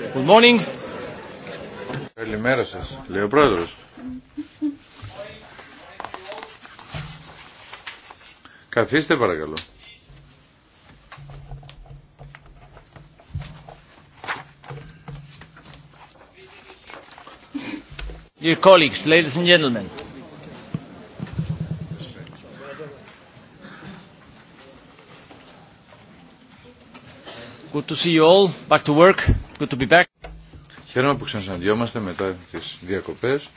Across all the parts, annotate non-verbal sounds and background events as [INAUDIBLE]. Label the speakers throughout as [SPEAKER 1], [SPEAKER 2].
[SPEAKER 1] Good morning. Καλημέρα σας, λέει ο πρόεδρος. Καθίστε παρακαλώ.
[SPEAKER 2] Dear colleagues, ladies and gentlemen.
[SPEAKER 1] Good to see you all back to work to be back. Χαίρομαι που ξανασυναντιόμαστε μετά τις διακοπές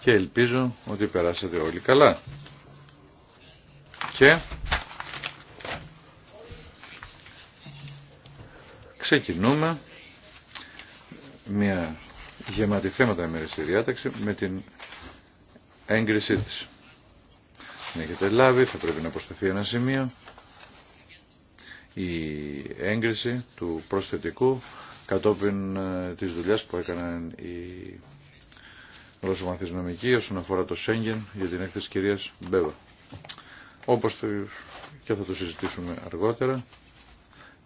[SPEAKER 1] και ελπίζω ότι περάσατε όλοι καλά. Και ξεκινούμε μια γεμάτη θέματα ημέρα στη διάταξη με την έγκρισή της. έχετε λάβει θα πρέπει να προσθεθεί ένα σημείο η έγκριση του προσθετικού κατόπιν ε, της δουλειάς που έκαναν οι Ρωσομαθισμομικοί όσον αφορά το Σέγγεν για την έκθεση κυρίας Μπέβα. Όπως το, και θα το συζητήσουμε αργότερα.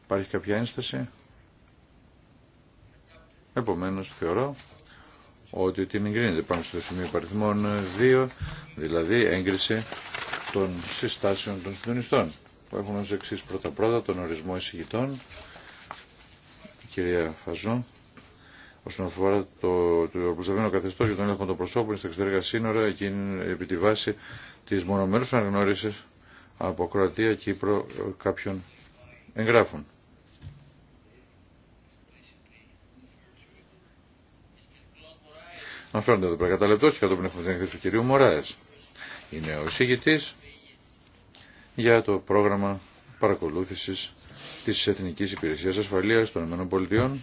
[SPEAKER 1] Υπάρχει κάποια ένσταση. Επομένως θεωρώ ότι την εγκρίνεται πάνω στο σημείο παριθμών 2, δηλαδή έγκριση των συστάσεων των συντονιστών που έχουν ως εξής πρώτα-πρώτα τον ορισμό εισηγητών, η κυρία Φαζόν, όσον αφορά το, το προστατευμένο καθεστώ για τον έλεγχο των προσώπων στα εξωτερικά σύνορα, εκείνη επί τη βάση της μονομέρους αναγνώριση από Κροατία, Κύπρο κάποιων εγγράφων. Αναφέρονται εδώ πέρα κατά λεπτό και κατόπιν έχουμε την έκθεση του κυρίου Μωράε. Είναι ο εισηγητή για το πρόγραμμα παρακολούθησης της Εθνικής Υπηρεσίας Ασφαλείας των ΗΠΑ.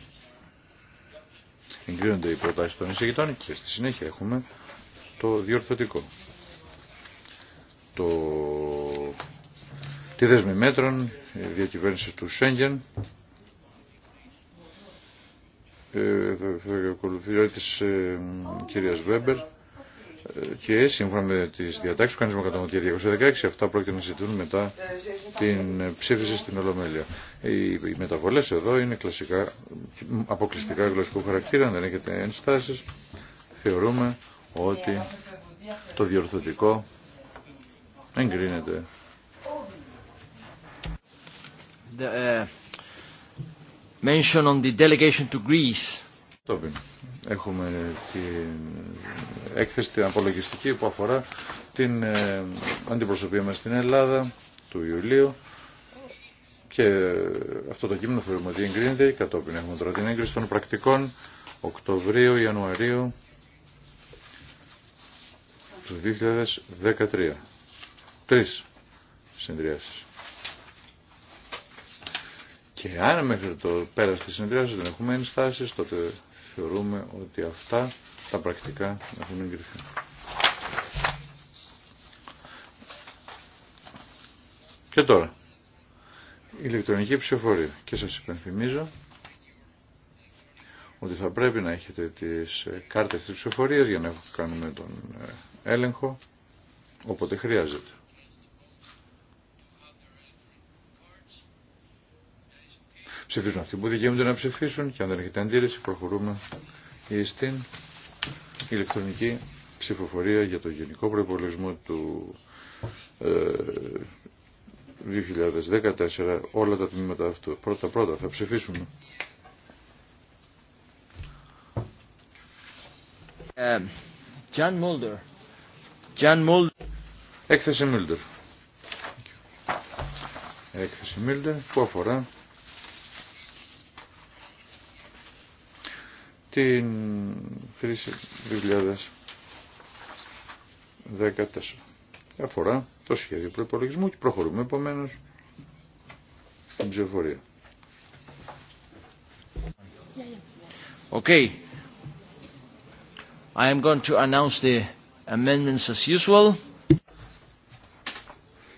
[SPEAKER 1] Εγκρίνονται οι προτάσεις των εισηγητών και στη συνέχεια έχουμε το διορθωτικό. Το... Τη δέσμη μέτρων διακυβέρνηση του Σέγγεν θα ακολουθεί τη ε, Βέμπερ και σύμφωνα με τι διατάξει του κανονισμού 216 αυτά πρόκειται να ζητούν μετά την ψήφιση στην Ολομέλεια. Οι μεταβολέ εδώ είναι κλασικά, αποκλειστικά γλωσσικού χαρακτήρα, δεν έχετε ενστάσει. Θεωρούμε ότι το διορθωτικό εγκρίνεται. The, uh, mention on the delegation to Greece. Έχουμε την έκθεση την απολογιστική που αφορά την ε, αντιπροσωπεία μας στην Ελλάδα του Ιουλίου και ε, αυτό το κείμενο θεωρούμε ότι εγκρίνεται κατόπιν έχουμε τώρα την έγκριση των πρακτικών Οκτωβρίου, Ιανουαρίου του 2013. Τρεις συνδυάσεις. Και αν μέχρι το πέρας της συνδυάσεις δεν έχουμε ενστάσεις, τότε θεωρούμε ότι αυτά τα πρακτικά έχουν εγκριθεί. Και τώρα, ηλεκτρονική ψηφοφορία. Και σας υπενθυμίζω ότι θα πρέπει να έχετε τις ε, κάρτες της ψηφοφορίας για να κάνουμε τον ε, έλεγχο όποτε χρειάζεται. ψηφίσουν αυτοί που δικαιούνται να ψηφίσουν και αν δεν έχετε αντίρρηση προχωρούμε στην ηλεκτρονική ψηφοφορία για το γενικό προπολογισμό του 2014 ε, όλα τα τμήματα αυτού. Πρώτα πρώτα θα ψηφίσουμε. Τζαν Μούλτερ, Τζαν Μούλτερ, Έκθεση Mulder. Έκθεση Μίλτερ που αφορά την κρίση 2014. Αφορά το σχέδιο προπολογισμού και προχωρούμε επομένω στην ψηφοφορία. Okay.
[SPEAKER 2] I am going to announce the amendments as usual.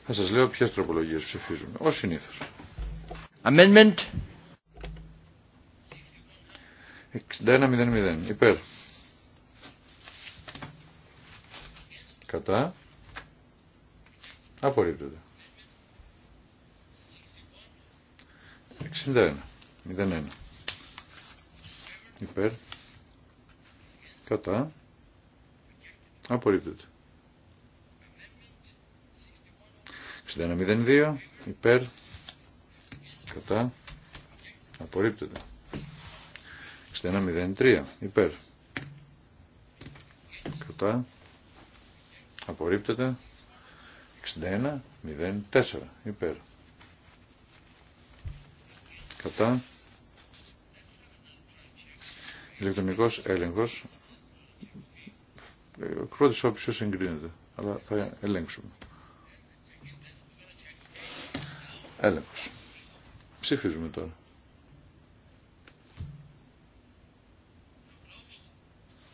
[SPEAKER 1] Θα σας λέω ποιες τροπολογίες ψηφίζουμε, ως συνήθως. Amendment 61-0-0. Υπέρ. Κατά. Απορρίπτεται. 61-0-1. Υπέρ, κατά, απορρίπτεται. 61-02, υπέρ, κατά, απορρίπτεται. 6103 υπέρ κατά απορρίπτεται 6104 υπέρ κατά ηλεκτρονικός έλεγχος ε, ο πρώτης όποιος εγκρίνεται αλλά θα ελέγξουμε έλεγχος ψηφίζουμε τώρα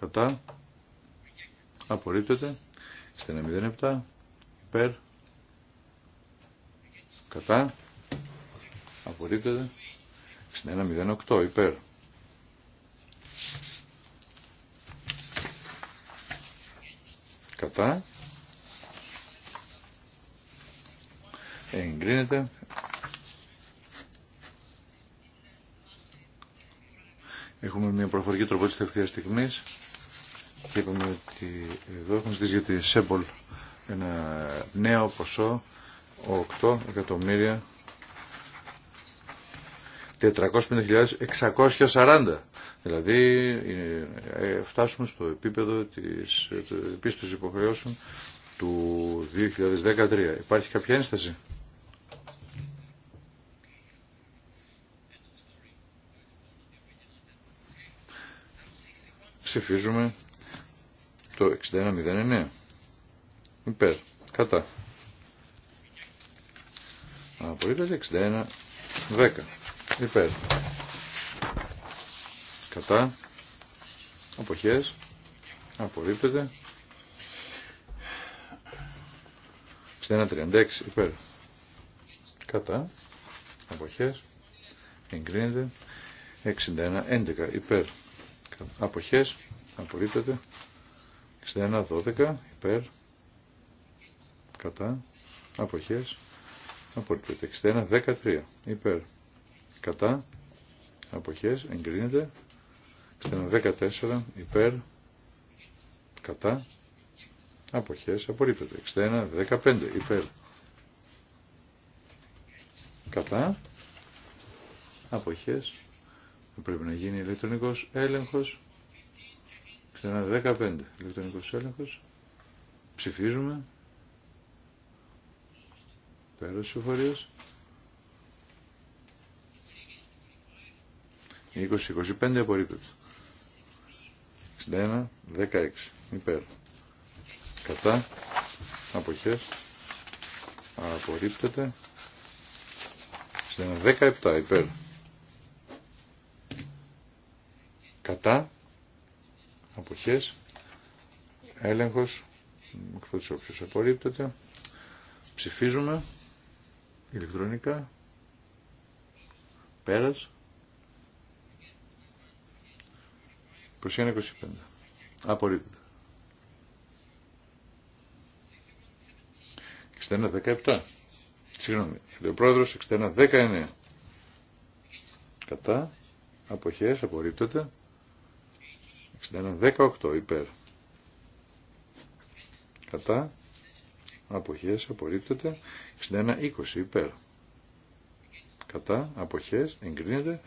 [SPEAKER 1] κατά, απορρίπτεται, 1.07. υπέρ, κατά, απορρίπτεται, 6108, υπέρ. Κατά, εγκρίνεται, Έχουμε μια προφορική τροπότητα τελευταία στιγμή και είπαμε ότι εδώ έχουμε ζητήσει για τη ΣΕΜΠΟΛ ένα νέο ποσό 8 εκατομμύρια 450.640. Δηλαδή ε, ε, φτάσουμε στο επίπεδο της επίσης υποχρεώσεων του 2013. Υπάρχει κάποια ένσταση. Ψηφίζουμε το 6109. Υπέρ. Κατά. 61, 6110. Υπέρ. Κατά. Αποχές. Απορρίπτεται. 6136. Υπέρ. Κατά. Αποχές. Εγκρίνεται. 6111. Υπέρ. Αποχές. Απορρίπτεται. 61-12 υπέρ κατά αποχές απορρίπτεται. 61-13 υπέρ κατά αποχές εγκρίνεται. 61-14 υπέρ κατά αποχές απορρίπτεται. 61-15 υπέρ κατά αποχές πρέπει να γίνει ηλεκτρονικός έλεγχος Ξανά 15 ηλεκτρονικός έλεγχος. Ψηφίζουμε. Πέρασε ψηφοφορίας. 20-25 απορρίπτεται. 61-16 υπέρ. Κατά. Αποχές. Απορρίπτεται. 61-17 υπέρ. Κατά αποχές, έλεγχος, εκ πρώτης όψης απορρίπτεται, ψηφίζουμε ηλεκτρονικά, πέρας, 21-25, Εξτένα 61-17, συγγνώμη, λέει ο πρόεδρος 61-19, κατά, αποχέ, απορρίπτεται, 61, 18 υπέρ. Κατά. Αποχές απορρίπτεται. 61, 20 υπέρ. Κατά. Αποχές εγκρίνεται.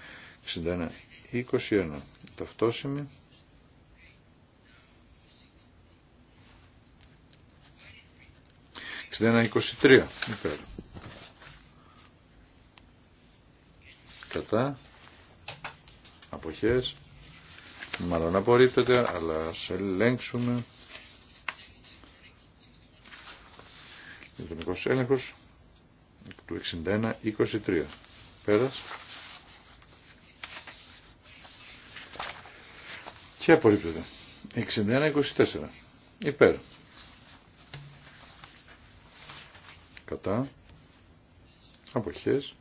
[SPEAKER 1] 61, 21. Ταυτόσημη. Ξεντένα 23. Υπέρ. Κατά. Αποχές. Μάλλον απορρίπτεται, αλλά ας ελέγξουμε. Λειτουργικός έλεγχος του 61-23. Πέρας. Και απορρίπτεται. 61-24. Υπέρ. Κατά. Αποχές.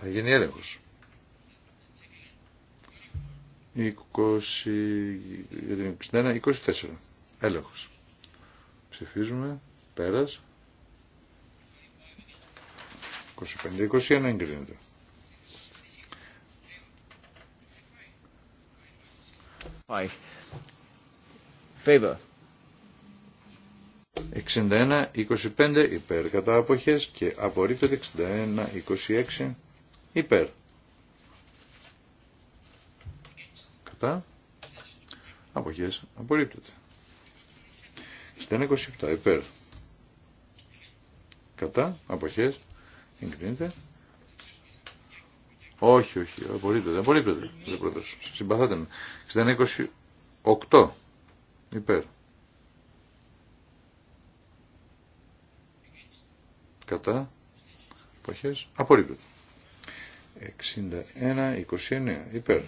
[SPEAKER 1] Θα γίνει έλεγχος. 20, για την 61, 24. Έλεγχος. Ψηφίζουμε. Πέρας. 25, 21 εγκρίνεται. Five. Favor. 61-25 υπέρ κατά αποχές και απορρίπτεται 61-26 υπέρ. Κατά. Αποχές. Απορρίπτεται. Στένα 27. Υπέρ. Κατά. Αποχές. Εγκρίνεται. Όχι, όχι. Απορρίπτεται. Απορρίπτεται. Συμπαθάτε με. Στένα 28. Υπέρ. Κατά. Αποχές. Απορρίπτεται. 61-29. Υπέρ.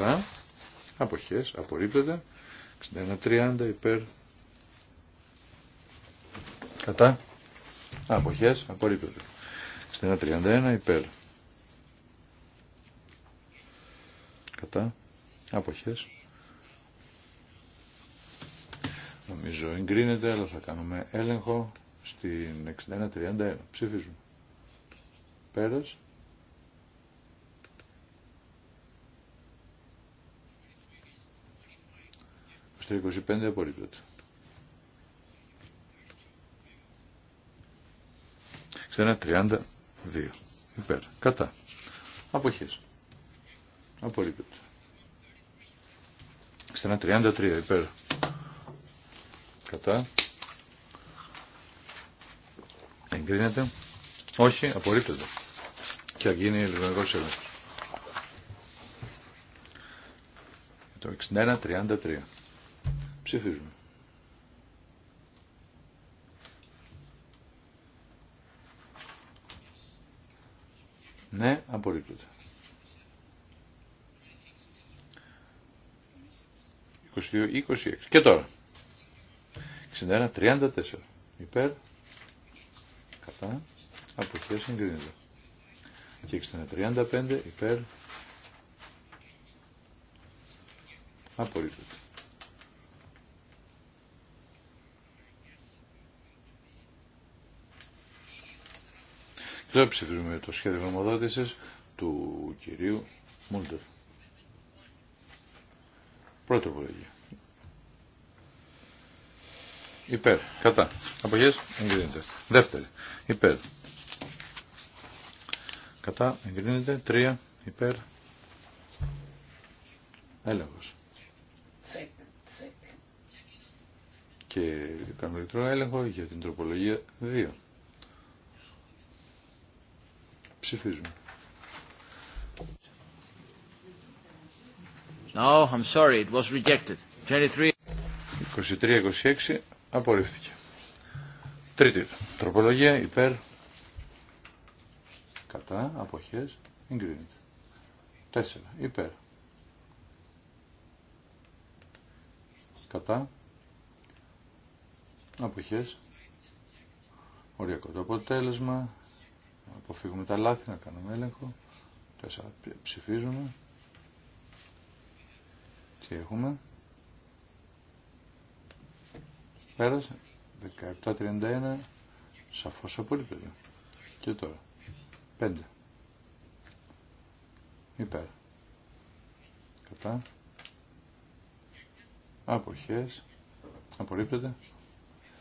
[SPEAKER 1] Κατά. Αποχές. Απορρίπτεται. 61-30 υπέρ. Κατά. Αποχές. Απορρίπτεται. 61-31 υπέρ. Κατά. Αποχές. Νομίζω εγκρίνεται, αλλά θα κάνουμε έλεγχο στην 61-31. Ψήφιζουν. Πέρας. 23-25 απορρίπτεται. 61-32 υπέρ. Κατά. Αποχές. Απορρίπτεται. Ξένα υπέρ. Κατά. Εγκρίνεται. Όχι, απορρίπτεται. Και γίνει ηλεκτρονικό έλεγχο. Το 61-33. Ψηφίζουμε. Ναι, απορρίπτωτα. 22, 26. Και τώρα. 61, 34. Υπέρ. Κατά. Αποχέ εγκρίνεται. Και 35. υπέρ Απορρίπτωτα. Τώρα ψηφίζουμε το σχέδιο γνωμοδότηση του κυρίου Μούλτερ. Πρώτο απολογία. Υπέρ. Κατά. Απογές. Εγκρίνεται. Δεύτερη. Υπέρ. Κατά. Εγκρίνεται. Τρία. Υπέρ. Έλεγχος. Και κάνω λιτρό έλεγχο για την τροπολογία δύο. Ψηφίζουμε. No, I'm sorry, it was rejected. 23. 23-26 απορρίφθηκε. Τρίτη τροπολογία υπέρ κατά αποχές εγκρίνεται. Τέσσερα υπέρ κατά αποχές οριακό το αποτέλεσμα αποφύγουμε τα λάθη, να κάνουμε έλεγχο. Τέσσερα ψηφίζουμε. Τι έχουμε. Πέρασε. 17.31. Σαφώς απολύπτεται. Και τώρα. 5. Υπέρ. Κατά. Αποχές. Απορρίπτεται.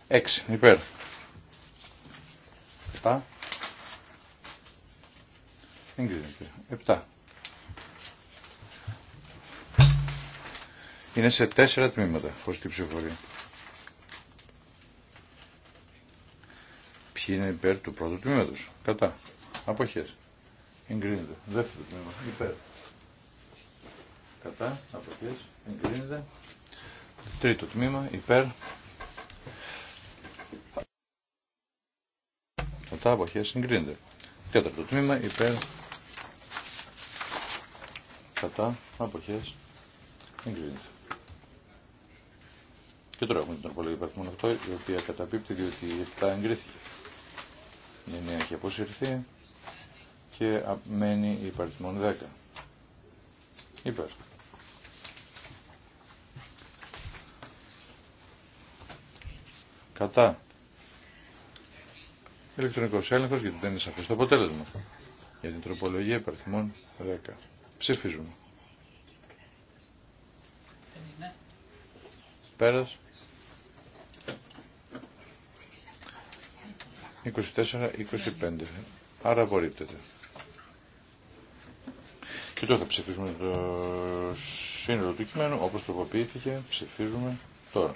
[SPEAKER 1] 6. Υπέρ. Κατά. Εγκρίνεται. Επτά. Είναι σε τέσσερα τμήματα χωρίς την ψηφοφορία. Ποιοι είναι υπέρ του πρώτου τμήματος. Κατά. Αποχές. Εγκρίνεται. Δεύτερο τμήμα. Υπέρ. Κατά. Αποχές. Εγκρίνεται. Τρίτο τμήμα. Υπέρ. Κατά. Αποχές. Εγκρίνεται. Τέταρτο τμήμα. Υπέρ κατά, αποχές, εγκρίνεται. Και τώρα έχουμε την τροπολογία υπαριθμών 8, η οποία καταπίπτει διότι η 7 εγκρίθηκε. Η 9 έχει αποσυρθεί και μένει η υπαρθμών 10. Υπέρ. Κατά. Ηλεκτρονικός έλεγχος γιατί δεν είναι σαφές το αποτέλεσμα. Για την τροπολογία υπαριθμών 10. Ψηφίζουμε. Πέρας. 24-25. Άρα απορρίπτεται. Και τώρα θα ψηφίσουμε το σύνολο του κειμένου, όπως τροποποιήθηκε, ψηφίζουμε τώρα.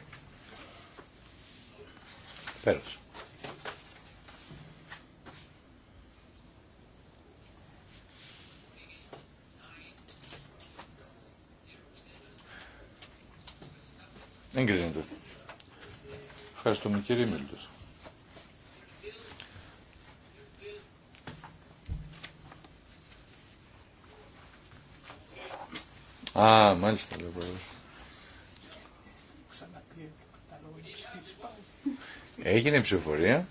[SPEAKER 1] Πέρασε. Εγκρίνεται. Ευχαριστούμε κύριε Μίλτος. Α, μάλιστα λέω πρόεδρος. Έγινε η ψηφοφορία.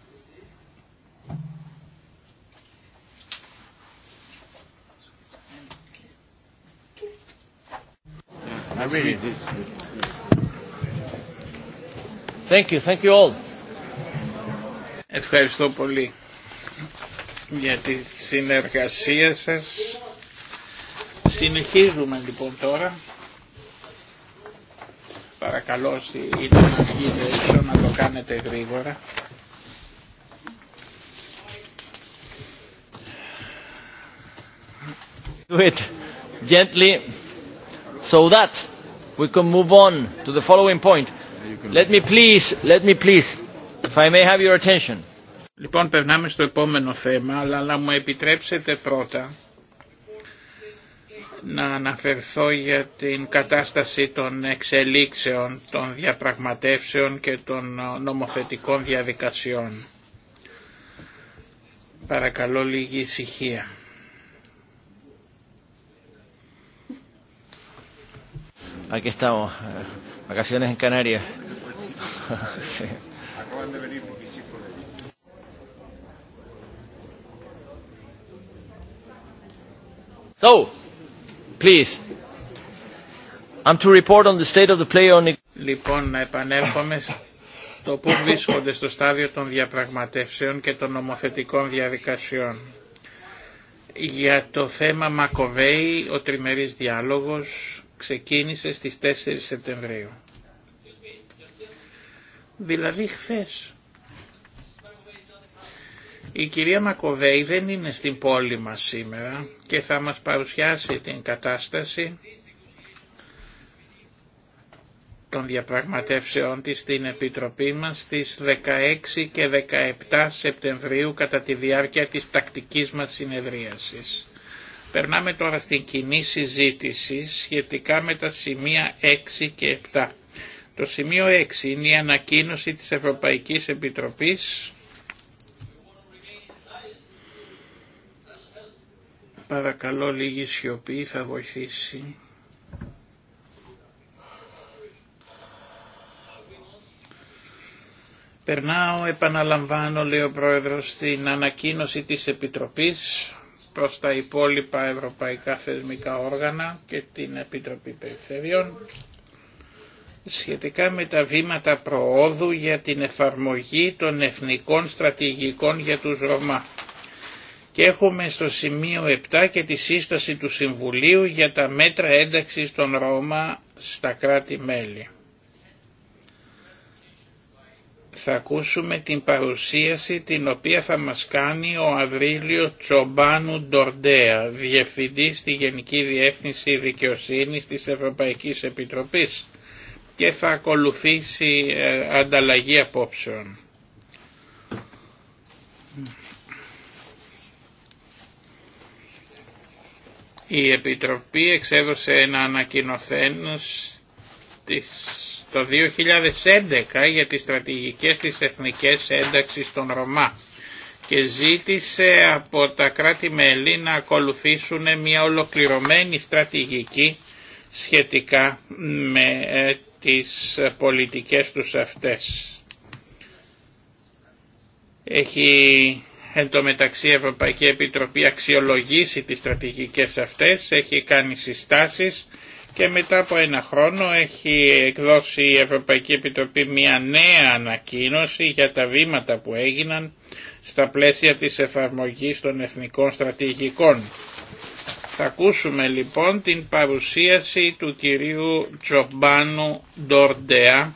[SPEAKER 1] I really
[SPEAKER 2] Thank you, thank you all. Ευχαριστώ πολύ για τη συνεργασία σας. Συνεχίζουμε λοιπόν τώρα. Παρακαλώ όσοι ήταν να το κάνετε γρήγορα. Do it gently so that we can move on to the following point. Let let Λοιπόν, περνάμε στο επόμενο θέμα, αλλά να μου επιτρέψετε πρώτα να αναφερθώ για την κατάσταση των εξελίξεων, των διαπραγματεύσεων και των νομοθετικών διαδικασιών. Παρακαλώ λίγη ησυχία. Aquí eh, Λοιπόν, να επανέρχομαι στο που βρίσκονται στο στάδιο των διαπραγματεύσεων και των νομοθετικών διαδικασιών. Για το θέμα Μακοβέη, ο τριμερής διάλογος ξεκίνησε στις 4 Σεπτεμβρίου. Δηλαδή χθες. Η κυρία Μακοβέη δεν είναι στην πόλη μας σήμερα και θα μας παρουσιάσει την κατάσταση των διαπραγματεύσεών της στην Επιτροπή μας στις 16 και 17 Σεπτεμβρίου κατά τη διάρκεια της τακτικής μας συνεδρίασης. Περνάμε τώρα στην κοινή συζήτηση σχετικά με τα σημεία 6 και 7. Το σημείο 6 είναι η ανακοίνωση της Ευρωπαϊκής Επιτροπής Παρακαλώ λίγη σιωπή θα βοηθήσει. Περνάω, επαναλαμβάνω, λέει ο Πρόεδρος, στην ανακοίνωση της Επιτροπής προς τα υπόλοιπα ευρωπαϊκά θεσμικά όργανα και την Επιτροπή Περιφερειών σχετικά με τα βήματα προόδου για την εφαρμογή των εθνικών στρατηγικών για τους Ρωμά. Και έχουμε στο σημείο 7 και τη σύσταση του Συμβουλίου για τα μέτρα ένταξης των Ρώμα στα κράτη-μέλη θα ακούσουμε την παρουσίαση την οποία θα μας κάνει ο Αβρίλιο Τσομπάνου Ντορντέα, Διευθυντής στη Γενική Διεύθυνση Δικαιοσύνης της Ευρωπαϊκής Επιτροπής και θα ακολουθήσει ε, ανταλλαγή απόψεων. Η Επιτροπή εξέδωσε ένα ανακοινοθένος της το 2011 για τις στρατηγικές της εθνικές ένταξης των Ρωμά και ζήτησε από τα κράτη-μέλη να ακολουθήσουν μια ολοκληρωμένη στρατηγική σχετικά με ε, τις πολιτικές τους αυτές. Έχει εν η Ευρωπαϊκή Επιτροπή αξιολογήσει τις στρατηγικές αυτές, έχει κάνει συστάσεις και μετά από ένα χρόνο έχει εκδώσει η Ευρωπαϊκή Επιτροπή μια νέα ανακοίνωση για τα βήματα που έγιναν στα πλαίσια της εφαρμογής των εθνικών στρατηγικών. Θα ακούσουμε λοιπόν την παρουσίαση του κυρίου Τζομπάνου Ντορντεά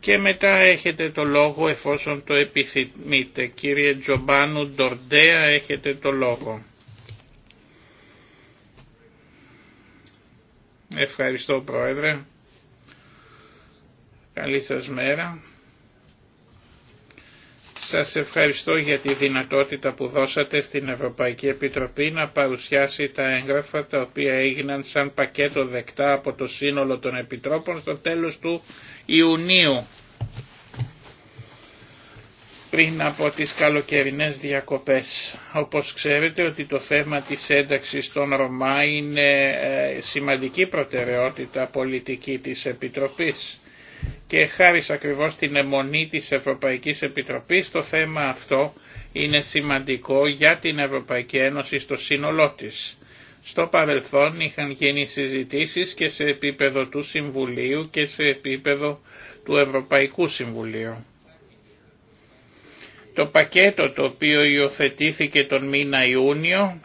[SPEAKER 2] και μετά έχετε το λόγο εφόσον το επιθυμείτε. Κύριε Τζομπάνου Ντορντεά έχετε το λόγο. Ευχαριστώ Πρόεδρε. Καλή σας μέρα. Σας ευχαριστώ για τη δυνατότητα που δώσατε στην Ευρωπαϊκή Επιτροπή να παρουσιάσει τα έγγραφα τα οποία έγιναν σαν πακέτο δεκτά από το σύνολο των Επιτρόπων στο τέλος του Ιουνίου πριν από τις καλοκαιρινές διακοπές. Όπως ξέρετε ότι το θέμα της ένταξης των Ρωμά είναι ε, σημαντική προτεραιότητα πολιτική της Επιτροπής και χάρη ακριβώς την αιμονή της Ευρωπαϊκής Επιτροπής το θέμα αυτό είναι σημαντικό για την Ευρωπαϊκή Ένωση στο σύνολό της. Στο παρελθόν είχαν γίνει συζητήσεις και σε επίπεδο του Συμβουλίου και σε επίπεδο του Ευρωπαϊκού Συμβουλίου. Το πακέτο το οποίο υιοθετήθηκε τον μήνα Ιούνιο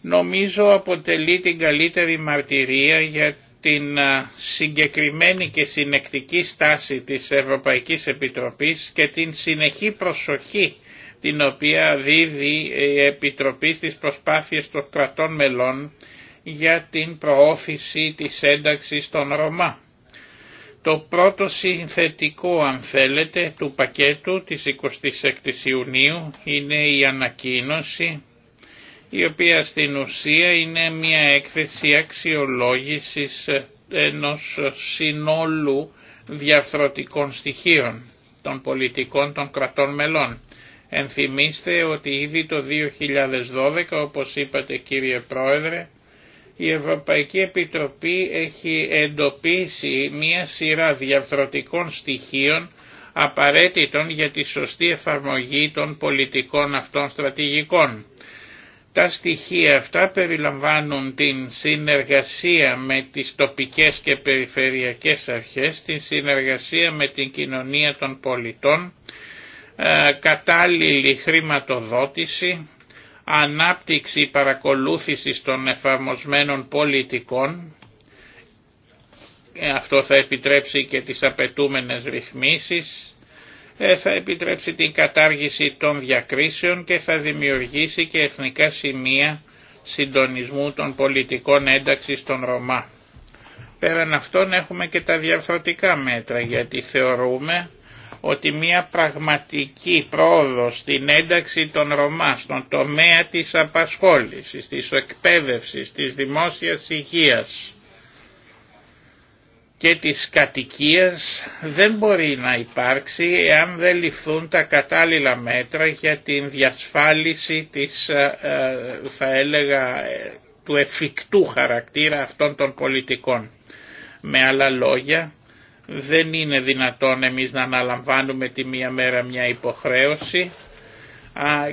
[SPEAKER 2] νομίζω αποτελεί την καλύτερη μαρτυρία για την συγκεκριμένη και συνεκτική στάση της Ευρωπαϊκής Επιτροπής και την συνεχή προσοχή την οποία δίδει η Επιτροπή στις προσπάθειες των κρατών μελών για την προώθηση της ένταξης των Ρωμά. Το πρώτο συνθετικό αν θέλετε του πακέτου της 26ης Ιουνίου είναι η ανακοίνωση η οποία στην ουσία είναι μια έκθεση αξιολόγησης ενός συνόλου διαφθρωτικών στοιχείων των πολιτικών των κρατών μελών. Ενθυμίστε ότι ήδη το 2012, όπως είπατε κύριε Πρόεδρε, η Ευρωπαϊκή Επιτροπή έχει εντοπίσει μία σειρά διαφορετικών στοιχείων απαραίτητων για τη σωστή εφαρμογή των πολιτικών αυτών στρατηγικών. Τα στοιχεία αυτά περιλαμβάνουν την συνεργασία με τις τοπικές και περιφερειακές αρχές, την συνεργασία με την κοινωνία των πολιτών, ε, κατάλληλη χρηματοδότηση, ανάπτυξη παρακολούθησης των εφαρμοσμένων πολιτικών, ε, αυτό θα επιτρέψει και τις απαιτούμενες ρυθμίσεις, ε, θα επιτρέψει την κατάργηση των διακρίσεων και θα δημιουργήσει και εθνικά σημεία συντονισμού των πολιτικών ένταξης των Ρωμά. Πέραν αυτών έχουμε και τα διαρθρωτικά μέτρα γιατί θεωρούμε ότι μια πραγματική πρόοδος στην ένταξη των Ρωμά στον τομέα της απασχόλησης, της εκπαίδευσης, της δημόσιας υγείας και της κατοικίας δεν μπορεί να υπάρξει εάν δεν ληφθούν τα κατάλληλα μέτρα για την διασφάλιση της, ε, ε, θα έλεγα, ε, του εφικτού χαρακτήρα αυτών των πολιτικών. Με άλλα λόγια, δεν είναι δυνατόν εμείς να αναλαμβάνουμε τη μία μέρα μια υποχρέωση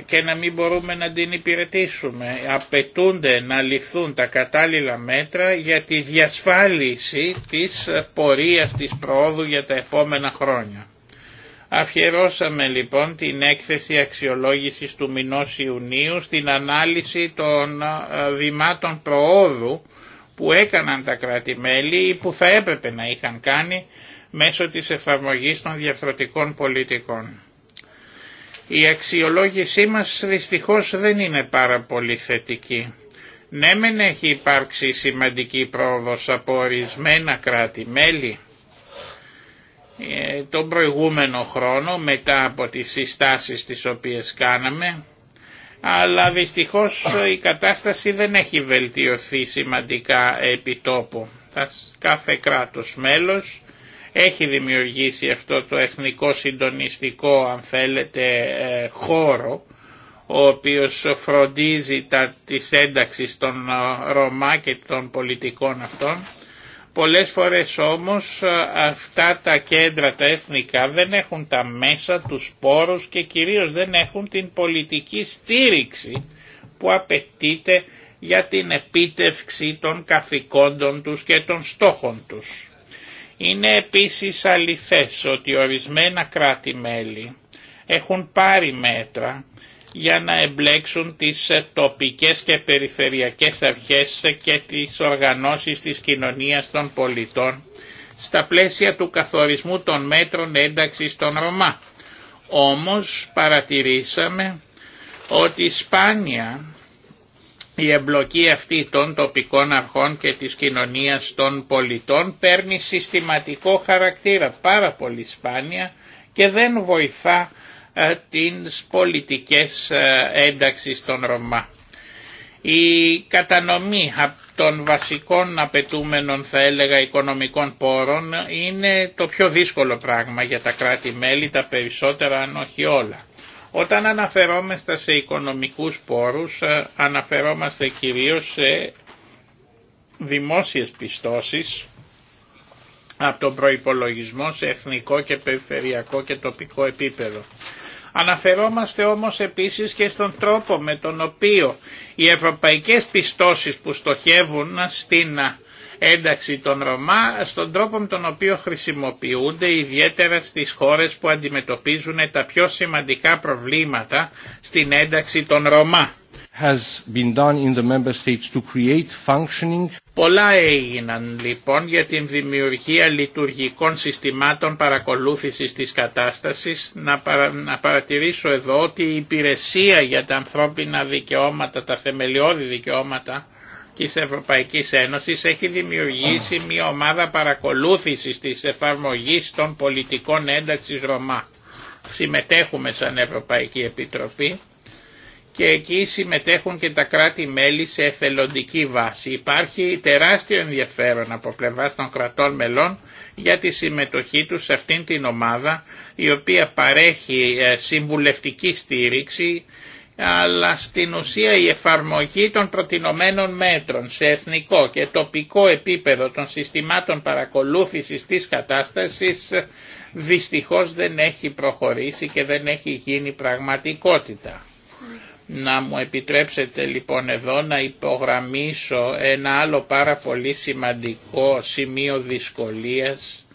[SPEAKER 2] και να μην μπορούμε να την υπηρετήσουμε. Απαιτούνται να ληφθούν τα κατάλληλα μέτρα για τη διασφάλιση της πορείας της προόδου για τα επόμενα χρόνια. Αφιερώσαμε λοιπόν την έκθεση αξιολόγησης του μηνός Ιουνίου στην ανάλυση των δημάτων προόδου που έκαναν τα κράτη-μέλη ή που θα έπρεπε να είχαν κάνει μέσω της εφαρμογής των διαφθορτικών πολιτικών. Η αξιολόγησή μας δυστυχώς δεν είναι πάρα πολύ θετική. Ναι μεν έχει υπάρξει σημαντική πρόοδος από ορισμένα κράτη-μέλη ε, τον προηγούμενο χρόνο μετά από τις συστάσεις τις οποίες κάναμε αλλά δυστυχώς η κατάσταση δεν έχει βελτιωθεί σημαντικά επί τόπου. Κάθε κράτος μέλος έχει δημιουργήσει αυτό το εθνικό συντονιστικό αν ε, χώρο ο οποίος φροντίζει τα, της ένταξης των ε, Ρωμά και των πολιτικών αυτών Πολλές φορές όμως ε, αυτά τα κέντρα τα εθνικά δεν έχουν τα μέσα, τους πόρους και κυρίως δεν έχουν την πολιτική στήριξη που απαιτείται για την επίτευξη των καθηκόντων τους και των στόχων τους. Είναι επίσης αληθές ότι ορισμένα κράτη-μέλη έχουν πάρει μέτρα για να εμπλέξουν τις ε, τοπικές και περιφερειακές αρχές ε, και τις οργανώσεις της κοινωνίας των πολιτών στα πλαίσια του καθορισμού των μέτρων ένταξης των Ρωμά. Όμως παρατηρήσαμε ότι σπάνια η εμπλοκή αυτή των τοπικών αρχών και της κοινωνίας των πολιτών παίρνει συστηματικό χαρακτήρα πάρα πολύ σπάνια και δεν βοηθά ε, την πολιτικές ε, ένταξης των Ρωμά. Η κατανομή των βασικών απαιτούμενων θα έλεγα οικονομικών πόρων είναι το πιο δύσκολο πράγμα για τα κράτη-μέλη, τα περισσότερα αν όχι όλα. Όταν αναφερόμαστε σε οικονομικούς πόρους ε, αναφερόμαστε κυρίως σε δημόσιες πιστώσεις από τον προϋπολογισμό σε εθνικό και περιφερειακό και τοπικό επίπεδο. Αναφερόμαστε όμως επίσης και στον τρόπο με τον οποίο οι ευρωπαϊκές πιστώσεις που στοχεύουν στην ένταξη των Ρωμά, στον τρόπο με τον οποίο χρησιμοποιούνται ιδιαίτερα στις χώρες που αντιμετωπίζουν τα πιο σημαντικά προβλήματα στην ένταξη των Ρωμά. Πολλά έγιναν λοιπόν για την δημιουργία λειτουργικών συστημάτων παρακολούθησης της κατάστασης. Να, να παρατηρήσω εδώ ότι η υπηρεσία για τα ανθρώπινα δικαιώματα, τα θεμελιώδη δικαιώματα της Ευρωπαϊκής Ένωσης έχει δημιουργήσει μια ομάδα παρακολούθησης της εφαρμογής των πολιτικών ένταξης Ρωμά. Συμμετέχουμε σαν Ευρωπαϊκή Επιτροπή και εκεί συμμετέχουν και τα κράτη-μέλη σε εθελοντική βάση. Υπάρχει τεράστιο ενδιαφέρον από πλευρά των κρατών μελών για τη συμμετοχή τους σε αυτήν την ομάδα η οποία παρέχει ε, συμβουλευτική στήριξη αλλά στην ουσία η εφαρμογή των προτινομένων μέτρων σε εθνικό και τοπικό επίπεδο των συστημάτων παρακολούθησης της κατάστασης δυστυχώς δεν έχει προχωρήσει και δεν έχει γίνει πραγματικότητα. Να μου επιτρέψετε λοιπόν εδώ να υπογραμμίσω ένα άλλο πάρα πολύ σημαντικό σημείο δυσκολίας,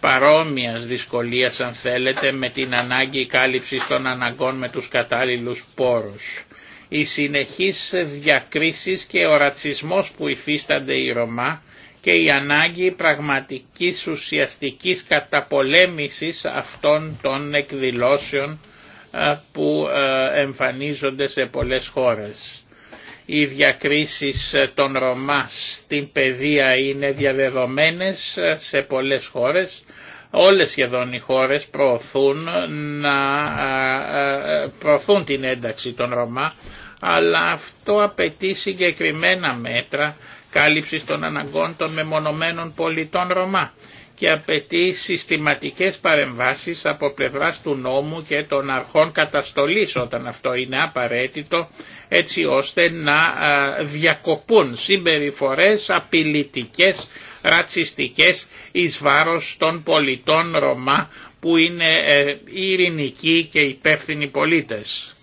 [SPEAKER 2] παρόμοιας δυσκολίας αν θέλετε με την ανάγκη κάλυψης των αναγκών με τους κατάλληλους πόρους. Η συνεχείς διακρίσεις και ο ρατσισμός που υφίστανται οι Ρωμά και η ανάγκη πραγματικής ουσιαστικής καταπολέμησης αυτών των εκδηλώσεων που εμφανίζονται σε πολλές χώρες. Οι διακρίσεις των Ρωμά στην παιδεία είναι διαδεδομένες σε πολλές χώρες. Όλες σχεδόν οι χώρες προωθούν, να, προωθούν την ένταξη των Ρωμά, αλλά αυτό απαιτεί συγκεκριμένα μέτρα κάλυψης των αναγκών των μεμονωμένων πολιτών Ρωμά και απαιτεί συστηματικές παρεμβάσεις από πλευράς του νόμου και των αρχών καταστολής όταν αυτό είναι απαραίτητο έτσι ώστε να διακοπούν συμπεριφορές απειλητικές, ρατσιστικές εις βάρος των πολιτών Ρωμά που είναι ε, ειρηνικοί και υπεύθυνοι πολίτες.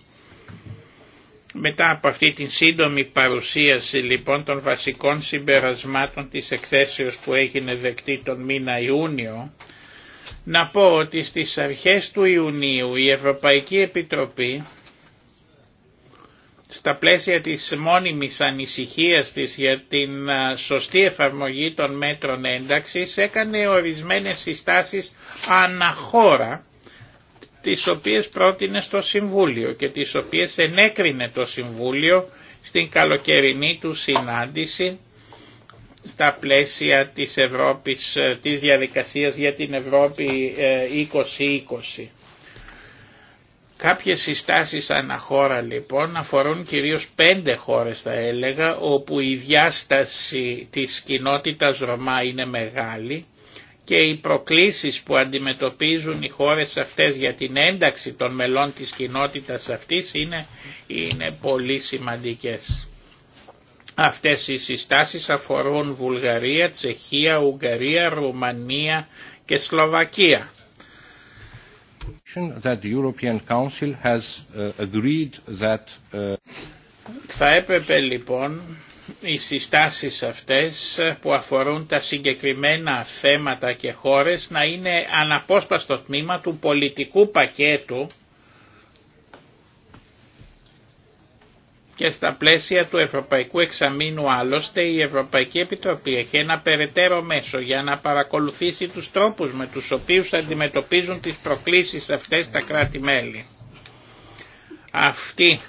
[SPEAKER 2] Μετά από αυτή την σύντομη παρουσίαση λοιπόν των βασικών συμπερασμάτων της εκθέσεως που έγινε δεκτή τον μήνα Ιούνιο, να πω ότι στις αρχές του Ιουνίου η Ευρωπαϊκή Επιτροπή στα πλαίσια της μόνιμης ανησυχίας της για την σωστή εφαρμογή των μέτρων ένταξης έκανε ορισμένες συστάσεις αναχώρα τις οποίες πρότεινε στο Συμβούλιο και τις οποίες ενέκρινε το Συμβούλιο στην καλοκαιρινή του συνάντηση στα πλαίσια της, Ευρώπης, ε, της διαδικασίας για την Ευρώπη 2020. Ε, Κάποιες συστάσεις αναχώρα λοιπόν αφορούν κυρίως πέντε χώρες θα έλεγα όπου η διάσταση της κοινότητας Ρωμά είναι μεγάλη και οι προκλήσεις που αντιμετωπίζουν οι χώρες αυτές για την ένταξη των μελών της κοινότητας αυτής είναι, είναι πολύ σημαντικές. Αυτές οι συστάσεις αφορούν Βουλγαρία, Τσεχία, Ουγγαρία, Ρουμανία και Σλοβακία.
[SPEAKER 1] Uh, uh,
[SPEAKER 2] Θα έπρεπε λοιπόν οι συστάσεις αυτές που αφορούν τα συγκεκριμένα θέματα και χώρες να είναι αναπόσπαστο τμήμα του πολιτικού πακέτου και στα πλαίσια του Ευρωπαϊκού Εξαμήνου άλλωστε η Ευρωπαϊκή Επιτροπή έχει ένα περαιτέρω μέσο για να παρακολουθήσει τους τρόπους με τους οποίους αντιμετωπίζουν τις προκλήσεις αυτές τα κράτη-μέλη. Αυτή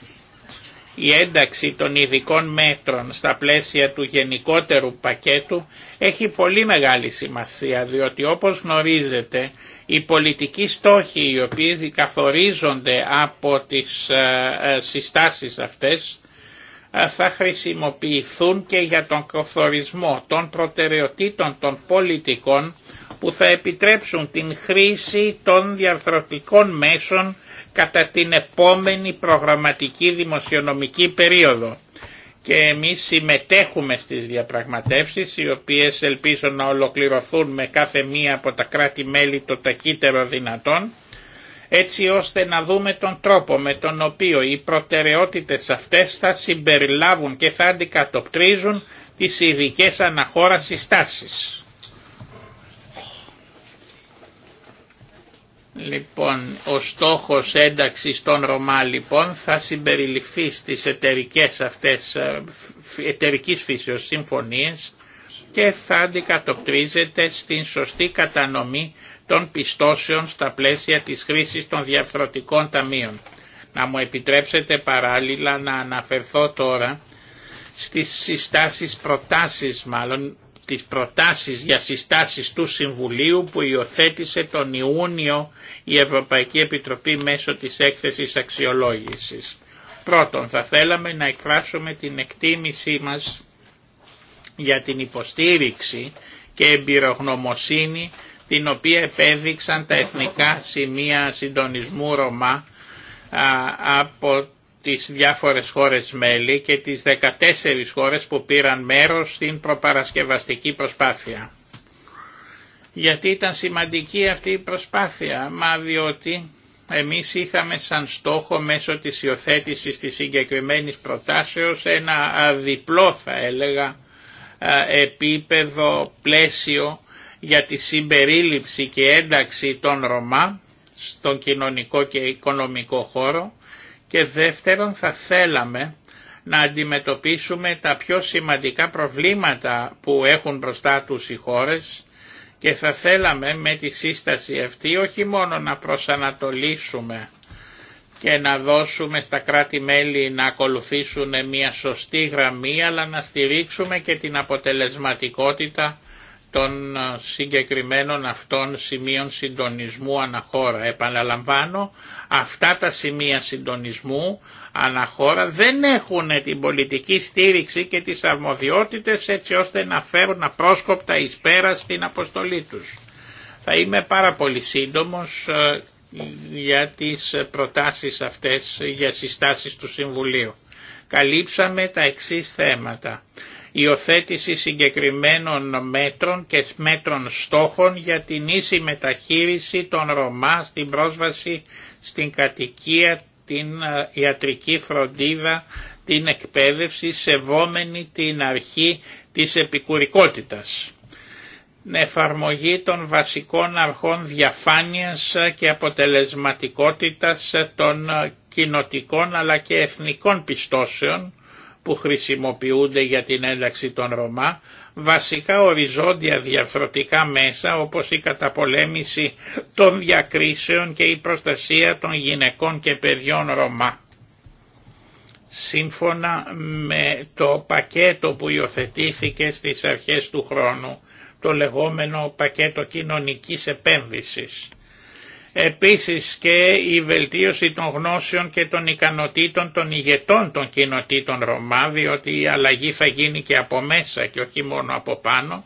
[SPEAKER 2] η ένταξη των ειδικών μέτρων στα πλαίσια του γενικότερου πακέτου έχει πολύ μεγάλη σημασία διότι όπως γνωρίζετε οι πολιτικοί στόχοι οι οποίοι καθορίζονται από τις ε, ε, συστάσεις αυτές ε, θα χρησιμοποιηθούν και για τον καθορισμό των προτεραιοτήτων των πολιτικών που θα επιτρέψουν την χρήση των διαρθρωτικών μέσων κατά την επόμενη προγραμματική δημοσιονομική περίοδο. Και εμείς συμμετέχουμε στις διαπραγματεύσεις οι οποίες ελπίζω να ολοκληρωθούν με κάθε μία από τα κράτη-μέλη το ταχύτερο δυνατόν έτσι ώστε να δούμε τον τρόπο με τον οποίο οι προτεραιότητες αυτές θα συμπεριλάβουν και θα αντικατοπτρίζουν τις ειδικέ αναχώρα συστάσεις. Λοιπόν, ο στόχος ένταξης των Ρωμά λοιπόν θα συμπεριληφθεί στις εταιρικές αυτές ε, εταιρικής φύσεως συμφωνίες και θα αντικατοπτρίζεται στην σωστή κατανομή των πιστώσεων στα πλαίσια της χρήσης των διαφθορτικών ταμείων. Να μου επιτρέψετε παράλληλα να αναφερθώ τώρα στις συστάσεις προτάσεις μάλλον τις προτάσεις για συστάσεις του Συμβουλίου που υιοθέτησε τον Ιούνιο η Ευρωπαϊκή Επιτροπή μέσω της έκθεσης αξιολόγησης. Πρώτον, θα θέλαμε να εκφράσουμε την εκτίμησή μας για την υποστήριξη και εμπειρογνωμοσύνη την οποία επέδειξαν τα εθνικά σημεία συντονισμού Ρωμά από τις διάφορες χώρες μέλη και τις 14 χώρες που πήραν μέρος στην προπαρασκευαστική προσπάθεια. Γιατί ήταν σημαντική αυτή η προσπάθεια, μα διότι εμείς είχαμε σαν στόχο μέσω της υιοθέτηση της συγκεκριμένη προτάσεως ένα διπλό θα έλεγα επίπεδο πλαίσιο για τη συμπερίληψη και ένταξη των Ρωμά στον κοινωνικό και οικονομικό χώρο και δεύτερον θα θέλαμε να αντιμετωπίσουμε τα πιο σημαντικά προβλήματα που έχουν μπροστά τους οι χώρες και θα θέλαμε με τη σύσταση αυτή όχι μόνο να προσανατολίσουμε και να δώσουμε στα κράτη-μέλη να ακολουθήσουν μια σωστή γραμμή αλλά να στηρίξουμε και την αποτελεσματικότητα των συγκεκριμένων αυτών σημείων συντονισμού αναχώρα. Επαναλαμβάνω, αυτά τα σημεία συντονισμού αναχώρα δεν έχουν την πολιτική στήριξη και τις αρμοδιότητες έτσι ώστε να φέρουν απρόσκοπτα εις πέρα στην αποστολή τους. Θα είμαι πάρα πολύ σύντομος για τις προτάσεις αυτές για συστάσεις του Συμβουλίου. Καλύψαμε τα εξής θέματα υιοθέτηση συγκεκριμένων μέτρων και μέτρων στόχων για την ίση μεταχείριση των Ρωμά στην πρόσβαση στην κατοικία, την ε, ιατρική φροντίδα, την εκπαίδευση, σεβόμενη την αρχή της επικουρικότητας. Εφαρμογή των βασικών αρχών διαφάνειας και αποτελεσματικότητας των κοινοτικών αλλά και εθνικών πιστώσεων, που χρησιμοποιούνται για την ένταξη των Ρωμά, βασικά οριζόντια διαφθρωτικά μέσα όπως η καταπολέμηση των διακρίσεων και η προστασία των γυναικών και παιδιών Ρωμά. Σύμφωνα με το πακέτο που υιοθετήθηκε στις αρχές του χρόνου, το λεγόμενο πακέτο κοινωνικής επένδυσης. Επίσης και η βελτίωση των γνώσεων και των ικανοτήτων των ηγετών των κοινοτήτων Ρωμά, διότι η αλλαγή θα γίνει και από μέσα και όχι μόνο από πάνω.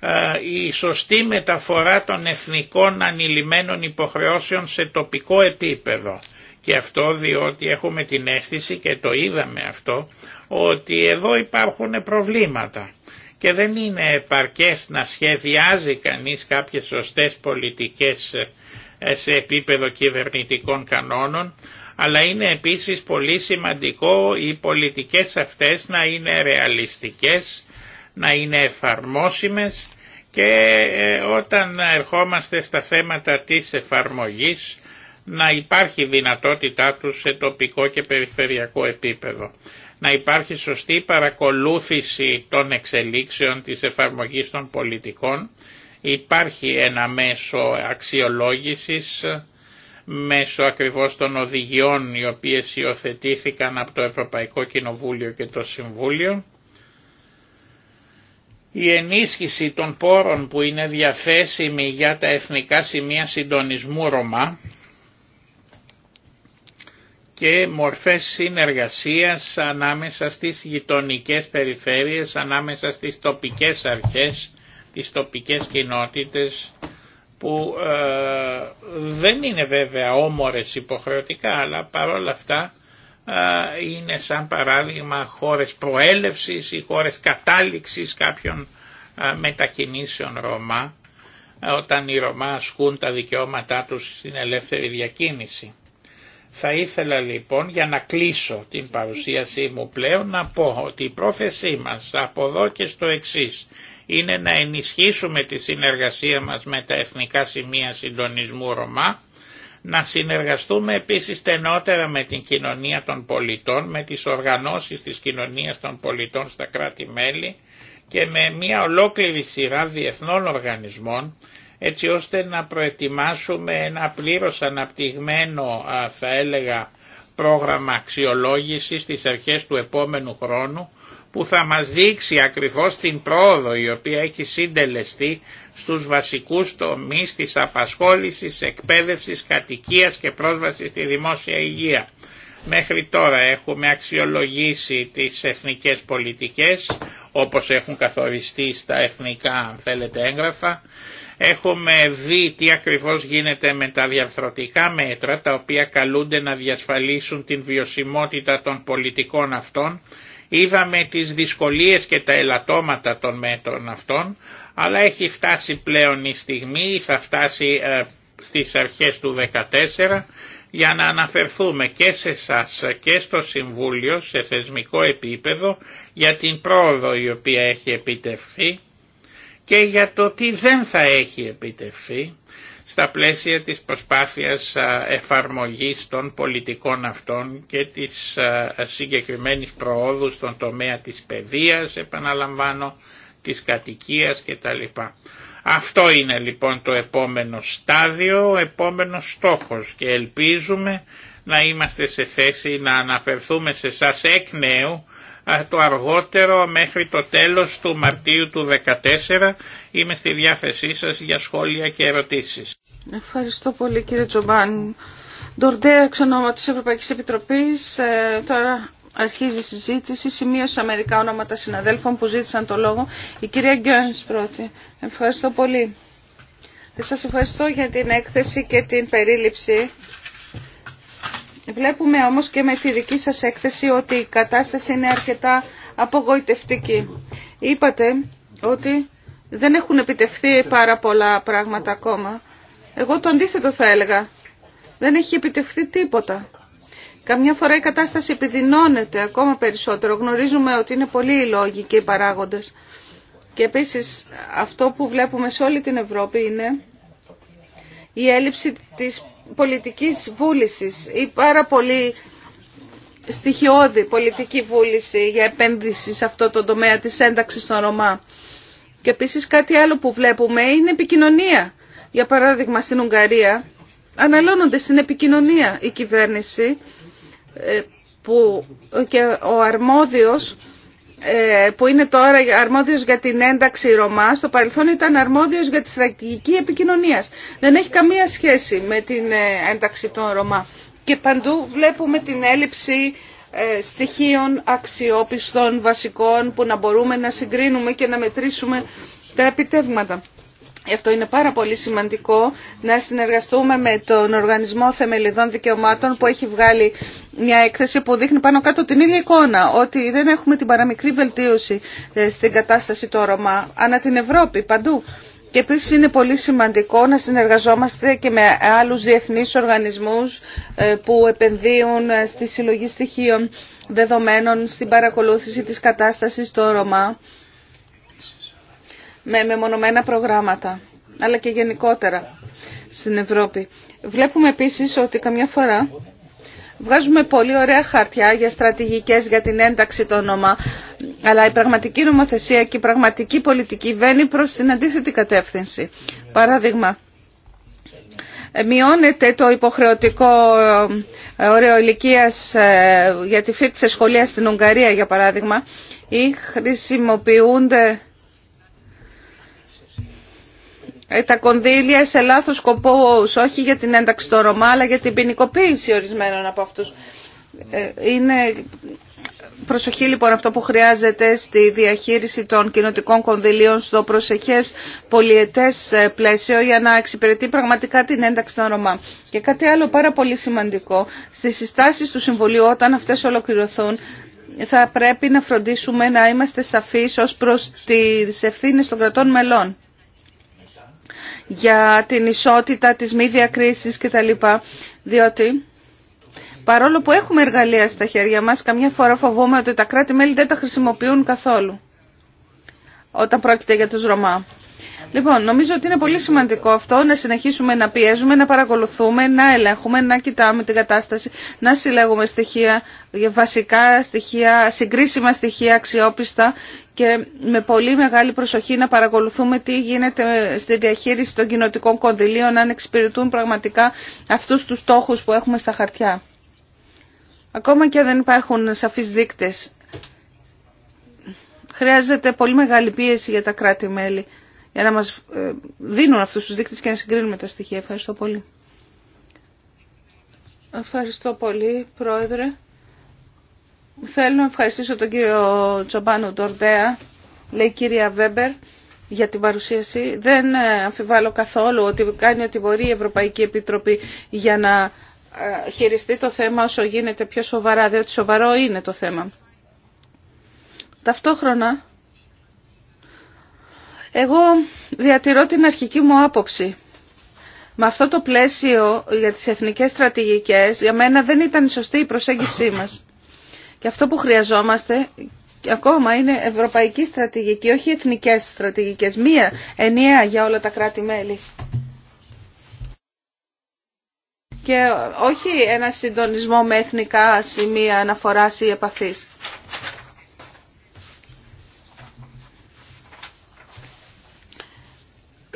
[SPEAKER 2] Ε, η σωστή μεταφορά των εθνικών ανηλυμένων υποχρεώσεων σε τοπικό επίπεδο. Και αυτό διότι έχουμε την αίσθηση και το είδαμε αυτό ότι εδώ υπάρχουν προβλήματα και δεν είναι επαρκές να σχεδιάζει κανείς κάποιες σωστές πολιτικές σε επίπεδο κυβερνητικών κανόνων, αλλά είναι επίσης πολύ σημαντικό οι πολιτικές αυτές να είναι ρεαλιστικές, να είναι εφαρμόσιμες και ε, όταν ερχόμαστε στα θέματα της εφαρμογής να υπάρχει δυνατότητά τους σε τοπικό και περιφερειακό επίπεδο. Να υπάρχει σωστή παρακολούθηση των εξελίξεων της εφαρμογής των πολιτικών Υπάρχει ένα μέσο αξιολόγησης μέσω ακριβώς των οδηγιών οι οποίες υιοθετήθηκαν από το Ευρωπαϊκό Κοινοβούλιο και το Συμβούλιο. Η ενίσχυση των πόρων που είναι διαθέσιμη για τα εθνικά σημεία συντονισμού Ρωμά και μορφές συνεργασίας ανάμεσα στις γειτονικές περιφέρειες, ανάμεσα στις τοπικές αρχές τις τοπικές κοινότητες που ε, δεν είναι βέβαια όμορες υποχρεωτικά αλλά παρόλα αυτά ε, είναι σαν παράδειγμα χώρες προέλευσης ή χώρες κατάληξης κάποιων ε, μετακινήσεων Ρωμά όταν οι Ρωμά ασκούν τα δικαιώματά τους στην ελεύθερη διακίνηση. Θα ήθελα λοιπόν για να κλείσω την παρουσίασή μου πλέον να πω ότι η πρόθεσή μας από εδώ και στο εξής είναι να ενισχύσουμε τη συνεργασία μας με τα Εθνικά Σημεία Συντονισμού Ρωμά, να συνεργαστούμε επίσης στενότερα με την κοινωνία των πολιτών, με τις οργανώσεις της κοινωνίας των πολιτών στα κράτη-μέλη και με μια ολόκληρη σειρά διεθνών οργανισμών έτσι ώστε να προετοιμάσουμε ένα πλήρως αναπτυγμένο θα έλεγα πρόγραμμα αξιολόγησης στις αρχές του επόμενου χρόνου που θα μας δείξει ακριβώς την πρόοδο η οποία έχει συντελεστεί στους βασικούς τομείς της απασχόλησης, εκπαίδευσης, κατοικίας και πρόσβασης στη δημόσια υγεία. Μέχρι τώρα έχουμε αξιολογήσει τις εθνικές πολιτικές όπως έχουν καθοριστεί στα εθνικά αν θέλετε έγγραφα Έχουμε δει τι ακριβώς γίνεται με τα διαρθρωτικά μέτρα τα οποία καλούνται να διασφαλίσουν την βιωσιμότητα των πολιτικών αυτών. Είδαμε τις δυσκολίες και τα ελαττώματα των μέτρων αυτών, αλλά έχει φτάσει πλέον η στιγμή ή θα φτάσει ε, στις αρχές του 2014 για να αναφερθούμε και σε εσά και στο Συμβούλιο σε θεσμικό επίπεδο για την πρόοδο η οποία έχει επιτευχθεί και για το τι δεν θα έχει επιτευχθεί στα πλαίσια της προσπάθειας εφαρμογής των πολιτικών αυτών και της συγκεκριμένης προόδου στον τομέα της παιδείας, επαναλαμβάνω, της κατοικίας κτλ. Αυτό είναι λοιπόν το επόμενο στάδιο, ο επόμενος στόχος και ελπίζουμε να είμαστε σε θέση να αναφερθούμε σε σας εκ νέου το αργότερο μέχρι το τέλος του Μαρτίου του 2014 είμαι στη διάθεσή σας για σχόλια και ερωτήσεις.
[SPEAKER 3] Ευχαριστώ πολύ κύριε Τζομπάν. Ντορντέα, εξ της Ευρωπαϊκής Επιτροπής, ε, τώρα αρχίζει η συζήτηση. Σημείωσα μερικά ονόματα συναδέλφων που ζήτησαν το λόγο. Η κυρία Γκιόνς πρώτη. Ευχαριστώ πολύ. Ε, σας ευχαριστώ για την έκθεση και την περίληψη Βλέπουμε όμως και με τη δική σας έκθεση ότι η κατάσταση είναι αρκετά απογοητευτική. Είπατε ότι δεν έχουν επιτευχθεί πάρα πολλά πράγματα ακόμα. Εγώ το αντίθετο θα έλεγα. Δεν έχει επιτευχθεί τίποτα. Καμιά φορά η κατάσταση επιδεινώνεται ακόμα περισσότερο. Γνωρίζουμε ότι είναι πολύ οι λόγοι και οι παράγοντες. Και επίσης αυτό που βλέπουμε σε όλη την Ευρώπη είναι η έλλειψη της πολιτικής βούλησης ή πάρα πολύ στοιχειώδη πολιτική βούληση για επένδυση σε αυτό το τομέα της ένταξης των Ρωμά. Και επίσης κάτι άλλο που βλέπουμε είναι επικοινωνία. Για παράδειγμα στην Ουγγαρία αναλώνονται στην επικοινωνία η κυβέρνηση ε, που και ο αρμόδιος ε, που είναι τώρα αρμόδιος για την ένταξη Ρωμά, στο παρελθόν ήταν αρμόδιος για τη στρατηγική επικοινωνία. Δεν έχει καμία σχέση με την ε, ένταξη των Ρωμά. Και παντού βλέπουμε την έλλειψη ε, στοιχείων αξιόπιστων, βασικών, που να μπορούμε να συγκρίνουμε και να μετρήσουμε τα επιτεύγματα. Γι' αυτό είναι πάρα πολύ σημαντικό να συνεργαστούμε με τον Οργανισμό Θεμελιδών Δικαιωμάτων που έχει βγάλει μια έκθεση που δείχνει πάνω κάτω την ίδια εικόνα, ότι δεν έχουμε την παραμικρή βελτίωση ε, στην κατάσταση του Ρωμά, ανά την Ευρώπη, παντού. Και επίσης είναι πολύ σημαντικό να συνεργαζόμαστε και με άλλους διεθνείς οργανισμούς ε, που επενδύουν ε, στη συλλογή στοιχείων δεδομένων στην παρακολούθηση της κατάστασης του Ρωμά με μεμονωμένα προγράμματα, αλλά και γενικότερα στην Ευρώπη. Βλέπουμε επίσης ότι καμιά φορά βγάζουμε πολύ ωραία χαρτιά για στρατηγικές για την ένταξη των όνομα, αλλά η πραγματική νομοθεσία και η πραγματική πολιτική βαίνει προς την αντίθετη κατεύθυνση. Παράδειγμα, μειώνεται το υποχρεωτικό ωραίο ε, ηλικία ε, για τη φύτη σε σχολεία στην Ουγγαρία, για παράδειγμα, ή χρησιμοποιούνται ε, τα κονδύλια σε λάθος σκοπό όχι για την ένταξη των Ρωμά, αλλά για την ποινικοποίηση ορισμένων από αυτούς. Ε, είναι προσοχή λοιπόν αυτό που χρειάζεται στη διαχείριση των κοινοτικών κονδυλίων στο προσεχές πολιετές ε, πλαίσιο για να εξυπηρετεί πραγματικά την ένταξη των Ρωμά. Και κάτι άλλο πάρα πολύ σημαντικό, στις συστάσεις του Συμβουλίου όταν αυτές ολοκληρωθούν, θα πρέπει να φροντίσουμε να είμαστε σαφείς ως προς τις ευθύνες των κρατών μελών για την ισότητα της μη διακρίσης κτλ. Διότι παρόλο που έχουμε εργαλεία στα χέρια μας, καμιά φορά φοβούμε ότι τα κράτη-μέλη δεν τα χρησιμοποιούν καθόλου όταν πρόκειται για τους Ρωμά. Λοιπόν, νομίζω ότι είναι πολύ σημαντικό αυτό να συνεχίσουμε να πιέζουμε, να παρακολουθούμε, να ελέγχουμε, να κοιτάμε την κατάσταση, να συλλέγουμε στοιχεία, βασικά στοιχεία, συγκρίσιμα στοιχεία, αξιόπιστα και με πολύ μεγάλη προσοχή να παρακολουθούμε τι γίνεται στη διαχείριση των κοινοτικών κονδυλίων, αν εξυπηρετούν πραγματικά αυτούς τους στόχους που έχουμε στα χαρτιά. Ακόμα και δεν υπάρχουν σαφείς δείκτες. Χρειάζεται πολύ μεγάλη πίεση για τα κράτη-μέλη για να μας ε, δίνουν αυτούς τους δείκτες και να συγκρίνουμε τα στοιχεία. Ευχαριστώ πολύ. Ευχαριστώ πολύ, Πρόεδρε. Θέλω να ευχαριστήσω τον κύριο Τσομπάνου Ντορδέα, λέει η κυρία Βέμπερ, για την παρουσίαση. Δεν ε, αμφιβάλλω καθόλου ότι κάνει ό,τι μπορεί η Ευρωπαϊκή Επιτροπή για να ε, χειριστεί το θέμα όσο γίνεται πιο σοβαρά, διότι σοβαρό είναι το θέμα. Ταυτόχρονα εγώ διατηρώ την αρχική μου άποψη. Με αυτό το πλαίσιο για τις εθνικές στρατηγικές, για μένα δεν ήταν η σωστή η προσέγγισή μας. Και αυτό που χρειαζόμαστε ακόμα είναι ευρωπαϊκή στρατηγική, όχι εθνικές στρατηγικές. Μία ενιαία για όλα τα κράτη-μέλη. Και όχι ένα συντονισμό με εθνικά σημεία αναφοράς ή επαφής.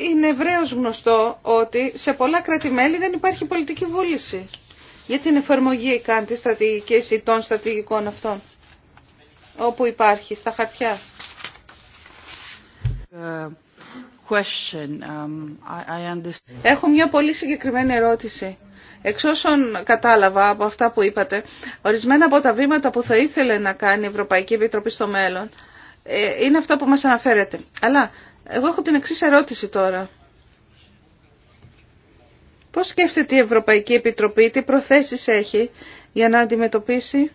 [SPEAKER 3] είναι ευρέως γνωστό ότι σε πολλά κράτη-μέλη δεν υπάρχει πολιτική βούληση για την εφαρμογή καν της στρατηγικής ή των στρατηγικών αυτών, όπου υπάρχει, στα χαρτιά. Um, Έχω μια πολύ συγκεκριμένη ερώτηση. Εξ όσων κατάλαβα από αυτά που είπατε, ορισμένα από τα βήματα που θα ήθελε να κάνει η Ευρωπαϊκή Επιτροπή στο μέλλον, ε, είναι αυτά που μας αναφέρεται. Αλλά εγώ έχω την εξής ερώτηση τώρα. Πώς σκέφτεται η Ευρωπαϊκή Επιτροπή, τι προθέσεις έχει για να αντιμετωπίσει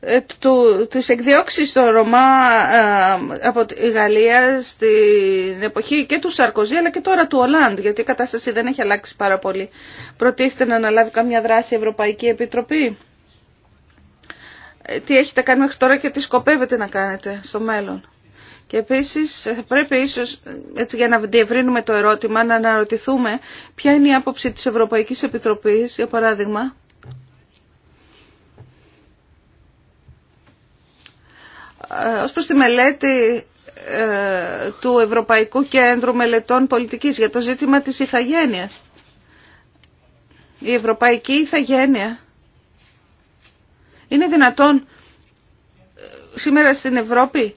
[SPEAKER 3] ε, του, τις εκδιώξεις στο Ρωμά ε, από τη Γαλλία στην εποχή και του Σαρκοζή αλλά και τώρα του Ολάντ γιατί η κατάσταση δεν έχει αλλάξει πάρα πολύ. Προτίθεται να αναλάβει καμιά δράση η Ευρωπαϊκή Επιτροπή τι έχετε κάνει μέχρι τώρα και τι σκοπεύετε να κάνετε στο μέλλον. Και επίσης θα πρέπει ίσως, έτσι για να διευρύνουμε το ερώτημα, να αναρωτηθούμε ποια είναι η άποψη της Ευρωπαϊκής Επιτροπής, για παράδειγμα, ε, ως προς τη μελέτη ε, του Ευρωπαϊκού Κέντρου Μελετών Πολιτικής για το ζήτημα της ηθαγένειας. Η Ευρωπαϊκή ηθαγένεια... Είναι δυνατόν ε, σήμερα στην Ευρώπη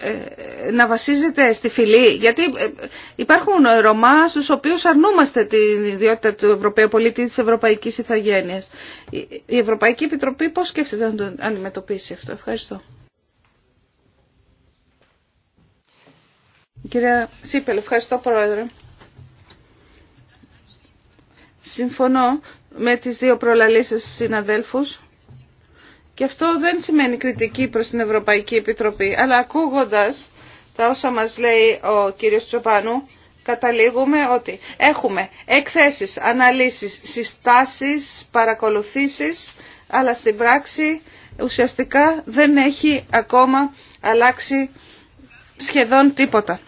[SPEAKER 3] ε, να βασίζεται στη φυλή, γιατί ε, υπάρχουν Ρωμά στους οποίους αρνούμαστε την ιδιότητα του Ευρωπαίου πολίτη της Ευρωπαϊκής Ιθαγένειας. Η Ευρωπαϊκή Επιτροπή πώς σκέφτεται να το αντιμετωπίσει αυτό. Ευχαριστώ. Κυρία Σίπελ, ευχαριστώ Πρόεδρε. Συμφωνώ με τις δύο προλαλήσεις συναδέλφους και αυτό δεν σημαίνει κριτική προς την Ευρωπαϊκή Επιτροπή, αλλά ακούγοντας τα όσα μας λέει ο κύριος Τσοπάνου, καταλήγουμε ότι έχουμε εκθέσεις, αναλύσεις, συστάσεις, παρακολουθήσεις, αλλά στην πράξη ουσιαστικά δεν έχει ακόμα αλλάξει σχεδόν τίποτα.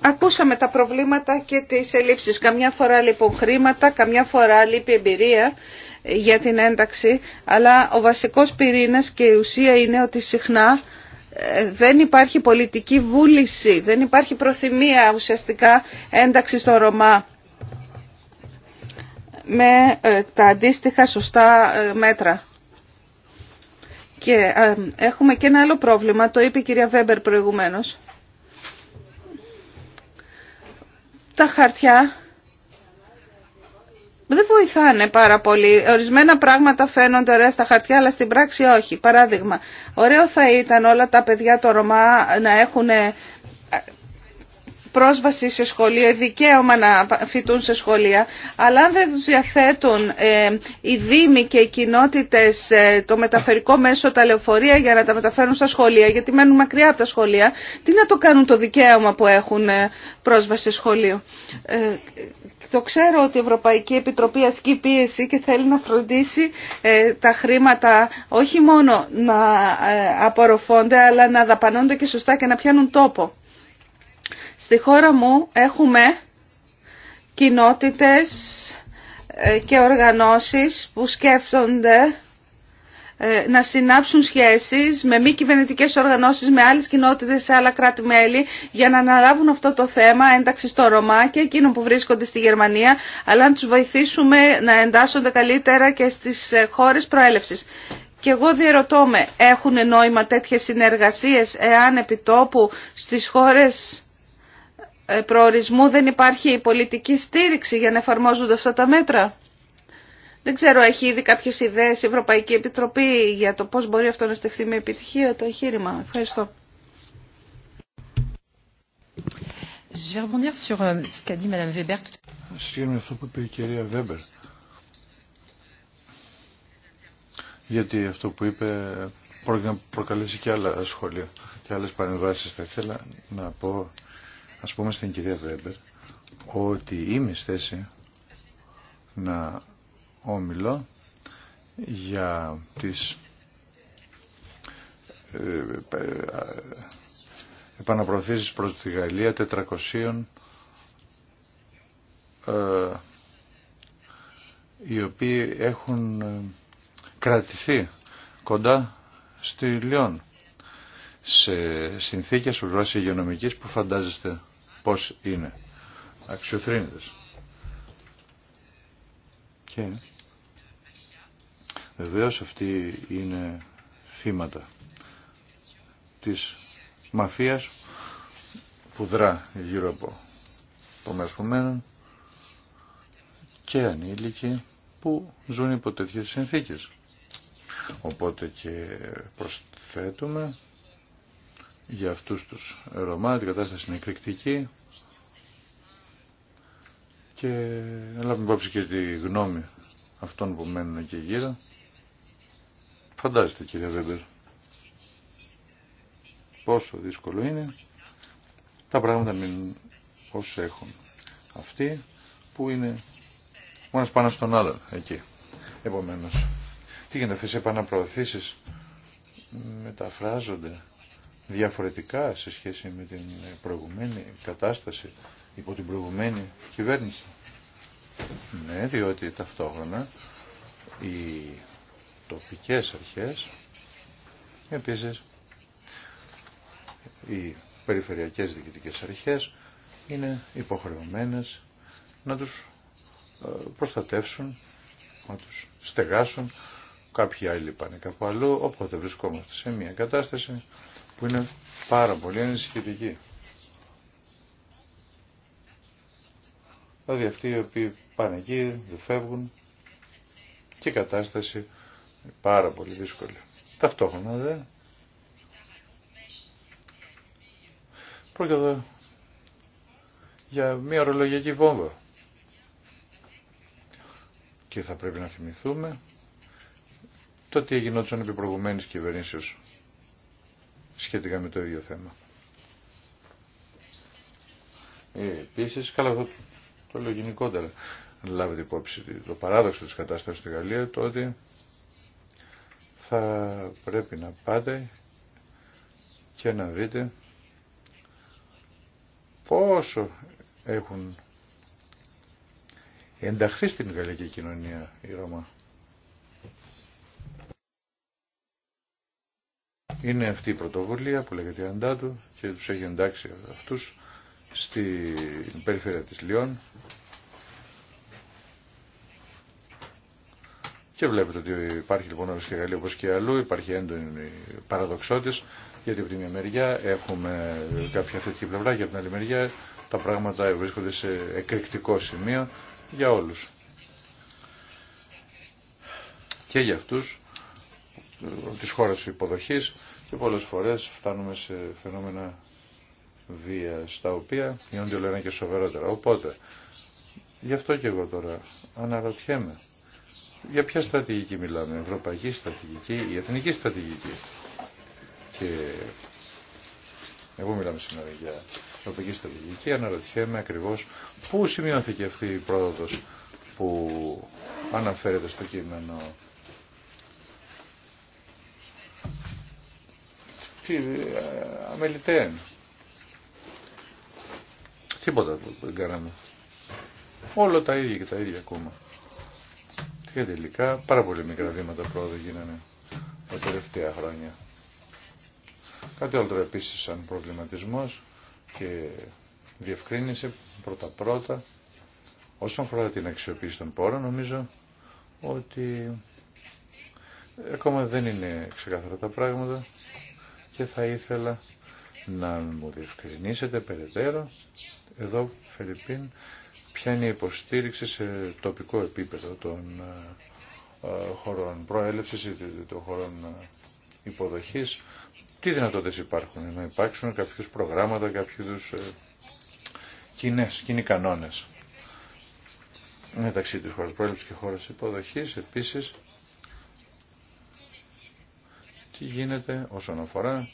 [SPEAKER 3] Ακούσαμε τα προβλήματα και τις ελλείψεις. Καμιά φορά λείπουν χρήματα, καμιά φορά λείπει εμπειρία για την ένταξη, αλλά ο βασικός πυρήνας και η ουσία είναι ότι συχνά ε, δεν υπάρχει πολιτική βούληση, δεν υπάρχει προθυμία ουσιαστικά ένταξη στο Ρωμά με ε, τα αντίστοιχα σωστά ε, μέτρα. Και έχουμε και ένα άλλο πρόβλημα, το είπε η κυρία Βέμπερ προηγουμένως. Τα χαρτιά δεν βοηθάνε πάρα πολύ. Ορισμένα πράγματα φαίνονται ωραία στα χαρτιά, αλλά στην πράξη όχι. Παράδειγμα, ωραίο θα ήταν όλα τα παιδιά το Ρωμά να έχουν ε, πρόσβαση σε σχολεία, δικαίωμα να φοιτούν σε σχολεία, αλλά αν δεν τους διαθέτουν ε, οι δήμοι και οι κοινότητες ε, το μεταφερικό μέσο, τα λεωφορεία για να τα μεταφέρουν στα σχολεία, γιατί μένουν μακριά από τα σχολεία, τι να το κάνουν το δικαίωμα που έχουν πρόσβαση σε σχολείο. Το ξέρω ότι η Ευρωπαϊκή Επιτροπή ασκεί πίεση και θέλει να φροντίσει ε, τα χρήματα όχι μόνο να ε, απορροφώνται αλλά να δαπανώνται και σωστά και να πιάνουν τόπο. Στη χώρα μου έχουμε κοινότητες ε, και οργανώσεις που σκέφτονται ε, να συνάψουν σχέσεις με μη κυβερνητικές οργανώσεις, με άλλες κοινότητες σε άλλα κράτη-μέλη για να αναλάβουν αυτό το θέμα ένταξη στο Ρωμά και εκείνων που βρίσκονται στη Γερμανία, αλλά να τους βοηθήσουμε να εντάσσονται καλύτερα και στις ε, χώρες προέλευσης. Και εγώ διαρωτώ με, έχουν νόημα τέτοιες συνεργασίες εάν επιτόπου στις χώρες ε, προορισμού δεν υπάρχει πολιτική στήριξη για να εφαρμόζονται αυτά τα μέτρα. Δεν ξέρω, έχει ήδη κάποιες ιδέες η Ευρωπαϊκή Επιτροπή για το πώς μπορεί αυτό να στεφθεί με επιτυχία το εγχείρημα. Ευχαριστώ. με
[SPEAKER 1] euh, αυτό που είπε η κυρία Βέμπερ. Γιατί αυτό που είπε πρόκειται να προκαλέσει και άλλα σχόλια και άλλες παρεμβάσεις. Θα ήθελα να πω, ας πούμε στην κυρία Βέμπερ, ότι είμαι στη να όμιλο για τις ε, ε, επαναπροωθήσεις προς τη Γαλλία 400 ε, οι οποίοι έχουν ε, κρατηθεί κοντά στη Λιόν σε συνθήκες ουράς υγειονομικής που φαντάζεστε πώς είναι αξιοθρύνητες. Και Βεβαίως αυτοί είναι θύματα της μαφίας που δρά γύρω από το μεσχομένο και ανήλικοι που ζουν υπό τέτοιες συνθήκες. Οπότε και προσθέτουμε για αυτούς τους Ρωμά, την κατάσταση είναι εκρηκτική και λάβουμε υπόψη και τη γνώμη αυτών που μένουν εκεί γύρω. Φαντάζεστε κύριε Βέμπερ πόσο δύσκολο είναι τα πράγματα μείνουν όσο έχουν. Αυτοί που είναι ο πάνω στον άλλο εκεί. Επομένως, τι γίνεται αυτές οι επαναπροωθήσεις μεταφράζονται διαφορετικά σε σχέση με την προηγουμένη κατάσταση υπό την προηγουμένη κυβέρνηση. Ναι, διότι ταυτόχρονα η τοπικές αρχές. Επίσης, οι περιφερειακές διοικητικές αρχές είναι υποχρεωμένες να τους ε, προστατεύσουν, να τους στεγάσουν. Κάποιοι άλλοι πάνε κάπου αλλού, όποτε βρισκόμαστε σε μια κατάσταση που είναι πάρα πολύ ανησυχητική. Δηλαδή αυτοί οι οποίοι πάνε εκεί, δεν φεύγουν και η κατάσταση πάρα πολύ δύσκολη. Ταυτόχρονα δε. Πρόκειται εδώ για μια ορολογιακή βόμβα. Και θα πρέπει να θυμηθούμε το τι γινόταν επί προηγουμένης κυβερνήσεως σχετικά με το ίδιο θέμα. Ε, Επίση, καλά αυτό το λέω γενικότερα, λάβετε υπόψη το παράδοξο της κατάστασης στη Γαλλία, το ότι θα πρέπει να πάτε και να δείτε πόσο έχουν ενταχθεί στην γαλλική κοινωνία η Ρώμα. Είναι αυτή η πρωτοβουλία που λέγεται Αντάτου και τους έχει εντάξει αυτούς στην περιφέρεια της Λιών Και βλέπετε ότι υπάρχει λοιπόν στη Γαλλία όπως και αλλού, υπάρχει έντονη παραδοξότης, γιατί από τη μια μεριά έχουμε κάποια θετική πλευρά και από την άλλη μεριά τα πράγματα βρίσκονται σε εκρηκτικό σημείο για όλους. Και για αυτούς της χώρας υποδοχής και πολλές φορές φτάνουμε σε φαινόμενα βία τα οποία γίνονται όλο ένα και σοβαρότερα. Οπότε, γι' αυτό και εγώ τώρα αναρωτιέμαι για ποια στρατηγική μιλάμε, ευρωπαϊκή στρατηγική ή εθνική στρατηγική. Και εγώ μιλάμε σήμερα για ευρωπαϊκή στρατηγική, αναρωτιέμαι ακριβώς πού σημειώθηκε αυτή η πρόοδος που αναφέρεται στο κείμενο. Τι, ε, Τίποτα δεν κάναμε. Όλο τα ίδια και τα ίδια ακόμα και τελικά πάρα πολύ μικρά βήματα πρόοδο γίνανε τα τελευταία χρόνια. Κάτι άλλο επίση σαν προβληματισμός και διευκρινηση πρωτα πρώτα-πρώτα όσον αφορά την αξιοποίηση των πόρων νομίζω ότι ακόμα δεν είναι ξεκάθαρα τα πράγματα και θα ήθελα να μου διευκρινίσετε περαιτέρω εδώ Φελιππίν, ποια είναι η υποστήριξη σε τοπικό επίπεδο των ε, ε, χωρών προέλευσης ή των χωρών ε, υποδοχής. Τι δυνατότητες υπάρχουν να υπάρξουν κάποιους προγράμματα, κάποιους κοινές, κοινοί κανόνες μεταξύ της χώρας προέλευσης και χώρας υποδοχής. Επίσης, τι γίνεται όσον αφορά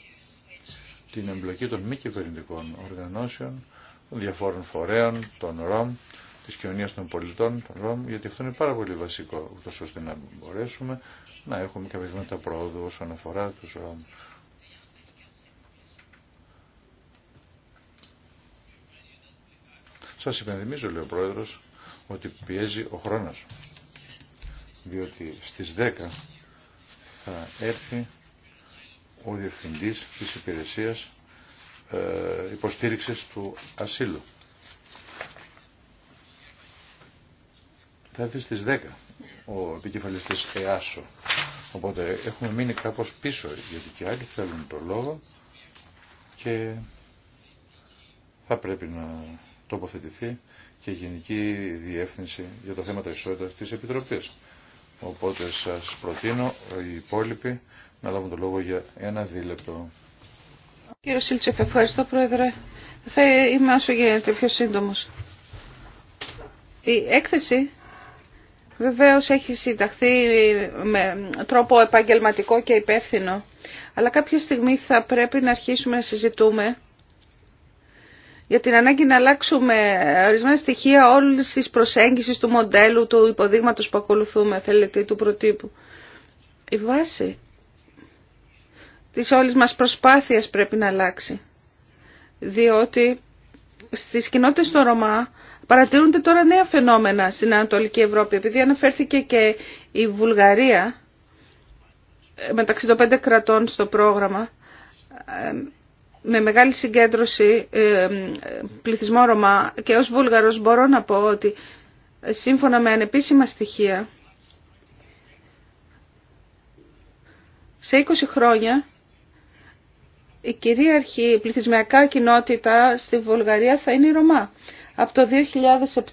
[SPEAKER 1] την εμπλοκή των μη κυβερνητικών οργανώσεων διαφόρων φορέων, των ΡΟΜ, τη κοινωνία των πολιτών, των ΡΟΜ, γιατί αυτό είναι πάρα πολύ βασικό, ούτω ώστε να μπορέσουμε να έχουμε κάποια βήματα πρόοδου όσον αφορά του. ΡΟΜ. Σας υπενθυμίζω, λέει ο Πρόεδρος, ότι πιέζει ο χρόνος. Διότι στις 10 θα έρθει ο διευθυντή της Υπηρεσία. Ε, υποστήριξης του ασύλου. Θα έρθει στις 10 ο επικεφαλής της ΕΑΣΟ. Οπότε έχουμε μείνει κάπως πίσω γιατί και άλλοι θέλουν το λόγο και θα πρέπει να τοποθετηθεί και η Γενική Διεύθυνση για το θέμα της ισότητας της Επιτροπής. Οπότε σας προτείνω οι υπόλοιποι να λάβουν το λόγο για ένα δίλεπτο.
[SPEAKER 3] Κύριε Σίλτσεφ, ευχαριστώ Πρόεδρε. Θα είμαι όσο γίνεται πιο σύντομος. Η έκθεση βεβαίως έχει συνταχθεί με τρόπο επαγγελματικό και υπεύθυνο, αλλά κάποια στιγμή θα πρέπει να αρχίσουμε να συζητούμε για την ανάγκη να αλλάξουμε ορισμένα στοιχεία όλης της προσέγγισης του μοντέλου, του υποδείγματος που ακολουθούμε, θέλετε, του προτύπου. Η βάση τις όλες μας προσπάθειες πρέπει να αλλάξει. Διότι στις κοινότητες στο Ρωμά παρατηρούνται τώρα νέα φαινόμενα στην Ανατολική Ευρώπη. Επειδή αναφέρθηκε και η Βουλγαρία ε, μεταξύ των πέντε κρατών στο πρόγραμμα ε, με μεγάλη συγκέντρωση ε, πληθυσμό Ρωμά και ως Βούλγαρος μπορώ να πω ότι σύμφωνα με ανεπίσημα στοιχεία σε 20 χρόνια η κυρίαρχη πληθυσμιακά κοινότητα στη Βουλγαρία θα είναι η Ρωμά. Από το 2007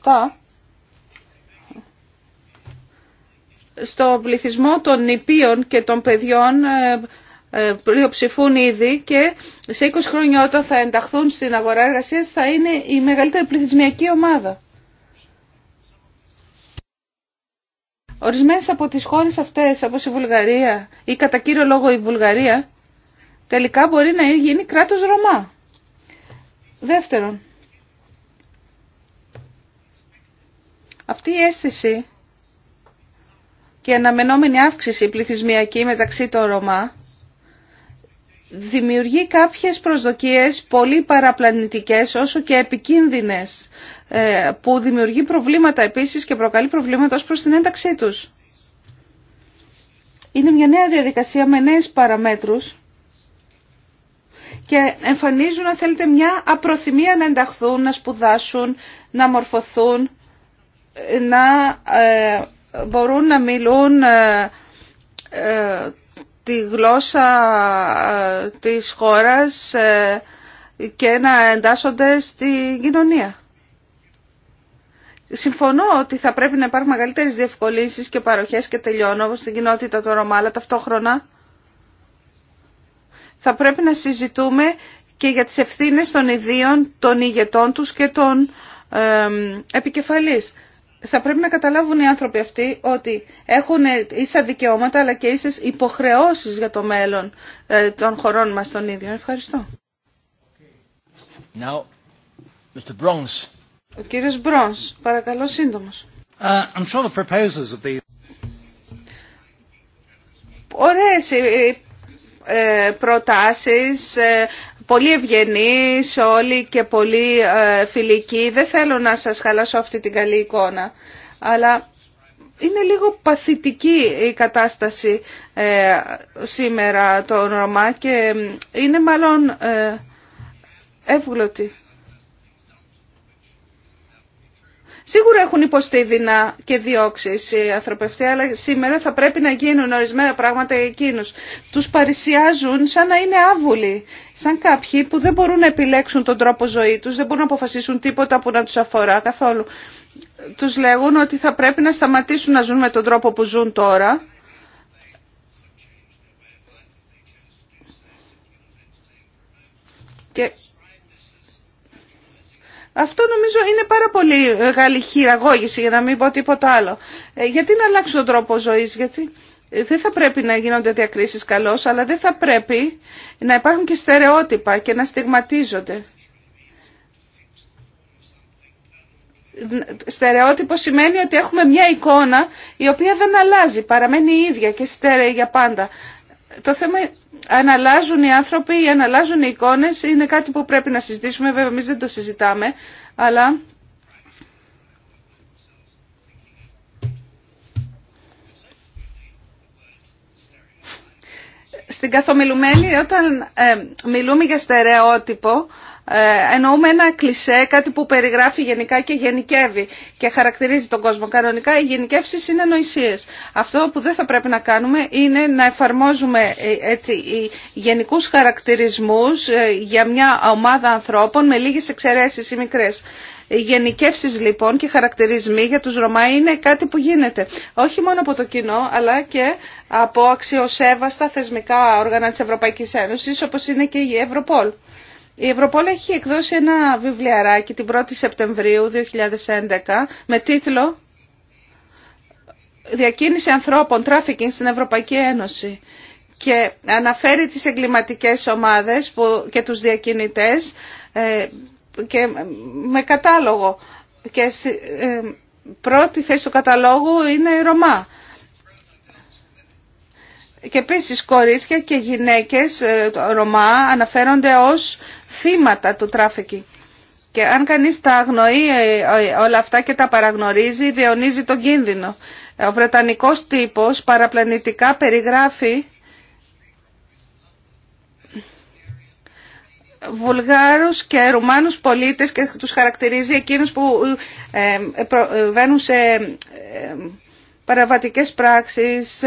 [SPEAKER 3] στο πληθυσμό των νηπίων και των παιδιών ε, ε, πλειοψηφούν ήδη και σε 20 χρόνια όταν θα ενταχθούν στην αγορά εργασίας θα είναι η μεγαλύτερη πληθυσμιακή ομάδα. Ορισμένες από τις χώρες αυτές όπως η Βουλγαρία ή κατά κύριο λόγο η Βουλγαρία τελικά μπορεί να γίνει κράτος Ρωμά. Δεύτερον, αυτή η αίσθηση και αναμενόμενη αύξηση πληθυσμιακή μεταξύ των Ρωμά δημιουργεί κάποιες προσδοκίες πολύ παραπλανητικές όσο και επικίνδυνες ε, που δημιουργεί προβλήματα επίσης και προκαλεί προβλήματα ως προς την ένταξή τους. Είναι μια νέα διαδικασία με νέες παραμέτρους και εμφανίζουν, αν θέλετε, μια απροθυμία να ενταχθούν, να σπουδάσουν, να μορφωθούν, να ε, μπορούν να μιλούν ε, ε, τη γλώσσα της χώρας και να εντάσσονται στην κοινωνία. Συμφωνώ ότι θα πρέπει να υπάρχουν μεγαλύτερες διευκολύνσεις και παροχές και τελειώνω στην κοινότητα των Ρωμά, αλλά ταυτόχρονα θα πρέπει να συζητούμε και για τις ευθύνες των ιδίων, των ηγετών τους και των ε, επικεφαλής. Θα πρέπει να καταλάβουν οι άνθρωποι αυτοί ότι έχουν ίσα δικαιώματα αλλά και ίσες υποχρεώσεις για το μέλλον ε, των χωρών μας των ίδιων. Ευχαριστώ.
[SPEAKER 1] Now, Mr. Bronze.
[SPEAKER 3] Ο κύριος Μπρόνς, παρακαλώ σύντομος.
[SPEAKER 1] Uh, I'm sure the of the...
[SPEAKER 3] Ωραίες οι ε, ε, ε, προτάσεις ε, πολύ ευγενείς όλοι και πολύ ε, φιλικοί. Δεν θέλω να σας χαλάσω αυτή την καλή εικόνα, αλλά είναι λίγο παθητική η κατάσταση σήμερα των Ρωμά και είναι μάλλον εύγλωτη. Σίγουρα έχουν υποστεί δεινά και διώξει οι ανθρωπευτοί, αλλά σήμερα θα πρέπει να γίνουν ορισμένα πράγματα για εκείνου. Του παρουσιάζουν σαν να είναι άβουλοι. Σαν κάποιοι που δεν μπορούν να επιλέξουν τον τρόπο ζωή του, δεν μπορούν να αποφασίσουν τίποτα που να του αφορά καθόλου. Του λέγουν ότι θα πρέπει να σταματήσουν να ζουν με τον τρόπο που ζουν τώρα. Και αυτό νομίζω είναι πάρα πολύ μεγάλη χειραγώγηση για να μην πω τίποτα άλλο. Ε, γιατί να αλλάξουν τον τρόπο ζωής, γιατί ε, δεν θα πρέπει να γίνονται διακρίσεις καλώς, αλλά δεν θα πρέπει να υπάρχουν και στερεότυπα και να στιγματίζονται. Στερεότυπο σημαίνει ότι έχουμε μια εικόνα η οποία δεν αλλάζει, παραμένει η ίδια και στέρεη για πάντα το θέμα αναλάζουν οι άνθρωποι ή αν αλλάζουν οι εικόνες είναι κάτι που πρέπει να συζητήσουμε. Βέβαια εμείς δεν το συζητάμε, αλλά... Στην καθομιλουμένη όταν ε, μιλούμε για στερεότυπο ε, εννοούμε ένα κλισέ, κάτι που περιγράφει γενικά και γενικεύει και χαρακτηρίζει τον κόσμο. Κανονικά οι γενικεύσεις είναι νοησίες. Αυτό που δεν θα πρέπει να κάνουμε είναι να εφαρμόζουμε ε, έτσι, γενικούς χαρακτηρισμούς ε, για μια ομάδα ανθρώπων με λίγες εξαιρέσεις ή μικρές. Οι γενικεύσεις λοιπόν και χαρακτηρισμοί για τους Ρωμά είναι κάτι που γίνεται. Όχι μόνο από το κοινό αλλά και από αξιοσέβαστα θεσμικά όργανα της Ευρωπαϊκής Ένωσης όπω είναι και η Ευρωπόλ. Η Ευρωπόλ έχει εκδώσει ένα βιβλιαράκι την 1η Σεπτεμβρίου 2011 με τίτλο «Διακίνηση ανθρώπων, τράφικινγκ στην Ευρωπαϊκή Ένωση» και αναφέρει τις εγκληματικές ομάδες που, και τους διακινητές ε, και με κατάλογο. Και ε, πρώτη θέση του καταλόγου είναι η Ρωμά. Και επίση κορίτσια και γυναίκες ε, Ρωμά αναφέρονται ως θύματα του τράφικη Και αν κανείς τα αγνοεί ε, ε, όλα αυτά και τα παραγνωρίζει, διονύζει τον κίνδυνο. Ο Βρετανικός τύπος παραπλανητικά περιγράφει Βουλγάρους και Ρουμάνους πολίτες και τους χαρακτηρίζει εκείνους που βαίνουν σε παραβατικές πράξεις,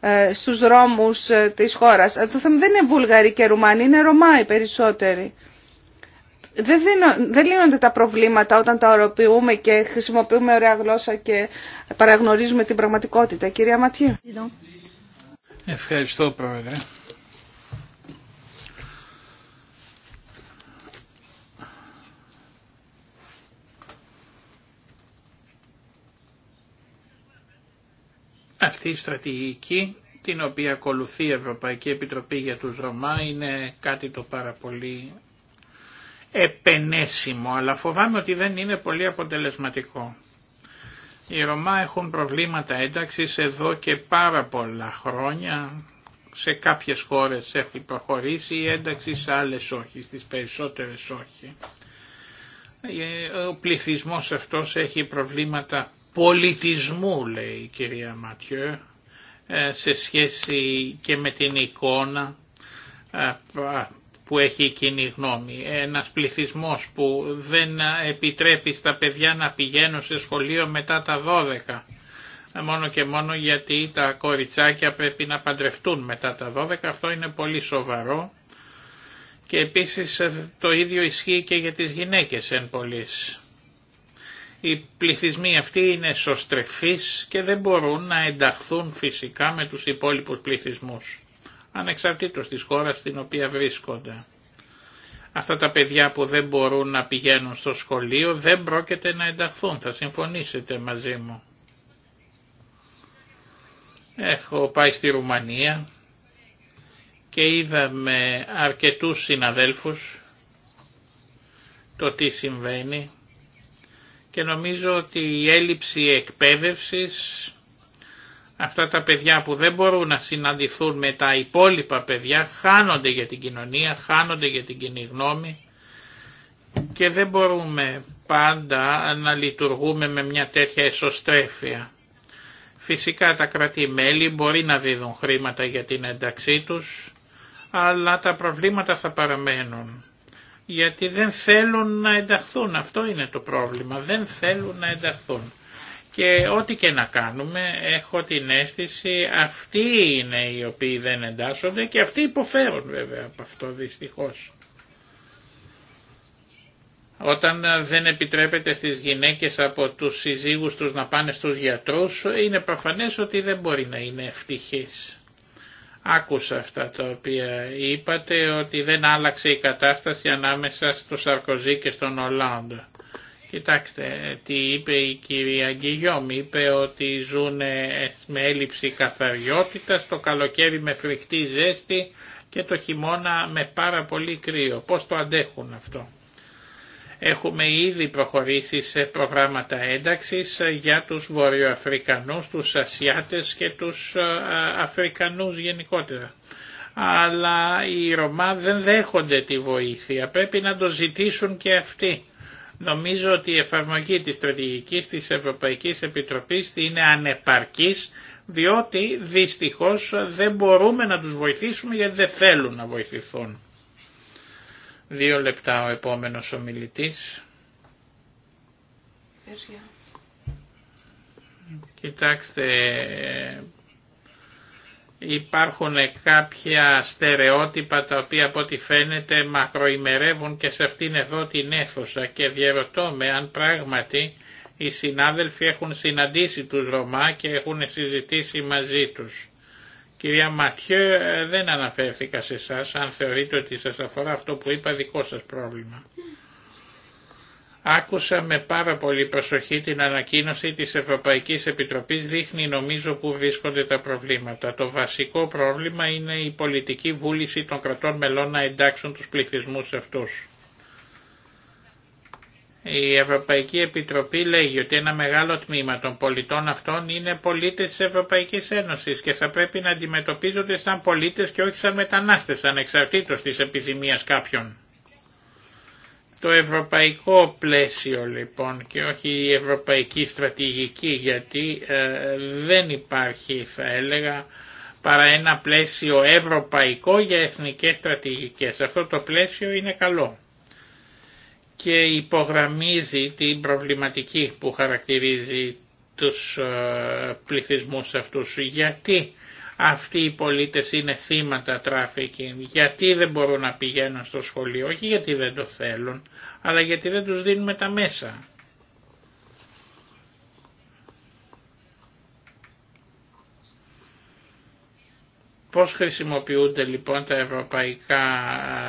[SPEAKER 3] ε, στους δρόμους ε, της χώρας. Ε, δεν είναι Βούλγαροι και Ρουμάνοι, είναι Ρωμά περισσότεροι. Δεν, δίνω, δεν λύνονται τα προβλήματα όταν τα οροποιούμε και χρησιμοποιούμε ωραία γλώσσα και παραγνωρίζουμε την πραγματικότητα. Κυρία Ματιού.
[SPEAKER 2] Ευχαριστώ Πρόεδρε. Αυτή η στρατηγική την οποία ακολουθεί η Ευρωπαϊκή Επιτροπή για τους Ρωμά είναι κάτι το πάρα πολύ επενέσιμο, αλλά φοβάμαι ότι δεν είναι πολύ αποτελεσματικό. Οι Ρωμά έχουν προβλήματα ένταξης εδώ και πάρα πολλά χρόνια. Σε κάποιες χώρες έχει προχωρήσει η ένταξη, σε άλλες όχι, στις περισσότερες όχι. Ε, ο πληθυσμός αυτός έχει προβλήματα πολιτισμού λέει η κυρία Ματιέ ε, σε σχέση και με την εικόνα ε, που έχει η κοινή γνώμη. Ένας πληθυσμός που δεν επιτρέπει στα παιδιά να πηγαίνουν σε σχολείο μετά τα 12 ε, μόνο και μόνο γιατί τα κοριτσάκια πρέπει να παντρευτούν μετά τα 12, αυτό είναι πολύ σοβαρό και επίσης το ίδιο ισχύει και για τις γυναίκες εν πολλής. Οι πληθυσμοί αυτοί είναι σωστρεφείς και δεν μπορούν να ενταχθούν φυσικά με τους υπόλοιπους πληθυσμούς, ανεξαρτήτως της χώρας στην οποία βρίσκονται. Αυτά τα παιδιά που δεν μπορούν να πηγαίνουν στο σχολείο δεν πρόκειται να ενταχθούν, θα συμφωνήσετε μαζί μου. Έχω πάει στη Ρουμανία και είδαμε αρκετούς συναδέλφους το τι συμβαίνει και νομίζω ότι η έλλειψη εκπαίδευσης αυτά τα παιδιά που δεν μπορούν να συναντηθούν με τα υπόλοιπα παιδιά χάνονται για την κοινωνία, χάνονται για την κοινή γνώμη και δεν μπορούμε πάντα να λειτουργούμε με μια τέτοια εσωστρέφεια. Φυσικά τα κρατη μπορεί να δίδουν χρήματα για την ένταξή τους, αλλά τα προβλήματα θα παραμένουν γιατί δεν θέλουν να ενταχθούν. Αυτό είναι το πρόβλημα. Δεν θέλουν να ενταχθούν. Και ό,τι και να κάνουμε έχω την αίσθηση αυτοί είναι οι οποίοι δεν εντάσσονται και αυτοί υποφέρουν βέβαια από αυτό δυστυχώς. Όταν δεν επιτρέπεται στις γυναίκες από τους συζύγους τους να πάνε στους γιατρούς είναι προφανές ότι δεν μπορεί να είναι ευτυχής. Άκουσα αυτά τα οποία είπατε ότι δεν άλλαξε η κατάσταση ανάμεσα στο Σαρκοζή και στον Ολάντ. Κοιτάξτε τι είπε η κυρία Γκυγιόμ, είπε ότι ζουν με έλλειψη καθαριότητας, το καλοκαίρι με φρικτή ζέστη και το χειμώνα με πάρα πολύ κρύο. Πώς το αντέχουν αυτό. Έχουμε ήδη προχωρήσει σε προγράμματα ένταξης ε, για τους Βορειοαφρικανούς, τους Ασιάτες και τους ε, ε, Αφρικανούς γενικότερα. Αλλά οι Ρωμά δεν δέχονται τη βοήθεια, πρέπει να το ζητήσουν και αυτοί. Νομίζω ότι η εφαρμογή της στρατηγικής της Ευρωπαϊκής Επιτροπής είναι ανεπαρκής, διότι δυστυχώς δεν μπορούμε να τους βοηθήσουμε γιατί δεν θέλουν να βοηθηθούν. Δύο λεπτά ο επόμενος ομιλητής. Κοιτάξτε, υπάρχουν κάποια στερεότυπα τα οποία από ό,τι φαίνεται μακροημερεύουν και σε αυτήν εδώ την αίθουσα και διαρωτώ με αν πράγματι οι συνάδελφοι έχουν συναντήσει τους Ρωμά και έχουν συζητήσει μαζί τους. Κυρία Ματιέ, δεν αναφέρθηκα σε εσά αν θεωρείτε ότι σα αφορά αυτό που είπα δικό σας πρόβλημα. Άκουσα με πάρα πολύ προσοχή την ανακοίνωση της Ευρωπαϊκής Επιτροπής δείχνει νομίζω που βρίσκονται τα προβλήματα. Το βασικό πρόβλημα είναι η πολιτική βούληση των κρατών μελών να εντάξουν τους πληθυσμούς αυτούς. Η Ευρωπαϊκή Επιτροπή λέγει ότι ένα μεγάλο τμήμα των πολιτών αυτών είναι πολίτες της Ευρωπαϊκής Ένωσης και θα πρέπει να αντιμετωπίζονται σαν πολίτες και όχι σαν μετανάστες ανεξαρτήτως της επιθυμίας κάποιων. Το ευρωπαϊκό πλαίσιο λοιπόν και όχι η ευρωπαϊκή στρατηγική γιατί ε, δεν υπάρχει θα έλεγα παρά ένα πλαίσιο ευρωπαϊκό για εθνικές στρατηγικές. Αυτό το πλαίσιο είναι καλό και υπογραμμίζει την προβληματική που χαρακτηρίζει τους ε, πληθυσμούς αυτούς. Γιατί αυτοί οι πολίτες είναι θύματα τράφικινγκ, γιατί δεν μπορούν να πηγαίνουν στο σχολείο, όχι γιατί δεν το θέλουν, αλλά γιατί δεν τους δίνουμε τα μέσα. Πώς χρησιμοποιούνται λοιπόν τα ευρωπαϊκά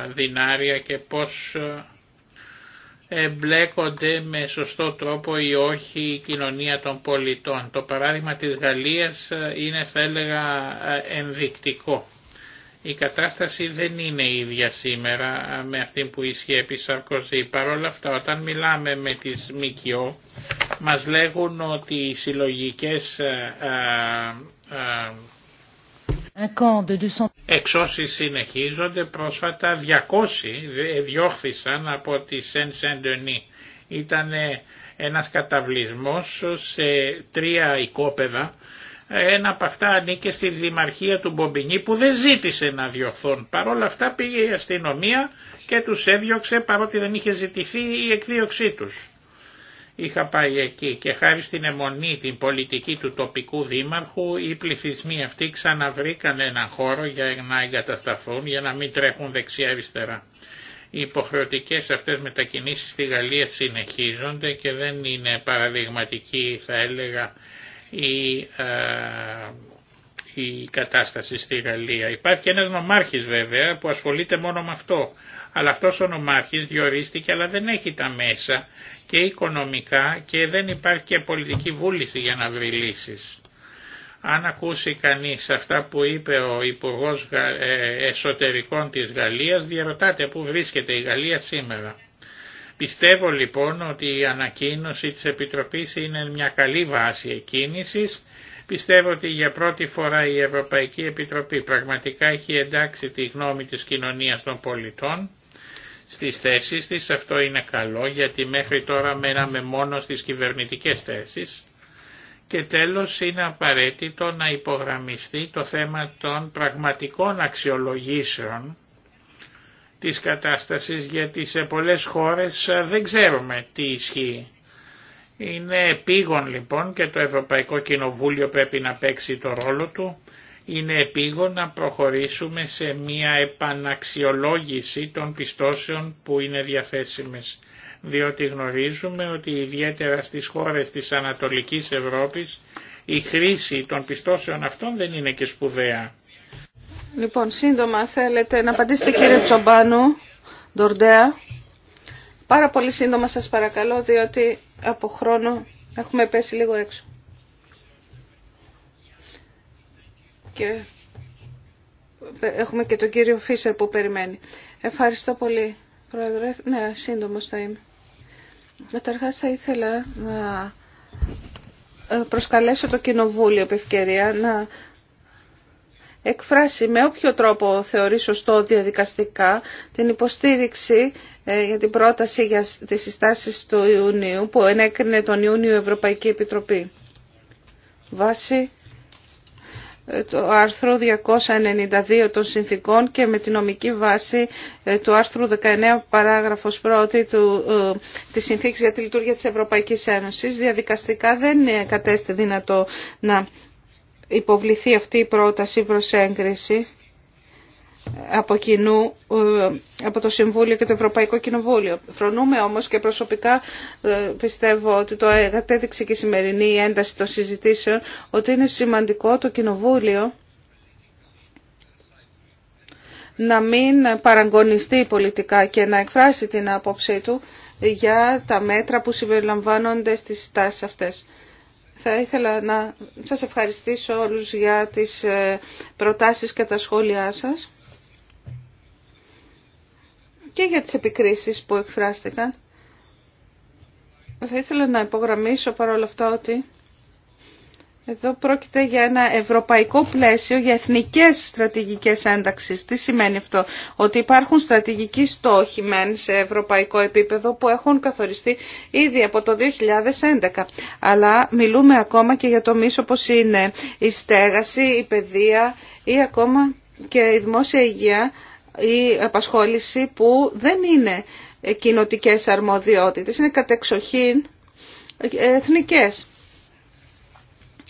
[SPEAKER 2] ε, δινάρια και πώς ε, εμπλέκονται με σωστό τρόπο ή όχι η κοινωνία των πολιτών. Το παράδειγμα της Γαλλίας ε, είναι θα έλεγα ε, ενδεικτικό. Η κατάσταση δεν είναι ίδια σήμερα ε, με αυτή που ισχύει επί Σαρκοζή. Παρ' όλα αυτά όταν μιλάμε με τις ΜΚΟ μας λέγουν ότι οι συλλογικές Εξ όσοι συνεχίζονται πρόσφατα 200 διώχθησαν από τη Σεν Σεντενή. Ήταν ένας καταβλισμός σε τρία οικόπεδα. Ένα από αυτά ανήκε στη Δημαρχία του Μπομπινί που δεν ζήτησε να διωχθούν. Παρ' όλα αυτά πήγε η αστυνομία και τους έδιωξε παρότι δεν είχε ζητηθεί η εκδίωξή τους. Είχα πάει εκεί και χάρη στην αιμονή την πολιτική του τοπικού δήμαρχου οι πληθυσμοί αυτοί ξαναβρήκαν έναν χώρο για να εγκατασταθούν για να μην τρέχουν δεξιά-αριστερά. Οι υποχρεωτικές αυτές μετακινήσεις στη Γαλλία συνεχίζονται και δεν είναι παραδειγματική θα έλεγα η, ε, η κατάσταση στη Γαλλία. Υπάρχει ένας νομάρχης βέβαια που ασχολείται μόνο με αυτό αλλά αυτός ο νομάρχης διορίστηκε αλλά δεν έχει τα μέσα και οικονομικά και δεν υπάρχει και πολιτική βούληση για να βρει λύσεις. Αν ακούσει κανείς αυτά που είπε ο Υπουργός ε, Εσωτερικών της Γαλλίας, διαρωτάται πού βρίσκεται η Γαλλία σήμερα. Πιστεύω λοιπόν ότι η ανακοίνωση της Επιτροπής είναι μια καλή βάση εκκίνησης. Πιστεύω ότι για πρώτη φορά η Ευρωπαϊκή Επιτροπή πραγματικά έχει εντάξει τη γνώμη της κοινωνίας των πολιτών στις θέσεις της. Αυτό είναι καλό γιατί μέχρι τώρα μέναμε μόνο στις κυβερνητικές θέσεις. Και τέλος είναι απαραίτητο να υπογραμμιστεί το θέμα των πραγματικών αξιολογήσεων της κατάστασης γιατί σε πολλές χώρες ε, δεν ξέρουμε τι ισχύει. Είναι επίγον λοιπόν και το Ευρωπαϊκό Κοινοβούλιο πρέπει να παίξει το ρόλο του είναι επίγον να προχωρήσουμε σε μια επαναξιολόγηση των πιστώσεων που είναι διαθέσιμες, διότι γνωρίζουμε ότι ιδιαίτερα στις χώρες της Ανατολικής Ευρώπης η χρήση των πιστώσεων αυτών δεν είναι και σπουδαία.
[SPEAKER 3] Λοιπόν, σύντομα θέλετε να απαντήσετε κύριε Τσομπάνου, Ντορντέα. Πάρα πολύ σύντομα σας παρακαλώ, διότι από χρόνο έχουμε πέσει λίγο έξω. και έχουμε και τον κύριο Φίσερ που περιμένει. Ευχαριστώ πολύ, Πρόεδρε. Ναι, σύντομος θα είμαι. Καταρχά θα ήθελα να ε, προσκαλέσω το Κοινοβούλιο επ' ευκαιρία να εκφράσει με όποιο τρόπο θεωρεί σωστό διαδικαστικά την υποστήριξη ε, για την πρόταση για τις συστάσεις του Ιουνίου που ενέκρινε τον Ιούνιο Ευρωπαϊκή Επιτροπή. Βάση το άρθρο 292 των συνθήκων και με τη νομική βάση ε, του άρθρου 19 παράγραφος 1 του, ε, της συνθήκης για τη λειτουργία της Ευρωπαϊκής Ένωσης. Διαδικαστικά δεν κατέστη δυνατό να υποβληθεί αυτή η πρόταση προς έγκριση από κοινού ε, από το Συμβούλιο και το Ευρωπαϊκό Κοινοβούλιο. Φρονούμε όμως και προσωπικά ε, πιστεύω ότι το ε, κατέδειξε και η σημερινή ένταση των συζητήσεων ότι είναι σημαντικό το Κοινοβούλιο να μην παραγκονιστεί πολιτικά και να εκφράσει την άποψή του για τα μέτρα που συμπεριλαμβάνονται στις στάσεις αυτές. Θα ήθελα να σας ευχαριστήσω όλους για τις προτάσεις και τα σχόλιά σας και για τις επικρίσεις που εκφράστηκαν. Θα ήθελα να υπογραμμίσω παρόλα αυτά ότι εδώ πρόκειται για ένα ευρωπαϊκό πλαίσιο για εθνικές στρατηγικές ένταξεις. Τι σημαίνει αυτό, ότι υπάρχουν στρατηγικοί στόχοι μεν σε ευρωπαϊκό επίπεδο που έχουν καθοριστεί ήδη από το 2011. Αλλά μιλούμε ακόμα και για μίσο όπως είναι η στέγαση, η παιδεία ή ακόμα και η δημόσια υγεία η απασχόληση που δεν είναι κοινοτικές αρμοδιότητες, είναι κατεξοχήν εθνικές.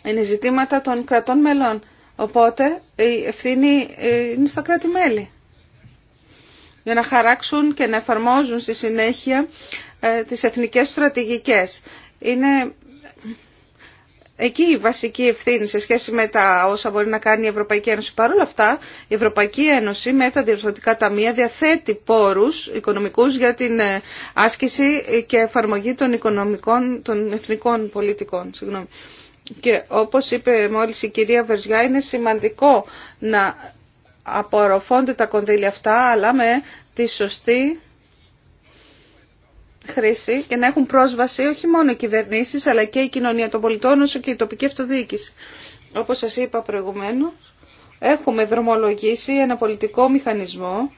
[SPEAKER 3] Είναι ζητήματα των κρατών μελών, οπότε η ευθύνη είναι στα κράτη-μέλη για να χαράξουν και να εφαρμόζουν στη συνέχεια ε, τις εθνικές στρατηγικές. Είναι Εκεί η βασική ευθύνη σε σχέση με τα όσα μπορεί να κάνει η Ευρωπαϊκή Ένωση. Παρ' όλα αυτά, η Ευρωπαϊκή Ένωση με τα διευθυντικά ταμεία διαθέτει πόρους οικονομικούς για την ε, άσκηση και εφαρμογή των, οικονομικών, των εθνικών πολιτικών. Συγγνώμη. Και όπως είπε μόλις η κυρία Βερζιά, είναι σημαντικό να απορροφώνται τα κονδύλια αυτά, αλλά με τη σωστή χρήση και να έχουν πρόσβαση όχι μόνο οι κυβερνήσεις αλλά και η κοινωνία των πολιτών όσο και η τοπική αυτοδιοίκηση. Όπως σας είπα προηγουμένω, έχουμε δρομολογήσει ένα πολιτικό μηχανισμό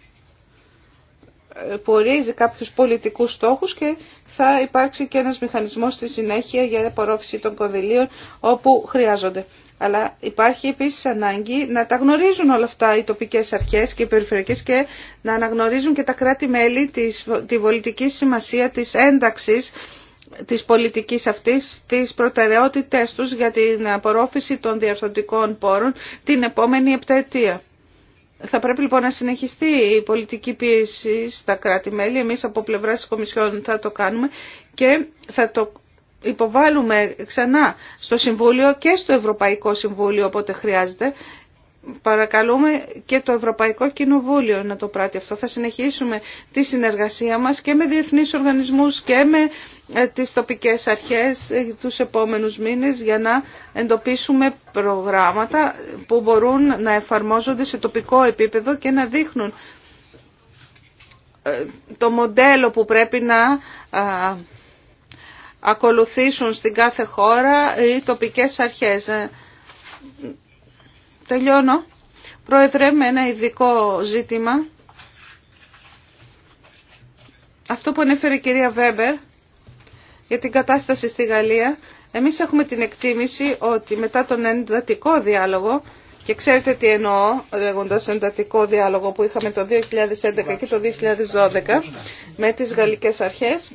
[SPEAKER 3] ε, που ορίζει κάποιους πολιτικούς στόχους και θα υπάρξει και ένας μηχανισμός στη συνέχεια για απορρόφηση των κονδυλίων όπου χρειάζονται. Αλλά υπάρχει επίσης ανάγκη να τα γνωρίζουν όλα αυτά οι τοπικές αρχές και οι περιφερειακές και να αναγνωρίζουν και τα κράτη-μέλη τη πολιτική σημασία της ένταξης της πολιτικής αυτής, τις προτεραιότητές τους για την απορρόφηση των διαρθρωτικών πόρων την επόμενη επταετία. Θα πρέπει λοιπόν να συνεχιστεί η πολιτική πίεση στα κράτη-μέλη. Εμείς από πλευράς της Κομισιόν θα το κάνουμε και θα το Υποβάλλουμε ξανά στο Συμβούλιο και στο Ευρωπαϊκό Συμβούλιο όποτε χρειάζεται. Παρακαλούμε και το Ευρωπαϊκό Κοινοβούλιο να το πράττει αυτό. Θα συνεχίσουμε τη συνεργασία μας και με διεθνείς οργανισμούς και με ε, τις τοπικές αρχές ε, τους επόμενους μήνες για να εντοπίσουμε προγράμματα που μπορούν να εφαρμόζονται σε τοπικό επίπεδο και να δείχνουν ε, το μοντέλο που πρέπει να ακολουθήσουν στην κάθε χώρα οι τοπικές αρχές. Ε, τελειώνω. Πρόεδρε, με ένα ειδικό ζήτημα. Αυτό που ανέφερε η κυρία Βέμπερ για την κατάσταση στη Γαλλία, εμείς έχουμε την εκτίμηση ότι μετά τον εντατικό διάλογο, και ξέρετε τι εννοώ λέγοντας εντατικό διάλογο που είχαμε το 2011 και το 2012 με τις γαλλικές αρχές,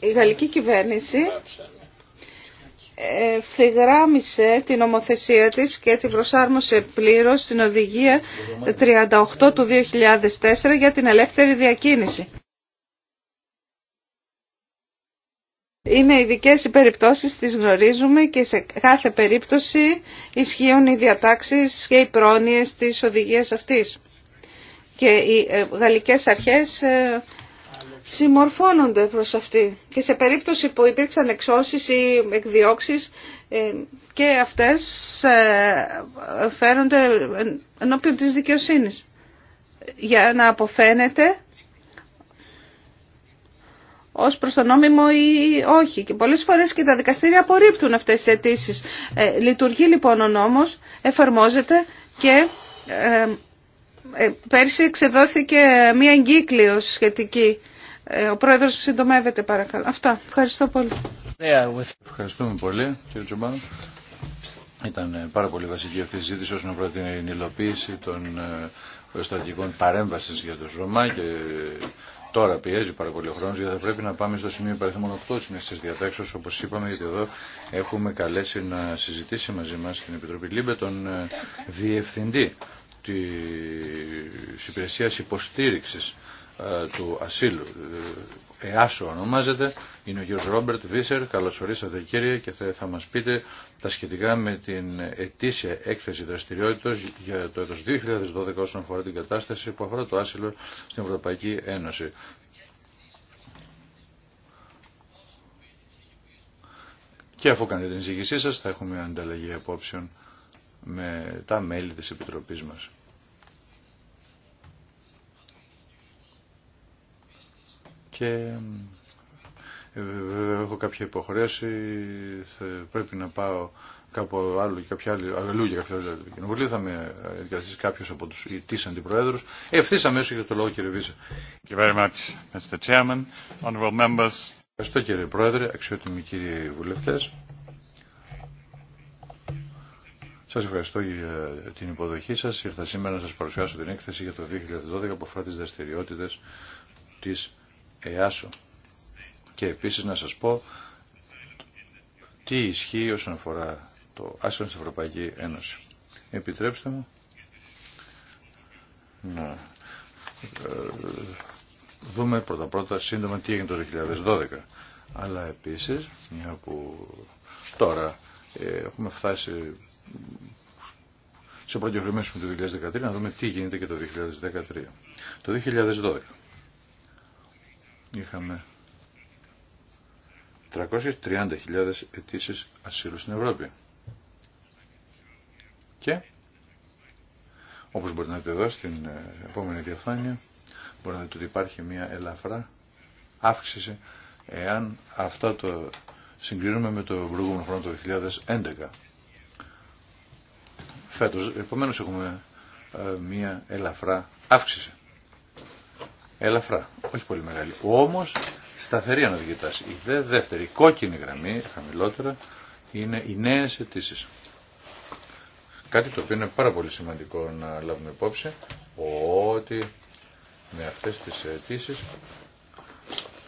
[SPEAKER 3] η γαλλική κυβέρνηση φθηγράμισε ε, την ομοθεσία της και την προσάρμοσε πλήρως στην οδηγία 38 του 2004 για την ελεύθερη διακίνηση. Είναι ειδικέ οι περιπτώσεις, τις γνωρίζουμε και σε κάθε περίπτωση ισχύουν οι διατάξεις και οι πρόνοιες της οδηγίας αυτής. Και οι ε, γαλλικές αρχές ε, συμμορφώνονται προς αυτή. Και σε περίπτωση που υπήρξαν εξώσεις ή εκδιώξεις ε, και αυτές ε, φέρονται ενώπιον της δικαιοσύνης για να αποφαίνεται ως προς το νόμιμο ή όχι. Και πολλές φορές και τα δικαστήρια απορρίπτουν αυτές τις αιτήσει. Ε, λειτουργεί λοιπόν ο νόμος, εφαρμόζεται και πέρσι εξεδόθηκε μία εγκύκλειο σχετική ε, ο πρόεδρος συντομεύεται παρακαλώ. Αυτά. Ευχαριστώ πολύ.
[SPEAKER 1] Ευχαριστούμε πολύ κύριε Τσομπάνο. Ήταν ε, πάρα πολύ βασική αυτή η ζήτηση όσον αφορά την υλοποίηση των ε, στρατηγικών παρέμβαση για το Ρωμά και τώρα πιέζει πάρα πολύ ο χρόνος γιατί θα πρέπει να πάμε στο σημείο παρελθόν 8 της στις όπω όπως είπαμε γιατί εδώ έχουμε καλέσει να συζητήσει μαζί μας στην Επιτροπή Λίμπε τον Διευθυντή της Υπηρεσίας Υποστήριξης ε, του ασύλου. ΕΑΣΟ ονομάζεται, είναι ο κύριος Ρόμπερτ Βίσερ, καλώς ορίσατε κύριε και θα μας πείτε τα σχετικά με την ετήσια έκθεση δραστηριότητας για το έτος 2012 όσον αφορά την κατάσταση που αφορά το άσυλο στην Ευρωπαϊκή Ένωση. Και αφού κάνετε την εισηγησή σας θα έχουμε ανταλλαγή απόψεων με τα μέλη της Επιτροπής μας. και ε, έχω κάποια υποχρέωση, πρέπει να πάω κάπου άλλο και κάποια άλλη, αλλού για κάποια άλλη κοινοβουλία. θα με εγκαταστήσει κάποιος από τους, ή τις αντιπροέδρους. Ευθύς αμέσως για το λόγο κύριε Βίσσα. Ευχαριστώ κύριε Πρόεδρε, αξιότιμοι κύριοι βουλευτές. Σας ευχαριστώ για την υποδοχή σας. Ήρθα σήμερα να σας παρουσιάσω την έκθεση για το 2012 που αφορά τις δραστηριότητες της ΕΑΣΟ. Και επίσης να σας πω τι ισχύει όσον αφορά το άσυλο στην Ευρωπαϊκή Ένωση. Επιτρέψτε μου να ε, δούμε πρώτα πρώτα σύντομα τι έγινε το 2012. Αλλά επίσης, μια που τώρα ε, έχουμε φτάσει σε πρώτη χρονιά του 2013, να δούμε τι γίνεται και το 2013. Το 2012 είχαμε 330.000 αιτήσει ασύλου στην Ευρώπη. Και, όπως μπορείτε να δείτε εδώ στην ε, επόμενη διαφάνεια, μπορείτε να δείτε ότι υπάρχει μια ελαφρά αύξηση εάν αυτά το συγκρίνουμε με το προηγούμενο χρόνο το 2011. Φέτος, επομένως, έχουμε ε, μια ελαφρά αύξηση ελαφρά, όχι πολύ μεγάλη. Όμως σταθερή να Η δε, δεύτερη κόκκινη γραμμή, χαμηλότερα, είναι οι νέε αιτήσει. Κάτι το οποίο είναι πάρα πολύ σημαντικό να λάβουμε υπόψη, ότι με αυτές τις αιτήσει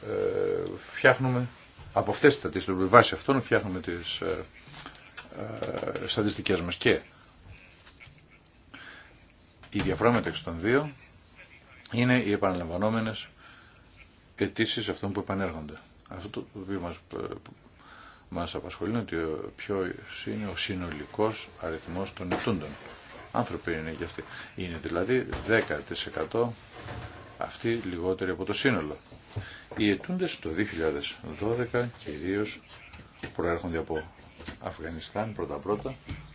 [SPEAKER 1] ε, φτιάχνουμε, από αυτές τις αιτήσεις, με βάση αυτών φτιάχνουμε τις ε, ε μας. Και η διαφορά μεταξύ των δύο είναι οι επαναλαμβανόμενες αιτήσει αυτών που επανέρχονται. Αυτό το οποίο μας, ε, απασχολεί είναι ότι ποιο είναι ο συνολικός αριθμός των ετούντων. Άνθρωποι είναι και αυτοί. Είναι δηλαδή 10% αυτοί λιγότεροι από το σύνολο. Οι ετούντες το 2012 και ιδίω προέρχονται από Αφγανιστάν πρώτα-πρώτα,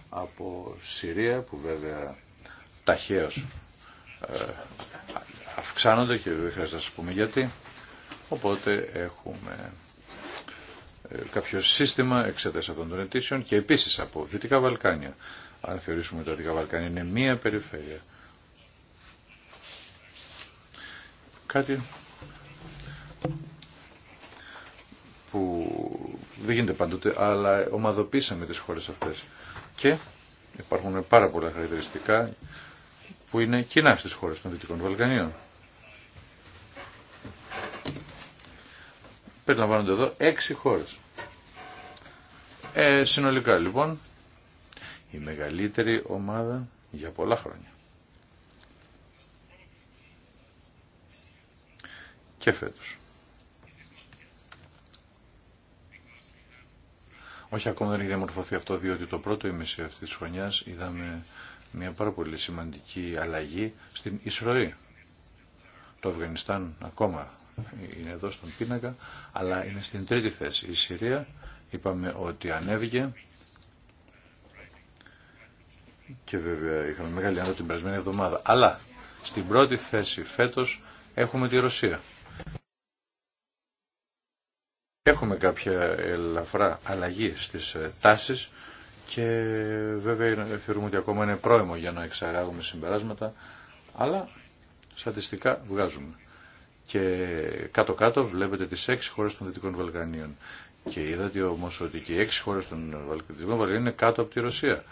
[SPEAKER 1] από Συρία που βέβαια ταχαίως ε, αυξάνονται και δεν χρειάζεται να σας πούμε γιατί. Οπότε έχουμε ε, κάποιο σύστημα εξέταση αυτών των αιτήσεων και επίσης από Δυτικά Βαλκάνια. Αν θεωρήσουμε ότι τα Δυτικά Βαλκάνια είναι μία περιφέρεια. Κάτι που δεν γίνεται παντούτε, αλλά ομαδοποίησαμε τις χώρες αυτές. Και υπάρχουν πάρα πολλά χαρακτηριστικά που είναι κοινά στις χώρες των Δυτικών Βαλκανίων. Περιλαμβάνονται εδώ έξι χώρες. Ε, συνολικά λοιπόν η μεγαλύτερη ομάδα για πολλά χρόνια. Και φέτος. Όχι ακόμα δεν έχει διαμορφωθεί αυτό διότι το πρώτο ημισή αυτής της χρονιάς είδαμε μια πάρα πολύ σημαντική αλλαγή στην Ισροή. Το Αφγανιστάν ακόμα είναι εδώ στον πίνακα, αλλά είναι στην τρίτη θέση. Η Συρία είπαμε ότι ανέβηκε και βέβαια είχαμε μεγάλη ανάγκη την περασμένη εβδομάδα. Αλλά στην πρώτη θέση φέτος έχουμε τη Ρωσία. Έχουμε κάποια ελαφρά αλλαγή στις τάσεις και βέβαια θεωρούμε ότι ακόμα είναι πρόημο για να εξαγάγουμε συμπεράσματα, αλλά στατιστικά βγάζουμε. Και κάτω-κάτω βλέπετε τις έξι χώρες των Δυτικών Βαλκανίων. Και είδατε όμως ότι και οι έξι χώρες των Δυτικών Βαλκανίων είναι κάτω από τη Ρωσία.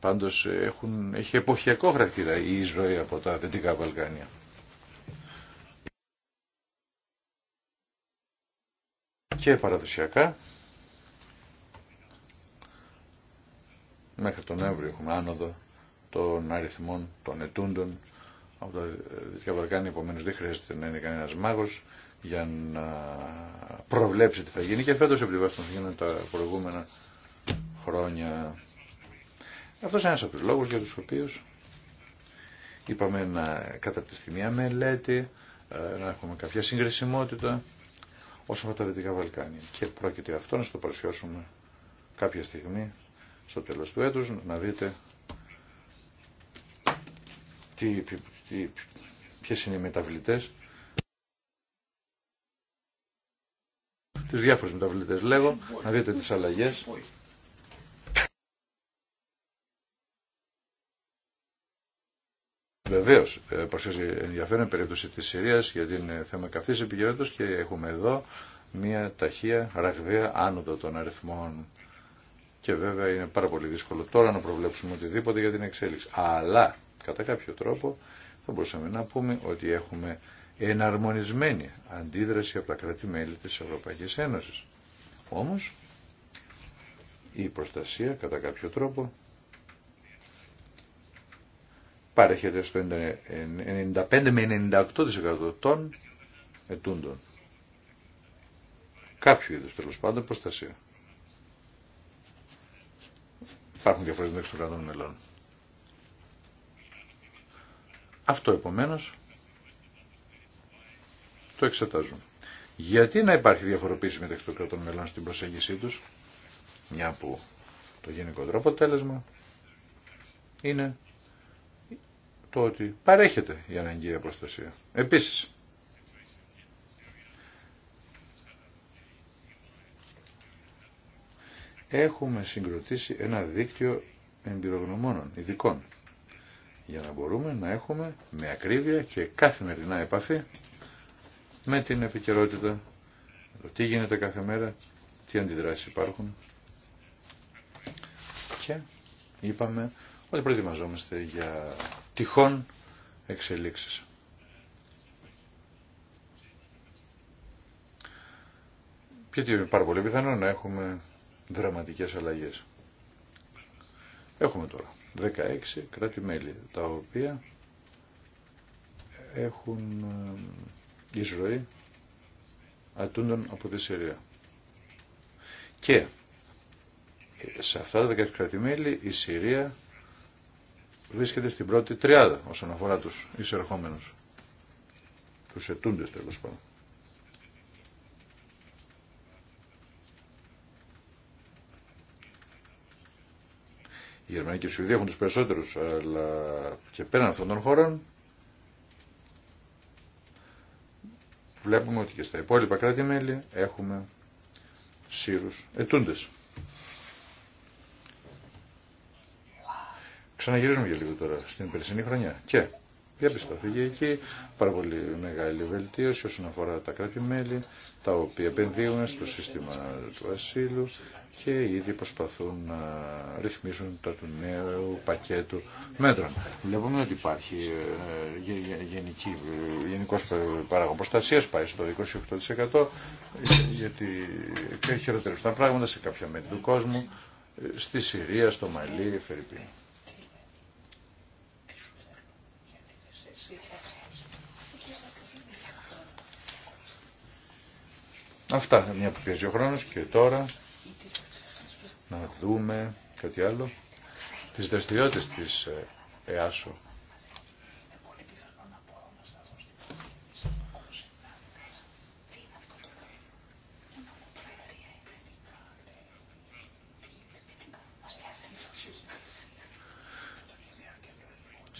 [SPEAKER 1] Πάντως έχουν, έχει εποχιακό χαρακτήρα η εισρωή από τα Δυτικά Βαλκάνια. Και παραδοσιακά μέχρι τον Εύριο έχουμε άνοδο των αριθμών των ετούντων από τα Δυτικά Βαλκάνια. Επομένω δεν χρειάζεται να είναι κανένα μάγο για να προβλέψει τι θα γίνει και φέτο επιβεβαιώστε τα προηγούμενα χρόνια. Αυτό είναι ένα από του λόγου για του οποίου είπαμε να καταπτυχθεί μια μελέτη, ε, να έχουμε κάποια συγκρισιμότητα όσο με τα Δυτικά Βαλκάνια. Και πρόκειται αυτό να στο παρουσιάσουμε κάποια στιγμή στο τέλος του έτους να δείτε τι, τι, ποιες είναι οι μεταβλητές Τις διάφορες μεταβλητές λέγω να δείτε τις αλλαγές Βεβαίω, ε, προσέζει ενδιαφέρον η περίπτωση τη Συρία γιατί είναι θέμα καυτή επικαιρότητα και έχουμε εδώ μια ταχεία ραγδαία άνοδο των αριθμών και βέβαια είναι πάρα πολύ δύσκολο τώρα να προβλέψουμε οτιδήποτε για την εξέλιξη. Αλλά κατά κάποιο τρόπο θα μπορούσαμε να πούμε ότι έχουμε εναρμονισμένη αντίδραση από τα κράτη-μέλη της Ευρωπαϊκής Ένωσης. Όμως η προστασία κατά κάποιο τρόπο παρέχεται στο 95 με 98% των ετούντων. Κάποιο είδους τέλο πάντων προστασία υπάρχουν διαφορές μεταξύ των κρατών μελών. Αυτό επομένως το εξετάζουμε. Γιατί να υπάρχει διαφοροποίηση μεταξύ των κρατών μελών στην προσέγγιση τους, μια που το τρόπο τέλεσμα είναι το ότι παρέχεται η αναγκαία προστασία. Επίσης, έχουμε συγκροτήσει ένα δίκτυο εμπειρογνωμόνων, ειδικών, για να μπορούμε να έχουμε με ακρίβεια και καθημερινά επαφή με την επικαιρότητα, το τι γίνεται κάθε μέρα, τι αντιδράσεις υπάρχουν. Και είπαμε ότι προετοιμαζόμαστε για τυχόν εξελίξεις. Γιατί είναι πάρα πολύ πιθανό να έχουμε δραματικές αλλαγές. Έχουμε τώρα 16 κράτη-μέλη, τα οποία έχουν εισρωή ατούντων από τη Συρία. Και σε αυτά τα 16 κράτη-μέλη η Συρία βρίσκεται στην πρώτη τριάδα όσον αφορά τους εισερχόμενους, τους ετούντες τέλος πάντων. Οι Γερμανοί και οι Σουηδία έχουν τους περισσότερους, αλλά και πέραν αυτών των χώρων βλέπουμε ότι και στα υπόλοιπα κράτη-μέλη έχουμε σύρου ετούντε. Ξαναγυρίζουμε για λίγο τώρα στην περσινή χρονιά και διαπιστώθηκε εκεί πάρα πολύ μεγάλη βελτίωση όσον αφορά τα κράτη-μέλη, τα οποία επενδύουν στο σύστημα του ασύλου και ήδη προσπαθούν να ρυθμίσουν το του νέου πακέτου μέτρων. Βλέπουμε ότι υπάρχει ε, γενική, γενικός παράγον προστασία πάει στο 28% γιατί χειροτερεύσουν τα πράγματα σε κάποια μέρη του κόσμου, ε, στη Συρία, στο Μαλί, Φερρυπίνη. Αυτά, μια που πιέζει ο χρόνος και τώρα να δούμε κάτι άλλο. Τις δραστηριότητες της ε, ΕΑΣΟ.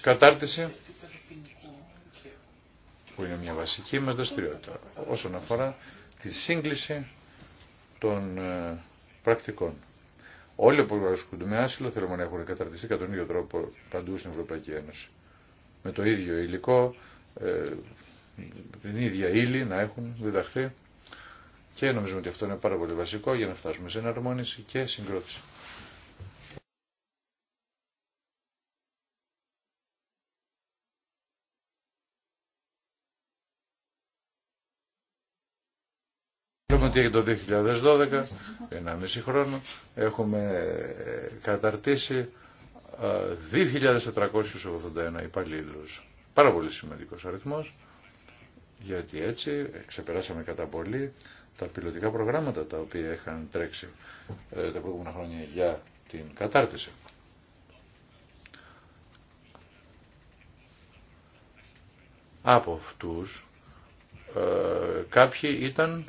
[SPEAKER 1] Κατάρτιση που είναι μια βασική μας δραστηριότητα όσον αφορά τη σύγκληση των ε, πρακτικών. Όλοι που ασκούνται με άσυλο θέλουμε να έχουν καταρτιστεί κατά τον ίδιο τρόπο παντού στην Ευρωπαϊκή Ένωση. Με το ίδιο υλικό, ε, την ίδια ύλη να έχουν διδαχθεί και νομίζουμε ότι αυτό είναι πάρα πολύ βασικό για να φτάσουμε σε εναρμόνιση και συγκρότηση. ότι το 2012, 1,5 χρόνο, έχουμε καταρτήσει 2.481 υπαλλήλους. Πάρα πολύ σημαντικός αριθμός, γιατί έτσι ξεπεράσαμε κατά πολύ τα πιλωτικά προγράμματα τα οποία είχαν τρέξει ε, τα προηγούμενα χρόνια για την κατάρτιση. Από αυτούς ε, κάποιοι ήταν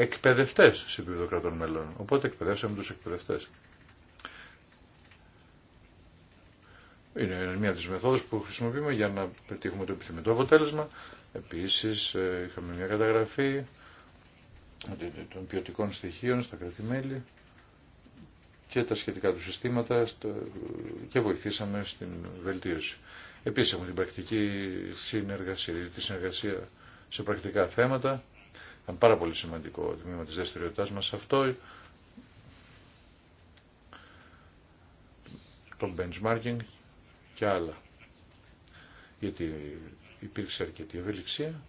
[SPEAKER 1] Εκπαιδευτέ σε επίπεδο κρατών μελών. Οπότε εκπαιδεύσαμε τους εκπαιδευτέ. Είναι μία τη μεθόδου που χρησιμοποιούμε για να πετύχουμε το επιθυμητό αποτέλεσμα. Επίσης ε, είχαμε μια καταγραφή των ποιοτικών στοιχείων στα κρατημέλη και τα σχετικά του συστήματα και βοηθήσαμε στην βελτίωση. Επίσης έχουμε την πρακτική συνεργασία, τη συνεργασία σε πρακτικά θέματα ήταν πάρα πολύ σημαντικό το τμήμα της δραστηριότητά μας αυτό. Το benchmarking και άλλα. Γιατί υπήρξε αρκετή ευελιξία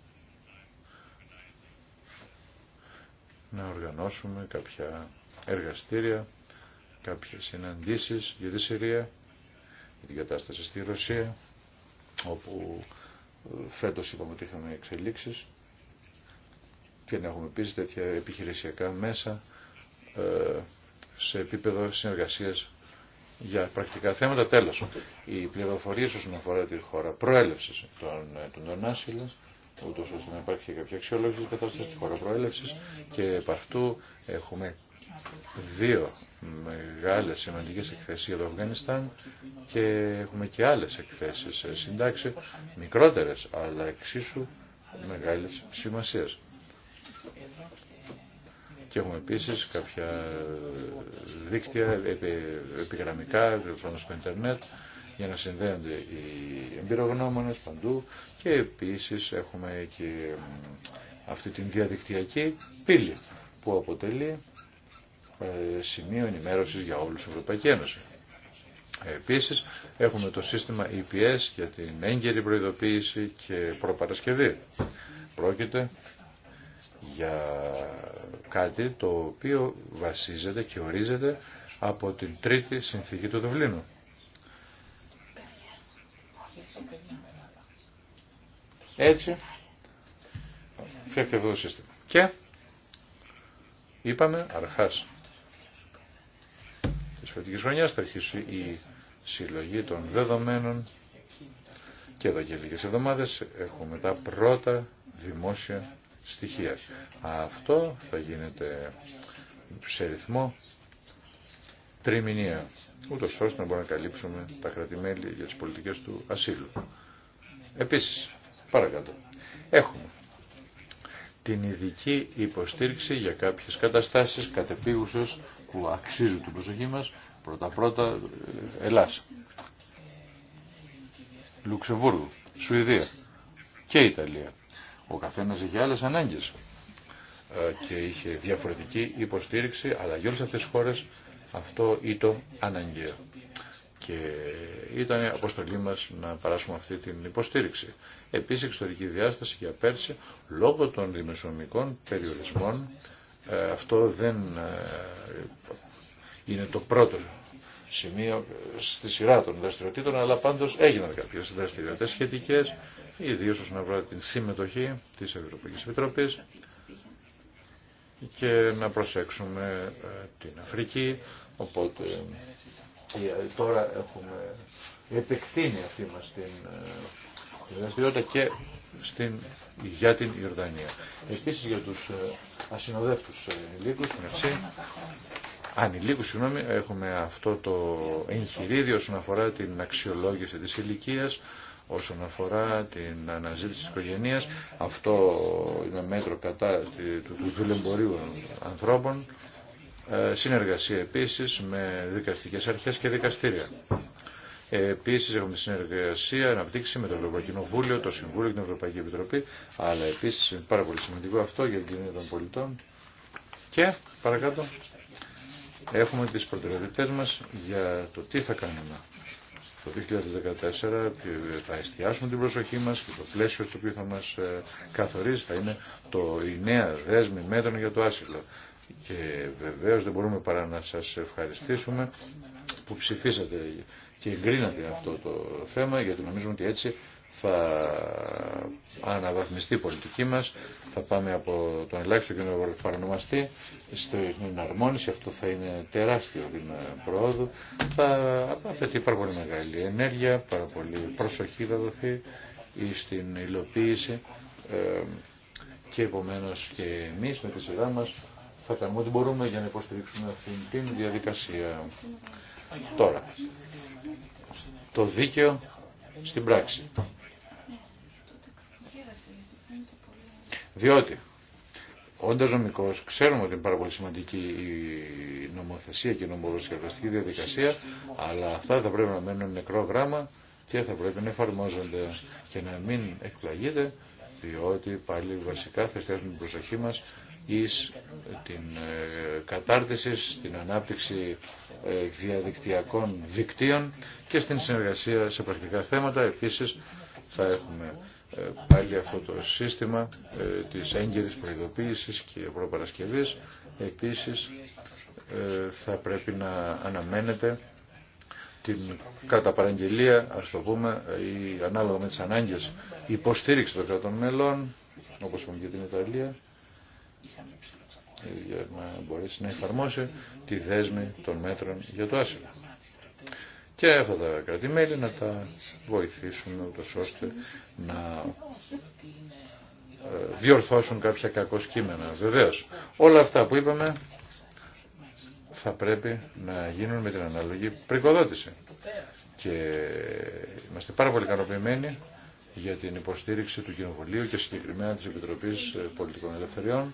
[SPEAKER 1] να οργανώσουμε κάποια εργαστήρια, κάποιες συναντήσεις για τη Συρία, για την κατάσταση στη Ρωσία, όπου ε, φέτος είπαμε ότι είχαμε εξελίξεις και να έχουμε επίσης τέτοια επιχειρησιακά μέσα ε, σε επίπεδο συνεργασίας για πρακτικά θέματα. Τέλος, οι πληροφορίες όσον αφορά τη χώρα προέλευσης των, ε, των ούτω ούτως ώστε να υπάρχει κάποια αξιολόγηση της κατάστασης στη χώρα προέλευσης και από αυτού έχουμε δύο μεγάλες σημαντικές εκθέσεις για το Αφγανιστάν και έχουμε και άλλες εκθέσεις ε, συντάξει, μικρότερες αλλά εξίσου μεγάλες σημασίες. Και έχουμε επίσης κάποια δίκτυα επιγραμμικά, τηλεφωνικά στο Ιντερνετ, για να συνδέονται οι εμπειρογνώμονε παντού και επίσης έχουμε και αυτή την διαδικτυακή πύλη που αποτελεί ε, σημείο ενημέρωσης για όλους την Ευρωπαϊκή Ένωση. Επίσης έχουμε το σύστημα EPS για την έγκαιρη προειδοποίηση και προπαρασκευή. Πρόκειται για κάτι το οποίο βασίζεται και ορίζεται από την τρίτη συνθήκη του Δουβλίνου. Έτσι φτιάχνει αυτό το σύστημα. Και είπαμε αρχάς της φετικής χρονιάς θα αρχίσει η συλλογή των δεδομένων και εδώ και λίγες εβδομάδες έχουμε τα πρώτα δημόσια στοιχεία. Αυτό θα γίνεται σε ρυθμό τριμηνία, ούτω ώστε να μπορούμε να καλύψουμε τα κρατημέλη για τις πολιτικές του ασύλου. Επίσης, παρακάτω, έχουμε την ειδική υποστήριξη για κάποιες καταστάσεις κατεπίγουσες που αξίζουν την προσοχή μας, πρώτα-πρώτα Ελλάς, Λουξεμβούργου, Σουηδία και Ιταλία. Ο καθένας είχε άλλες ανάγκες ε, και είχε διαφορετική υποστήριξη, αλλά για όλες αυτές τις χώρες αυτό ήταν αναγκαίο. Και ήταν η αποστολή μας να παράσουμε αυτή την υποστήριξη. Επίσης, εξωτερική διάσταση για πέρσι, λόγω των δημοσιονομικών περιορισμών, ε, αυτό δεν ε, είναι το πρώτο σημείο ε, στη σειρά των δραστηριοτήτων, αλλά πάντως έγιναν κάποιες δραστηριότητες σχετικές, ιδίως όσον αφορά την συμμετοχή της Ευρωπαϊκής Επιτροπής και να προσέξουμε ε, την Αφρική, οπότε ε, τώρα έχουμε επεκτείνει αυτή μας την δραστηριότητα και στην, για την Ιορδανία. Επίσης για τους ασυνοδεύτους λύκους, ανηλίκου, συγγνώμη, έχουμε αυτό το εγχειρίδιο όσον αφορά την αξιολόγηση της ηλικία, όσον αφορά την αναζήτηση της οικογένειας. Αυτό είναι μέτρο κατά του δουλεμπορίου ανθρώπων. Ε, συνεργασία επίσης με δικαστικές αρχές και δικαστήρια. Ε, επίση, έχουμε συνεργασία, αναπτύξη με το Ευρωπαϊκό Κοινοβούλιο, το Συμβούλιο και την Ευρωπαϊκή Επιτροπή. Αλλά επίση είναι πάρα πολύ σημαντικό αυτό για την κοινωνία των πολιτών. Και παρακάτω έχουμε τις προτεραιότητες μας για το τι θα κάνουμε. Το 2014 ε, θα εστιάσουμε την προσοχή μας και το πλαίσιο το οποίο θα μας ε, καθορίζει θα είναι το, η νέα δέσμη μέτρων για το άσυλο. Και βεβαίως δεν μπορούμε παρά να σας ευχαριστήσουμε που ψηφίσατε και εγκρίνατε αυτό το θέμα γιατί νομίζουμε ότι έτσι θα αναβαθμιστεί η πολιτική μας, θα πάμε από τον ελάχιστο κοινό παρανομαστή στην εναρμόνιση, αυτό θα είναι τεράστιο βήμα προόδου, θα απαθετεί πάρα πολύ μεγάλη ενέργεια, πάρα πολύ προσοχή θα δοθεί στην υλοποίηση και επομένως και εμείς με τη σειρά μας θα κάνουμε ό,τι μπορούμε για να υποστηρίξουμε αυτήν την διαδικασία. Τώρα, το δίκαιο στην πράξη. Διότι, όντα νομικό, ξέρουμε ότι είναι πάρα πολύ σημαντική η νομοθεσία και η νομοσχεδιαστική διαδικασία, αλλά αυτά θα πρέπει να μένουν νεκρό γράμμα και θα πρέπει να εφαρμόζονται και να μην εκπλαγείται, διότι πάλι βασικά θα εστιάσουμε την προσοχή μας εις την ε, κατάρτιση, στην ανάπτυξη ε, διαδικτυακών δικτύων και στην συνεργασία σε πρακτικά θέματα. Επίσης θα έχουμε ε, πάλι αυτό το σύστημα ε, της έγκαιρης προειδοποίησης και προπαρασκευής. Επίσης ε, θα πρέπει να αναμένεται την καταπαραγγελία ας το πούμε, ή ανάλογα με τις ανάγκες, υποστήριξη των κρατών μελών, όπως είπαμε και την Ιταλία, για να μπορέσει να εφαρμόσει τη δέσμη των μέτρων για το άσυλο και αυτά τα κρατημέλη να τα βοηθήσουμε ούτως ώστε να ε, διορθώσουν κάποια κακό κείμενα. Βεβαίως, όλα αυτά που είπαμε θα πρέπει να γίνουν με την ανάλογη πρικοδότηση. Και είμαστε πάρα πολύ ικανοποιημένοι για την υποστήριξη του Κοινοβουλίου και συγκεκριμένα της Επιτροπής Πολιτικών Ελευθεριών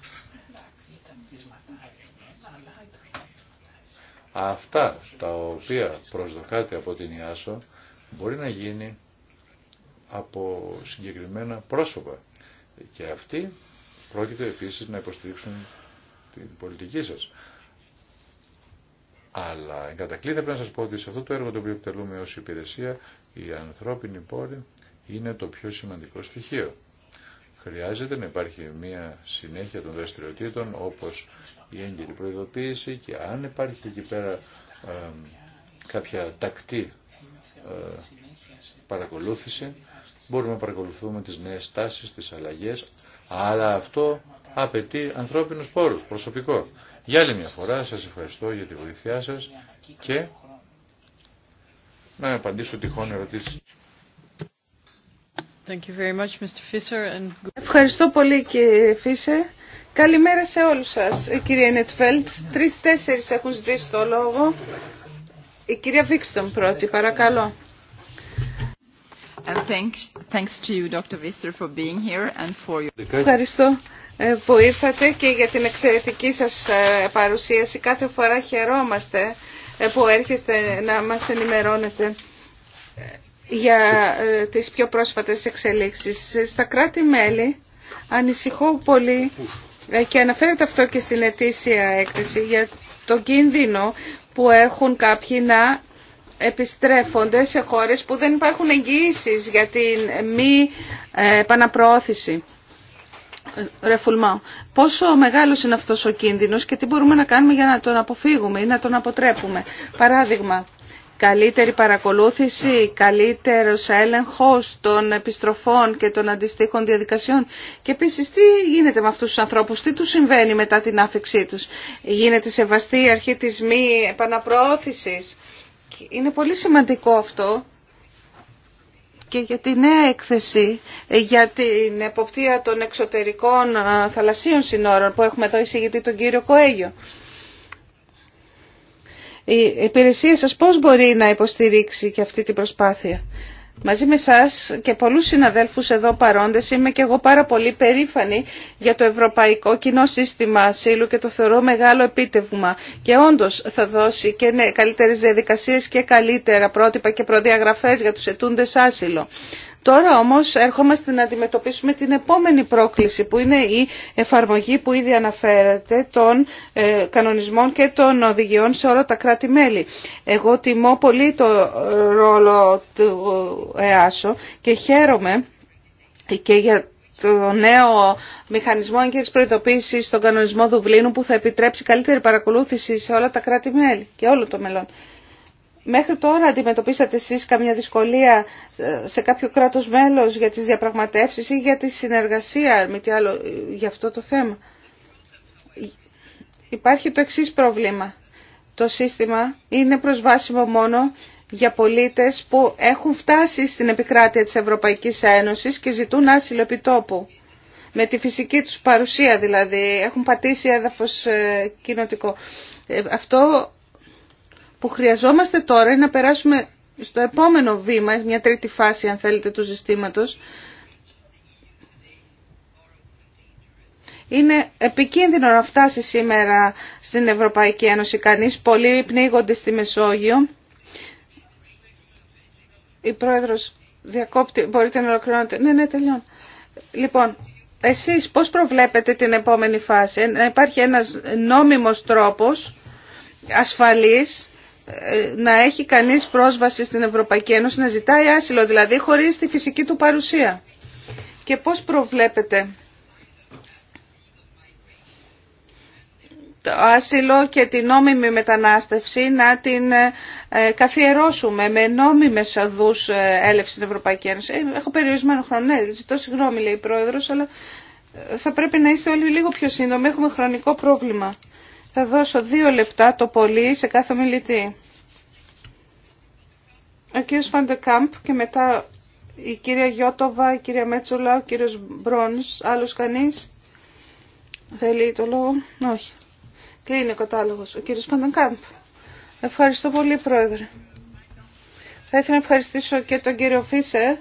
[SPEAKER 1] Αυτά τα οποία προσδοκάται από την Ιάσο μπορεί να γίνει από συγκεκριμένα πρόσωπα. Και αυτοί πρόκειται επίσης να υποστηρίξουν την πολιτική σας. Αλλά εγκατακλείδη πρέπει να σας πω ότι σε αυτό το έργο το οποίο επιτελούμε ως υπηρεσία η ανθρώπινη πόλη είναι το πιο σημαντικό στοιχείο. Χρειάζεται να υπάρχει μια συνέχεια των δραστηριοτήτων όπως η έγκαιρη προειδοποίηση και αν υπάρχει εκεί πέρα κάποια τακτή ε, παρακολούθηση μπορούμε να παρακολουθούμε τις νέες τάσεις, τις αλλαγές αλλά αυτό απαιτεί ανθρώπινους πόρους, προσωπικό. Για άλλη μια φορά σας ευχαριστώ για τη βοήθειά σας και να απαντήσω τυχόν ερωτήσεις.
[SPEAKER 3] Ευχαριστώ πολύ κύριε Φίσε. Καλημέρα σε όλους σας, ε, κύριε Νετφέλτ. Τρεις-τέσσερις έχουν ζητήσει το λόγο. Η κυρία Βίξτον πρώτη, παρακαλώ. Ευχαριστώ που ήρθατε και για την εξαιρετική σας ε, παρουσίαση. Κάθε φορά χαιρόμαστε ε, που έρχεστε να μας ενημερώνετε για ε, τις πιο πρόσφατες εξελίξεις. Στα κράτη-μέλη ανησυχώ πολύ ε, και αναφέρεται αυτό και στην ετήσια έκθεση για τον κίνδυνο που έχουν κάποιοι να επιστρέφονται σε χώρες που δεν υπάρχουν εγγύησεις για την μη ε, επαναπροώθηση. Πόσο μεγάλος είναι αυτός ο κίνδυνος και τι μπορούμε να κάνουμε για να τον αποφύγουμε ή να τον αποτρέπουμε. Παράδειγμα, καλύτερη παρακολούθηση, καλύτερος έλεγχος των επιστροφών και των αντιστοίχων διαδικασιών. Και επίση τι γίνεται με αυτούς τους ανθρώπους, τι τους συμβαίνει μετά την άφηξή τους. Γίνεται σεβαστή η αρχή της μη επαναπροώθησης. Είναι πολύ σημαντικό αυτό και για την νέα έκθεση για την εποπτεία των εξωτερικών ε, θαλασσίων συνόρων που έχουμε εδώ εισηγητή τον κύριο Κοέγιο η υπηρεσία σας πώς μπορεί να υποστηρίξει και αυτή την προσπάθεια. Μαζί με εσά και πολλούς συναδέλφους εδώ παρόντες είμαι και εγώ πάρα πολύ περήφανη για το Ευρωπαϊκό Κοινό Σύστημα Ασύλου και το θεωρώ μεγάλο επίτευγμα και όντως θα δώσει και ναι, καλύτερες διαδικασίες και καλύτερα πρότυπα και προδιαγραφές για τους ετούντες άσυλο. Τώρα όμως έρχομαστε να αντιμετωπίσουμε την επόμενη πρόκληση που είναι η εφαρμογή που ήδη αναφέρατε των ε, κανονισμών και των οδηγιών σε όλα τα κράτη-μέλη. Εγώ τιμώ πολύ το ε, ρόλο του ΕΑΣΟ και χαίρομαι και για το νέο μηχανισμό έγκαιρης προειδοποίησης στον κανονισμό Δουβλίνου που θα επιτρέψει καλύτερη παρακολούθηση σε όλα τα κράτη-μέλη και όλο το μέλλον. Μέχρι τώρα αντιμετωπίσατε εσείς καμιά δυσκολία ε, σε κάποιο κράτος μέλος για τις διαπραγματεύσεις ή για τη συνεργασία, με τι άλλο, ε, για αυτό το θέμα. Υπάρχει το εξής πρόβλημα. Το σύστημα είναι προσβάσιμο μόνο για πολίτες που έχουν φτάσει στην επικράτεια της Ευρωπαϊκής Ένωσης και ζητούν άσυλο επιτόπου. Με τη φυσική τους παρουσία δηλαδή, έχουν πατήσει έδαφος ε, κοινοτικό. Αυτό που χρειαζόμαστε τώρα είναι να περάσουμε στο επόμενο βήμα, μια τρίτη φάση αν θέλετε του συστήματος, Είναι επικίνδυνο να φτάσει σήμερα στην Ευρωπαϊκή Ένωση κανείς. Πολλοί πνίγονται στη Μεσόγειο. Η πρόεδρος διακόπτει, Μπορείτε να ολοκληρώνετε. Ναι, ναι, τελειώνω. Λοιπόν, εσείς πώς προβλέπετε την επόμενη φάση. Ε, να υπάρχει ένας νόμιμος τρόπος ασφαλής ε, να έχει κανείς πρόσβαση στην Ευρωπαϊκή Ένωση να ζητάει άσυλο, δηλαδή χωρίς τη φυσική του παρουσία. Και πώς προβλέπετε το άσυλο και την νόμιμη μετανάστευση να την ε, ε, καθιερώσουμε με νόμιμες ε, έλευση στην Ευρωπαϊκή Ένωση. Έχω περιορισμένο χρόνο, ναι, ζητώ συγγνώμη λέει η Πρόεδρος, αλλά θα πρέπει να είστε όλοι λίγο πιο σύντομοι, έχουμε χρονικό πρόβλημα. Θα δώσω δύο λεπτά το πολύ σε κάθε μιλητή. Ο κύριος Φαντεκάμπ και μετά η κυρία Γιώτοβα, η κυρία Μέτσουλα, ο κύριος Μπρόνς, άλλος κανείς. Θέλει το λόγο. Όχι. Κλείνει ο κατάλογος. Ο κύριος Φαντεκάμπ. Ευχαριστώ πολύ πρόεδρε. Θα ήθελα να ευχαριστήσω και τον κύριο Φίσερ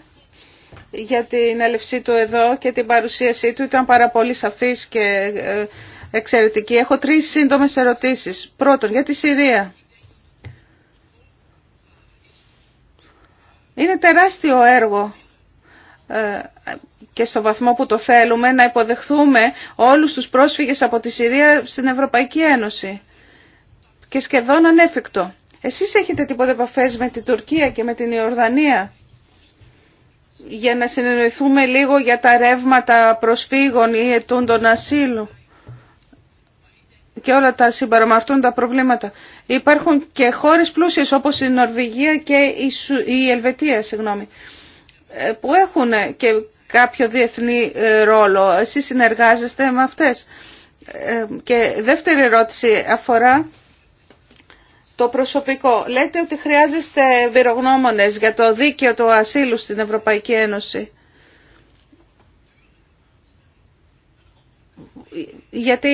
[SPEAKER 3] για την έλευσή του εδώ και την παρουσίασή του. Ήταν πάρα πολύ σαφής και ε, εξαιρετική. Έχω τρεις σύντομες ερωτήσεις. Πρώτον, για τη Συρία. Είναι τεράστιο έργο ε, και στο βαθμό που το θέλουμε να υποδεχθούμε όλους τους πρόσφυγες από τη Συρία στην Ευρωπαϊκή Ένωση και σχεδόν ανέφικτο. Εσείς έχετε τίποτα επαφές με την Τουρκία και με την Ιορδανία για να συνεννοηθούμε λίγο για τα ρεύματα προσφύγων ή ετούντων ασύλου και όλα τα τα προβλήματα. Υπάρχουν και χώρες πλούσιες όπως η Νορβηγία και η Ελβετία συγγνώμη, ε, που έχουν και κάποιο διεθνή ε, ρόλο. Εσείς συνεργάζεστε με αυτές. Ε, και δεύτερη ερώτηση αφορά το προσωπικό. Λέτε ότι χρειάζεστε βυρογνώμονες για το δίκαιο του ασύλου στην Ευρωπαϊκή Ένωση. Γιατί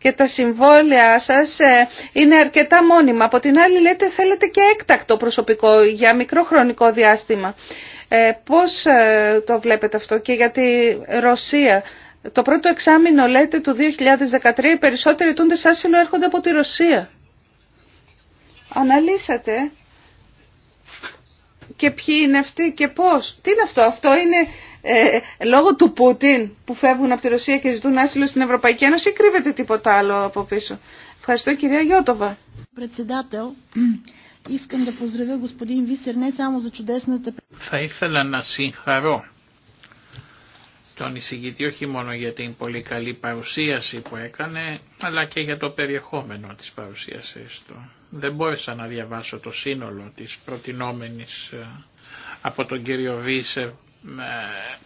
[SPEAKER 3] και τα συμβόλαια σας ε, είναι αρκετά μόνιμα. Από την άλλη λέτε θέλετε και έκτακτο προσωπικό για μικρό χρονικό διάστημα. Ε, πώς ε, το βλέπετε αυτό και για τη Ρωσία. Το πρώτο εξάμεινο λέτε του 2013 οι περισσότεροι τούντες άσυλο έρχονται από τη Ρωσία. Αναλύσατε και ποιοι είναι αυτοί και πώς. Τι είναι αυτό. Αυτό είναι ε, λόγω του Πούτιν που φεύγουν από τη Ρωσία και ζητούν άσυλο στην Ευρωπαϊκή Ένωση ή κρύβεται τίποτα άλλο από πίσω. Ευχαριστώ κυρία Γιώτοβα.
[SPEAKER 2] [CLEARS THROAT] Θα ήθελα να συγχαρώ τον εισηγητή όχι μόνο για την πολύ καλή παρουσίαση που έκανε, αλλά και για το περιεχόμενο της παρουσίασης του. Δεν μπόρεσα να διαβάσω το σύνολο της προτινόμενης ε, από τον κύριο Βίσερ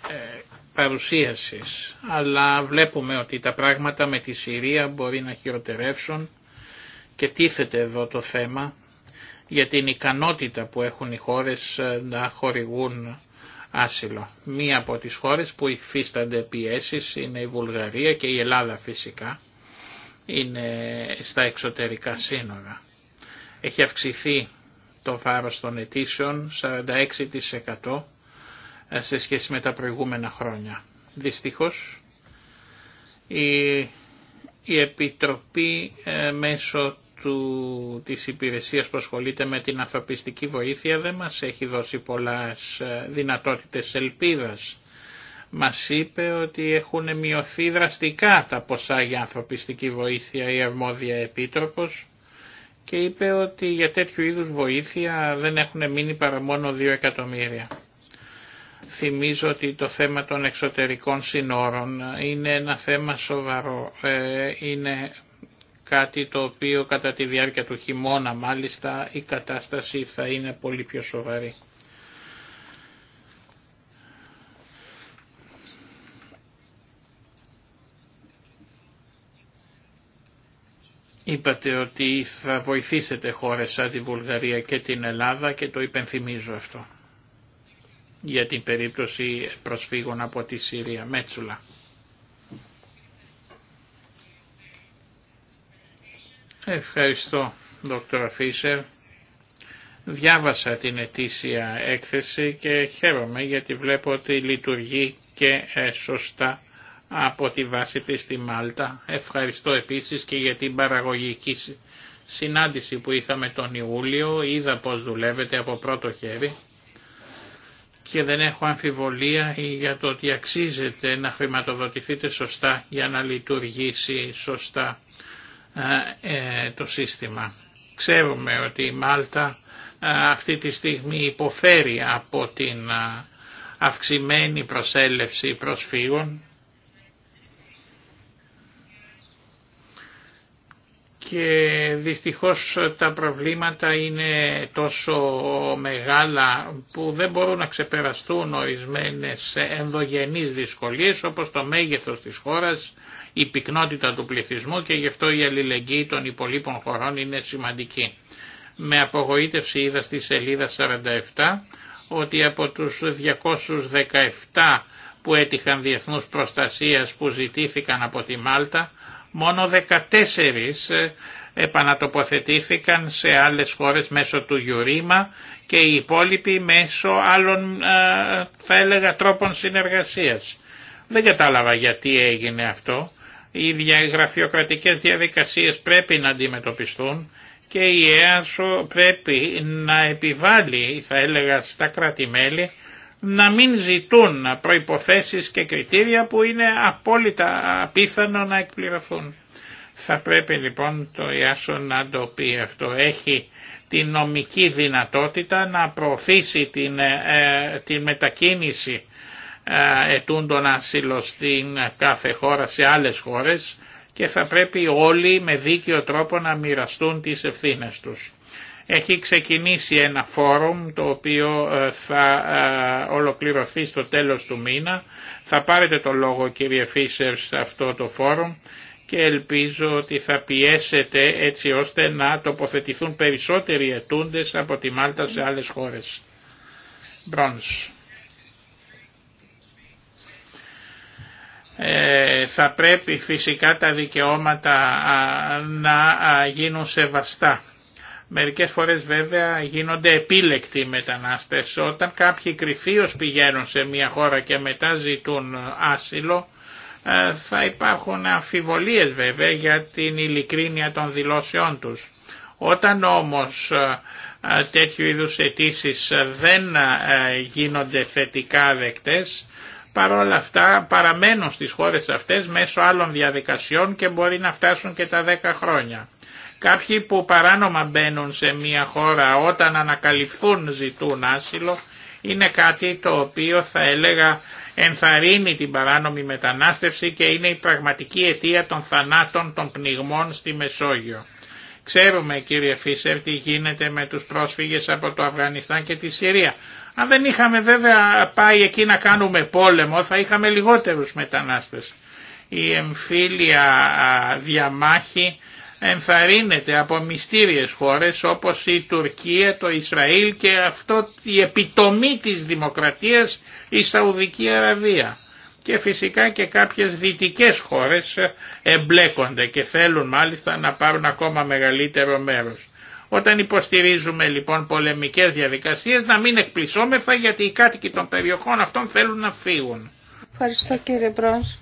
[SPEAKER 2] ε, παρουσίασης, αλλά βλέπουμε ότι τα πράγματα με τη Συρία μπορεί να χειροτερεύσουν και τίθεται εδώ το θέμα για την ικανότητα που έχουν οι χώρες ε, να χορηγούν άσυλο. Μία από τις χώρες που υφίστανται πιέσεις είναι η Βουλγαρία και η Ελλάδα φυσικά είναι στα εξωτερικά σύνορα. Έχει αυξηθεί το βάρος των αιτήσεων 46% ε, σε σχέση με τα προηγούμενα χρόνια. Δυστυχώς η, η Επιτροπή ε, μέσω του, της υπηρεσίας που ασχολείται με την ανθρωπιστική βοήθεια δεν μας έχει δώσει πολλές ε, δυνατότητες ελπίδας. Μας είπε ότι έχουν μειωθεί δραστικά τα ποσά για ανθρωπιστική βοήθεια η αρμόδια επίτροπος και είπε ότι για τέτοιου είδους βοήθεια δεν έχουν μείνει παρά μόνο 2 εκατομμύρια. Θυμίζω ότι το θέμα των εξωτερικών συνόρων είναι ένα θέμα σοβαρό. Ε, είναι κάτι το οποίο κατά τη διάρκεια του χειμώνα μάλιστα η κατάσταση θα είναι πολύ πιο σοβαρή. Είπατε ότι θα βοηθήσετε χώρες σαν τη Βουλγαρία και την Ελλάδα και το υπενθυμίζω αυτό για την περίπτωση προσφύγων από τη Συρία. Μέτσουλα. Ευχαριστώ, Δ. Φίσερ. Διάβασα την ετήσια έκθεση και χαίρομαι γιατί βλέπω ότι λειτουργεί και ε, σωστά από τη βάση της στη Μάλτα. Ευχαριστώ επίσης και για την παραγωγική συνάντηση που είχαμε τον Ιούλιο. Είδα πώς δουλεύετε από πρώτο χέρι και δεν έχω αμφιβολία για το ότι αξίζεται να χρηματοδοτηθείτε σωστά για να λειτουργήσει σωστά ε, ε, το σύστημα. Ξέρουμε ότι η Μάλτα ε, αυτή τη στιγμή υποφέρει από την αυξημένη προσέλευση προσφύγων και δυστυχώς τα προβλήματα είναι τόσο μεγάλα που δεν μπορούν να ξεπεραστούν ορισμένες ενδογενείς δυσκολίες όπως το μέγεθος της χώρας, η πυκνότητα του πληθυσμού και γι' αυτό η αλληλεγγύη των υπολείπων χωρών είναι σημαντική. Με απογοήτευση είδα στη σελίδα 47 ότι από τους 217 που έτυχαν διεθνούς προστασίας που ζητήθηκαν από τη Μάλτα μόνο 14 ε, επανατοποθετήθηκαν σε άλλες χώρες μέσω του Γιουρίμα και οι υπόλοιποι μέσω άλλων ε, θα έλεγα τρόπων συνεργασίας. Δεν κατάλαβα γιατί έγινε αυτό. Οι γραφειοκρατικές διαδικασίες πρέπει να αντιμετωπιστούν και η ΕΑΣΟ πρέπει να επιβάλλει, θα έλεγα, στα κράτη-μέλη να μην ζητούν προϋποθέσεις και κριτήρια που είναι απόλυτα απίθανο να εκπληρωθούν. Θα πρέπει λοιπόν το ΙΑΣΟ να το πει αυτό. Έχει τη νομική δυνατότητα να προωθήσει την, ε, τη μετακίνηση ε, ετούντων άσυλο στην κάθε χώρα σε άλλες χώρες και θα πρέπει όλοι με δίκαιο τρόπο να μοιραστούν τις ευθύνες τους. Έχει ξεκινήσει ένα φόρουμ το οποίο ε, θα ε, ολοκληρωθεί στο τέλος του μήνα. Θα πάρετε το λόγο κύριε Φίσερ σε αυτό το φόρουμ και ελπίζω ότι θα πιέσετε έτσι ώστε να τοποθετηθούν περισσότεροι ετούντες από τη Μάλτα σε άλλες χώρες. Μπρόνς. Ε, θα πρέπει φυσικά τα δικαιώματα να γίνουν σεβαστά Μερικές φορές βέβαια γίνονται επίλεκτοι μετανάστες. Όταν κάποιοι κρυφίως πηγαίνουν σε μια χώρα και μετά ζητούν ε, άσυλο, ε, θα υπάρχουν αμφιβολίες βέβαια για την ειλικρίνεια των δηλώσεών τους. Όταν όμως ε, τέτοιου είδους αιτήσει δεν γίνονται θετικά δεκτές, παρόλα αυτά παραμένουν στις χώρες αυτές μέσω άλλων διαδικασιών και μπορεί να φτάσουν και τα 10 χρόνια. Κάποιοι που παράνομα μπαίνουν σε μια χώρα όταν ανακαλυφθούν ζητούν άσυλο είναι κάτι το οποίο θα έλεγα ενθαρρύνει την παράνομη μετανάστευση και είναι η πραγματική αιτία των θανάτων των πνιγμών στη Μεσόγειο. Ξέρουμε κύριε Φίσερ τι γίνεται με τους πρόσφυγες από το Αφγανιστάν και τη Συρία. Αν δεν είχαμε βέβαια πάει εκεί να κάνουμε πόλεμο θα είχαμε λιγότερους μετανάστες. Η εμφύλια διαμάχη Ενθαρρύνεται από μυστήριες χώρες όπως η Τουρκία, το Ισραήλ και αυτό η επιτομή της δημοκρατίας η Σαουδική Αραβία. Και φυσικά και κάποιες δυτικές χώρες εμπλέκονται και θέλουν μάλιστα να πάρουν ακόμα μεγαλύτερο μέρος. Όταν υποστηρίζουμε λοιπόν πολεμικές διαδικασίες να μην εκπλησόμεθα γιατί οι κάτοικοι των περιοχών αυτών θέλουν να φύγουν.
[SPEAKER 3] Ευχαριστώ κύριε Μπρος.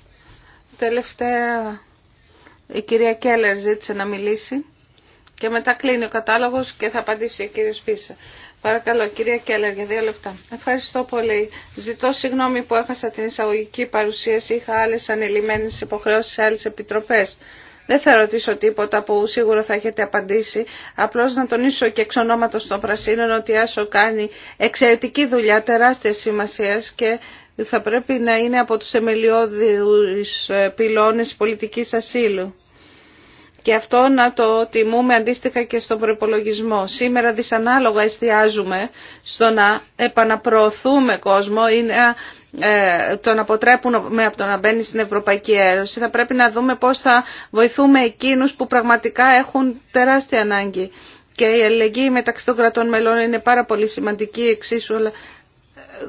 [SPEAKER 3] Τελευταία η κυρία Κέλλερ ζήτησε να μιλήσει και μετά κλείνει ο κατάλογος και θα απαντήσει ο κύριο Φίσα. Παρακαλώ, κυρία Κέλλερ, για δύο λεπτά. Ευχαριστώ πολύ. Ζητώ συγγνώμη που έχασα την εισαγωγική παρουσίαση. Είχα άλλε ανελημμένε υποχρεώσει σε άλλε επιτροπέ. Δεν θα ρωτήσω τίποτα που σίγουρα θα έχετε απαντήσει. Απλώ να τονίσω και εξ ονόματο των Πρασίνων ότι Άσο κάνει εξαιρετική δουλειά τεράστια σημασία και θα πρέπει να είναι από του θεμελιώδει πυλώνε πολιτική ασύλου και αυτό να το τιμούμε αντίστοιχα και στον προπολογισμό. Σήμερα δυσανάλογα εστιάζουμε στο να επαναπροωθούμε κόσμο ή να ε, τον αποτρέπουμε από το να μπαίνει στην Ευρωπαϊκή Ένωση. Θα πρέπει να δούμε πώς θα βοηθούμε εκείνους που πραγματικά έχουν τεράστια ανάγκη. Και η αλληλεγγύη μεταξύ των κρατών μελών είναι πάρα πολύ σημαντική εξίσου, αλλά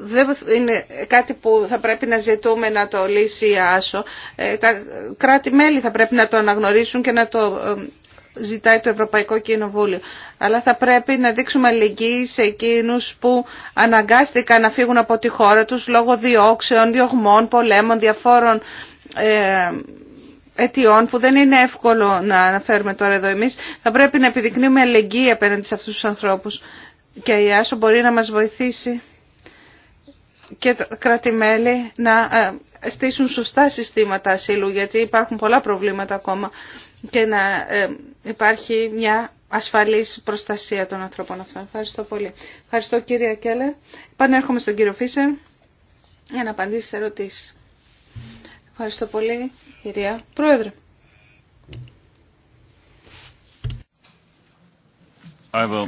[SPEAKER 3] δεν είναι κάτι που θα πρέπει να ζητούμε να το λύσει η ΆΣΟ. Ε, τα κράτη-μέλη θα πρέπει να το αναγνωρίσουν και να το ε, ζητάει το Ευρωπαϊκό Κοινοβούλιο. Αλλά θα πρέπει να δείξουμε αλληλεγγύη σε εκείνους που αναγκάστηκαν να φύγουν από τη χώρα τους λόγω διώξεων, διωγμών, πολέμων, διαφόρων ε, αιτιών που δεν είναι εύκολο να αναφέρουμε τώρα εδώ εμείς. Θα πρέπει να επιδεικνύουμε αλληλεγγύη απέναντι σε αυτούς τους ανθρώπους. Και η Άσο μπορεί να μας βοηθήσει και τα κράτη-μέλη να ε, στήσουν σωστά συστήματα ασύλου, γιατί υπάρχουν πολλά προβλήματα ακόμα και να ε, υπάρχει μια ασφαλής προστασία των ανθρώπων αυτών. Ευχαριστώ πολύ. Ευχαριστώ κύριε Κέλλερ. Πανέρχομαι στον κύριο Φίσερ για να απαντήσει σε ερωτήσεις. Ευχαριστώ πολύ κυρία Πρόεδρε. Uh,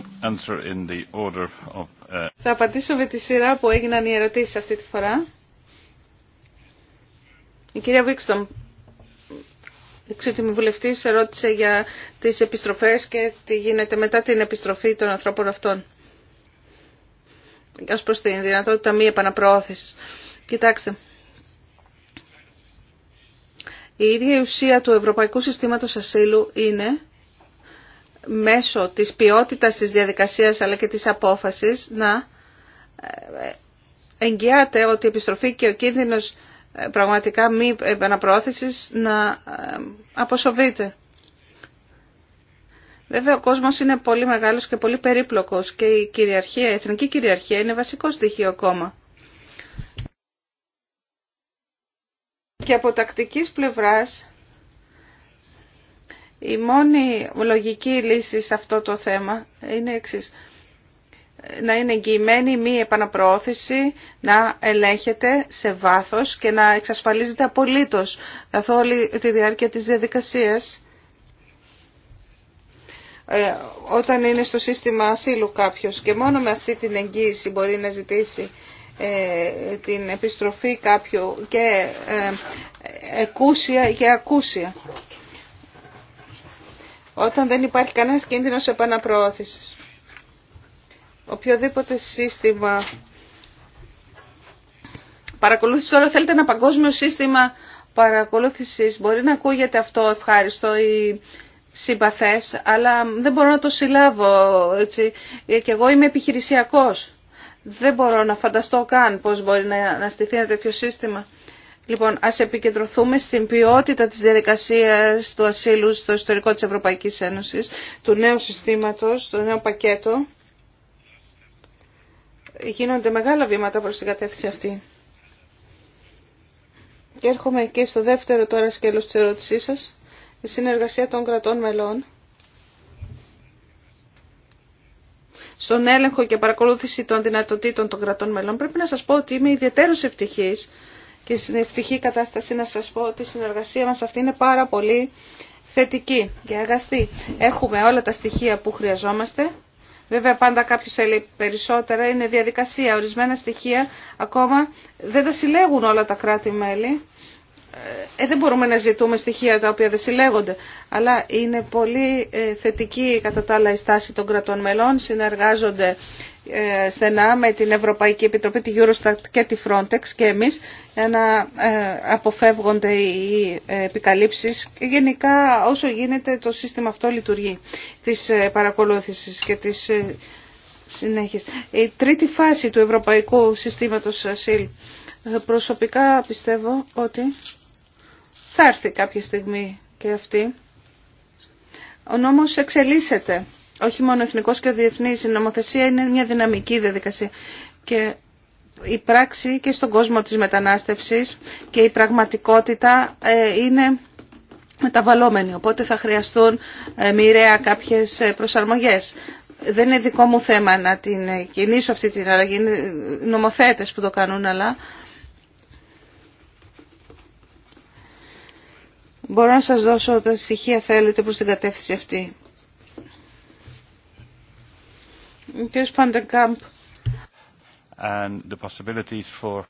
[SPEAKER 3] Θα απαντήσω με τη σειρά που έγιναν οι ερωτήσεις αυτή τη φορά. Η κυρία Βίξτομ, εξωτιμή βουλευτή, ρώτησε για τις επιστροφές και τι γίνεται μετά την επιστροφή των ανθρώπων αυτών. Ω προς την δυνατότητα μη επαναπροώθησης. Κοιτάξτε, η ίδια η ουσία του Ευρωπαϊκού Συστήματος Ασύλου είναι μέσω της ποιότητας της διαδικασίας αλλά και της απόφασης να ε, εγγυάται ότι η επιστροφή και ο κίνδυνος ε, πραγματικά μη επαναπροώθησης να ε, αποσοβείται. Βέβαια ο κόσμος είναι πολύ μεγάλος και πολύ περίπλοκος και η, κυριαρχία, η εθνική κυριαρχία είναι βασικό στοιχείο ακόμα. Και από τακτικής πλευράς η μόνη λογική λύση σε αυτό το θέμα είναι εξή. Να είναι εγγυημένη μη επαναπροώθηση, να ελέγχεται σε βάθος και να εξασφαλίζεται απολύτως καθ' όλη τη διάρκεια της διαδικασίας ε, όταν είναι στο σύστημα ασύλου κάποιος και μόνο με αυτή την εγγύηση μπορεί να ζητήσει ε, την επιστροφή κάποιου και ε, εκούσια και ακούσια όταν δεν υπάρχει κανένας κίνδυνος επαναπροώθησης. Οποιοδήποτε σύστημα παρακολούθησης, τώρα θέλετε ένα παγκόσμιο σύστημα παρακολούθησης, μπορεί να ακούγεται αυτό ευχάριστο ή συμπαθές, αλλά δεν μπορώ να το συλλάβω, έτσι, και εγώ είμαι επιχειρησιακός. Δεν μπορώ να φανταστώ καν πώς μπορεί να, να στηθεί ένα τέτοιο σύστημα. Λοιπόν, ας επικεντρωθούμε στην ποιότητα της διαδικασίας του ασύλου στο ιστορικό της Ευρωπαϊκής Ένωσης, του νέου συστήματος, του νέου πακέτου. Γίνονται μεγάλα βήματα προς την κατεύθυνση αυτή. Και έρχομαι και στο δεύτερο τώρα σκέλος της ερώτησής σας, η συνεργασία των κρατών μελών. Στον έλεγχο και παρακολούθηση των δυνατοτήτων των κρατών μελών πρέπει να σας πω ότι είμαι ιδιαίτερος ευτυχής και στην ευτυχή κατάσταση να σας πω ότι η συνεργασία μας αυτή είναι πάρα πολύ θετική και αγαστή. Έχουμε όλα τα στοιχεία που χρειαζόμαστε. Βέβαια πάντα κάποιο θέλει περισσότερα, είναι διαδικασία. Ορισμένα στοιχεία ακόμα δεν τα συλλέγουν όλα τα κράτη-μέλη. Ε, δεν μπορούμε να ζητούμε στοιχεία τα οποία δεν συλλέγονται. Αλλά είναι πολύ ε, θετική κατά τα άλλα η στάση των κρατών μελών. Συνεργάζονται ε, στενά με την Ευρωπαϊκή Επιτροπή, τη Eurostat και τη Frontex και εμείς για να ε, αποφεύγονται οι επικαλύψεις. Γενικά όσο γίνεται το σύστημα αυτό λειτουργεί της ε, παρακολούθησης και της συνέχεια. Η τρίτη φάση του Ευρωπαϊκού Συστήματος Ασύλου. Προσωπικά πιστεύω ότι θα έρθει κάποια στιγμή και αυτή. Ο νόμος εξελίσσεται όχι μόνο Εθνικό και διεθνή. η νομοθεσία είναι μια δυναμική διαδικασία και η πράξη και στον κόσμο της μετανάστευση και η πραγματικότητα ε, είναι μεταβαλλόμενη, οπότε θα χρειαστούν ε, μοιραία κάποιες ε, προσαρμογές. Δεν είναι δικό μου θέμα να την κινήσω αυτή την αλλαγή, είναι νομοθέτες που το κάνουν, αλλά μπορώ να σας δώσω τα στοιχεία θέλετε προς την κατεύθυνση αυτή. κύριος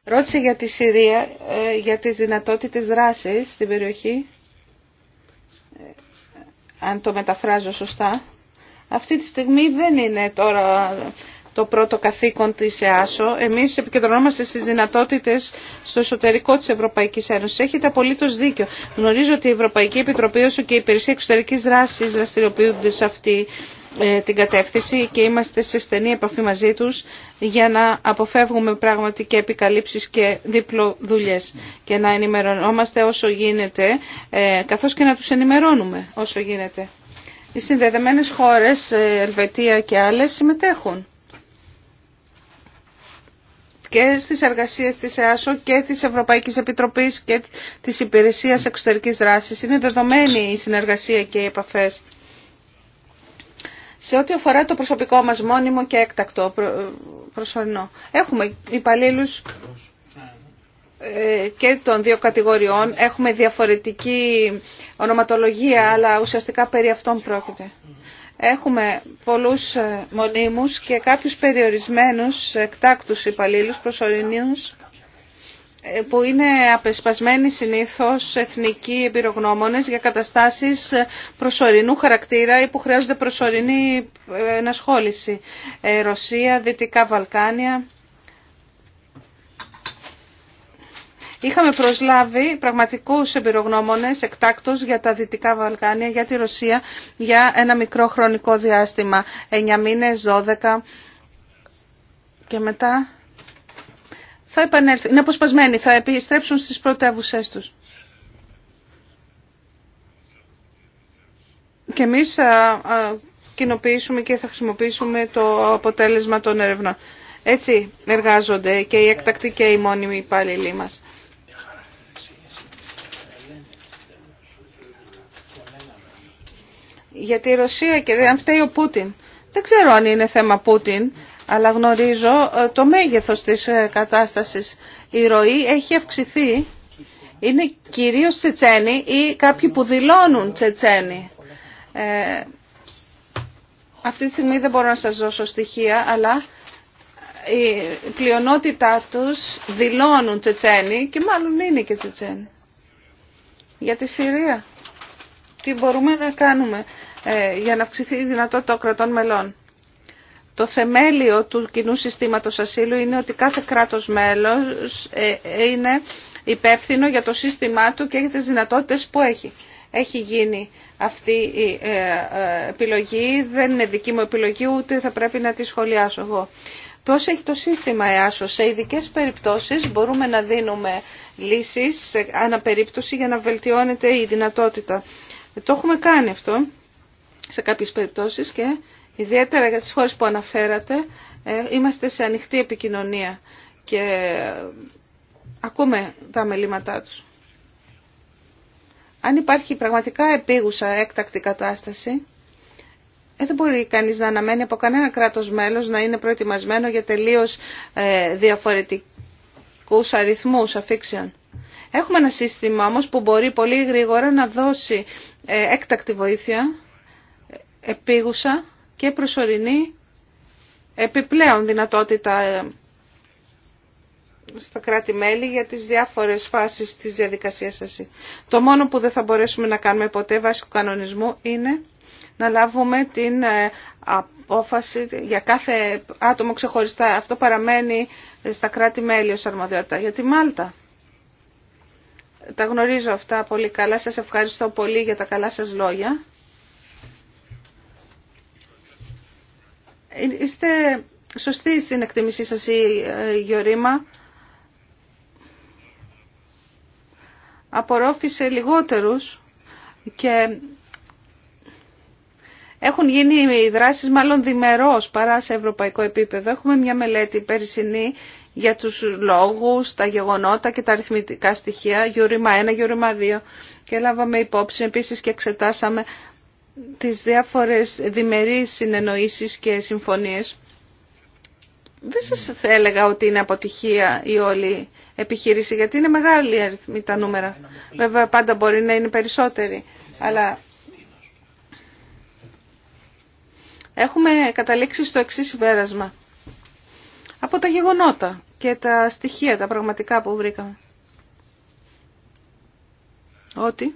[SPEAKER 3] ρώτησε για τη Συρία, ε, για τις δυνατότητες δράσης στην περιοχή, ε, αν το μεταφράζω σωστά. Αυτή τη στιγμή δεν είναι τώρα το πρώτο καθήκον της ΕΑΣΟ. Εμείς επικεντρωνόμαστε στις δυνατότητες στο εσωτερικό της Ευρωπαϊκής Ένωσης. Έχετε απολύτως δίκιο. Γνωρίζω ότι η Ευρωπαϊκή Επιτροπή όσο και η Υπηρεσία Εξωτερικής Δράσης δραστηριοποιούνται σε αυτή ε, την κατεύθυνση και είμαστε σε στενή επαφή μαζί τους για να αποφεύγουμε πράγματι και επικαλύψεις και δίπλο δουλειές και να ενημερωνόμαστε όσο γίνεται ε, καθώς και να τους ενημερώνουμε όσο γίνεται. Οι συνδεδεμένες χώρες, ε, Ελβετία και άλλες, συμμετέχουν και στις εργασίες της ΕΑΣΟ και της Ευρωπαϊκής Επιτροπής και της Υπηρεσίας Εξωτερικής Δράσης. Είναι δεδομένη η συνεργασία και οι επαφές. Σε ό,τι αφορά το προσωπικό μας μόνιμο και έκτακτο προσωρινό. Έχουμε υπαλλήλους ε, και των δύο κατηγοριών. Έχουμε διαφορετική ονοματολογία, αλλά ουσιαστικά περί αυτών πρόκειται. Έχουμε πολλούς ε, μονίμους και κάποιους περιορισμένους εκτάκτους υπαλλήλους προσωρινούς ε, που είναι απεσπασμένοι συνήθως εθνικοί εμπειρογνώμονες για καταστάσεις προσωρινού χαρακτήρα ή που χρειάζονται προσωρινή ε, ενασχόληση. Ε, Ρωσία, Δυτικά Βαλκάνια. Είχαμε προσλάβει πραγματικούς εμπειρογνώμονες εκτάκτως για τα Δυτικά Βαλκάνια, για τη Ρωσία, για ένα μικρό χρονικό διάστημα, 9 μήνες, 12 και μετά θα επανέλθουν, είναι αποσπασμένοι, θα επιστρέψουν στις πρωτεύουσέ τους. Και εμείς θα κοινοποιήσουμε και θα χρησιμοποιήσουμε το αποτέλεσμα των ερευνών. Έτσι εργάζονται και οι εκτακτοί και οι μόνιμοι υπάλληλοι μας. Γιατί η Ρωσία και αν φταίει ο Πούτιν. Δεν ξέρω αν είναι θέμα Πούτιν αλλά γνωρίζω ε, το μέγεθος της ε, κατάστασης. Η ροή έχει αυξηθεί. Είναι κυρίως Τσετσένοι ή κάποιοι που δηλώνουν Τσετσένοι. Ε, αυτή τη στιγμή δεν μπορώ να σας δώσω στοιχεία, αλλά η πλειονότητά τους δηλώνουν Τσετσένοι και μάλλον είναι και Τσετσένοι. Για τη Συρία. Τι μπορούμε να κάνουμε για να αυξηθεί η δυνατότητα των κρατών μελών. Το θεμέλιο του κοινού συστήματος ασύλου είναι ότι κάθε κράτος μέλος ε, είναι υπεύθυνο για το σύστημά του και για τις δυνατότητες που έχει. Έχει γίνει αυτή η ε, ε, επιλογή, δεν είναι δική μου επιλογή ούτε θα πρέπει να τη σχολιάσω εγώ. Πώς έχει το σύστημα ΕΑΣΟ. Σε ειδικέ περιπτώσεις μπορούμε να δίνουμε λύσεις αναπερίπτωση για να βελτιώνεται η δυνατότητα. Το έχουμε κάνει αυτό σε κάποιες περιπτώσεις και Ιδιαίτερα για τις χώρες που αναφέρατε, ε, είμαστε σε ανοιχτή επικοινωνία και ακούμε τα μελήματά τους. Αν υπάρχει πραγματικά επίγουσα έκτακτη κατάσταση, ε, δεν μπορεί κανείς να αναμένει από κανένα κράτος μέλος να είναι προετοιμασμένο για τελείως ε, διαφορετικούς αριθμούς αφήξεων. Έχουμε ένα σύστημα όμως που μπορεί πολύ γρήγορα να δώσει έκτακτη βοήθεια, επίγουσα, και προσωρινή επιπλέον δυνατότητα ε, στα κράτη-μέλη για τις διάφορες φάσεις της διαδικασίας σας. Το μόνο που δεν θα μπορέσουμε να κάνουμε ποτέ βάσει του κανονισμού είναι να λάβουμε την ε, απόφαση για κάθε άτομο ξεχωριστά. Αυτό παραμένει ε, στα κράτη-μέλη ως αρμοδιότητα. Για τη Μάλτα. Τα γνωρίζω αυτά πολύ καλά. Σας ευχαριστώ πολύ για τα καλά σας λόγια. Είστε σωστοί στην εκτίμησή σας, η ε, Γιορίμα Απορρόφησε λιγότερους και έχουν γίνει οι δράσεις μάλλον διμερώς παρά σε ευρωπαϊκό επίπεδο. Έχουμε μια μελέτη περσινή για τους λόγους, τα γεγονότα και τα αριθμητικά στοιχεία, Γιορίμα 1, Γιορίμα 2 και λάβαμε υπόψη επίσης και εξετάσαμε τις διάφορες διμερείς συνεννοήσεις και συμφωνίες. Δεν σας θα έλεγα ότι είναι αποτυχία η όλη επιχείρηση, γιατί είναι μεγάλη αριθμή τα νούμερα. Βέβαια πάντα μπορεί να είναι περισσότεροι, αλλά έχουμε καταλήξει στο εξή συμπέρασμα. Από τα γεγονότα και τα στοιχεία, τα πραγματικά που βρήκαμε. Ότι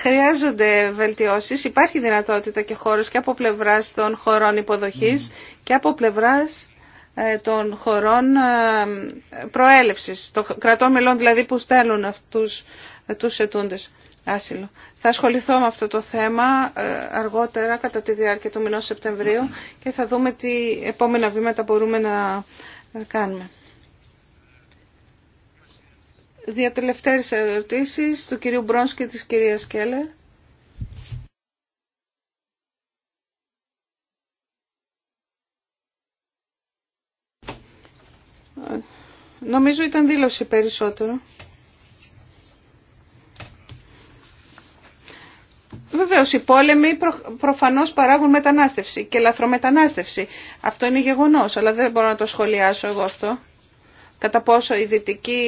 [SPEAKER 3] Χρειάζονται βελτιώσεις. Υπάρχει δυνατότητα και χώρος και από πλευράς των χωρών υποδοχής mm. και από πλευράς ε, των χωρών ε, προέλευσης, των κρατών μελών δηλαδή που στέλνουν αυτούς ε, τους ετούντες άσυλο. Θα ασχοληθώ με αυτό το θέμα αργότερα κατά τη διάρκεια του μηνός Σεπτεμβρίου mm. και θα δούμε τι επόμενα βήματα μπορούμε να κάνουμε. Δια τελευταίες ερωτήσεις του κυρίου Μπρόνς και της κυρίας Κέλλερ. Νομίζω ήταν δήλωση περισσότερο. Βεβαίως οι πόλεμοι προφανώς παράγουν μετανάστευση και λαθρομετανάστευση. Αυτό είναι γεγονός, αλλά δεν μπορώ να το σχολιάσω εγώ αυτό κατά πόσο η, δυτική,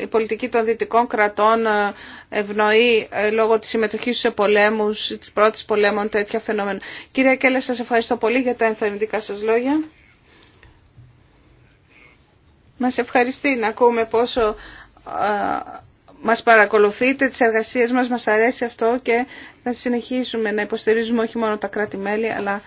[SPEAKER 3] η πολιτική των δυτικών κρατών ε, ευνοεί ε, λόγω της συμμετοχής σε πολέμους, της πρώτης πολέμων, τέτοια φαινόμενα. Κυρία Κέλλα, σας ευχαριστώ πολύ για τα ενθαρρυντικά σας λόγια. Μας ευχαριστεί να ακούμε πόσο ε, μας παρακολουθείτε, τις εργασίες μας, μας αρέσει αυτό και θα συνεχίσουμε να υποστηρίζουμε όχι μόνο τα κράτη-μέλη, αλλά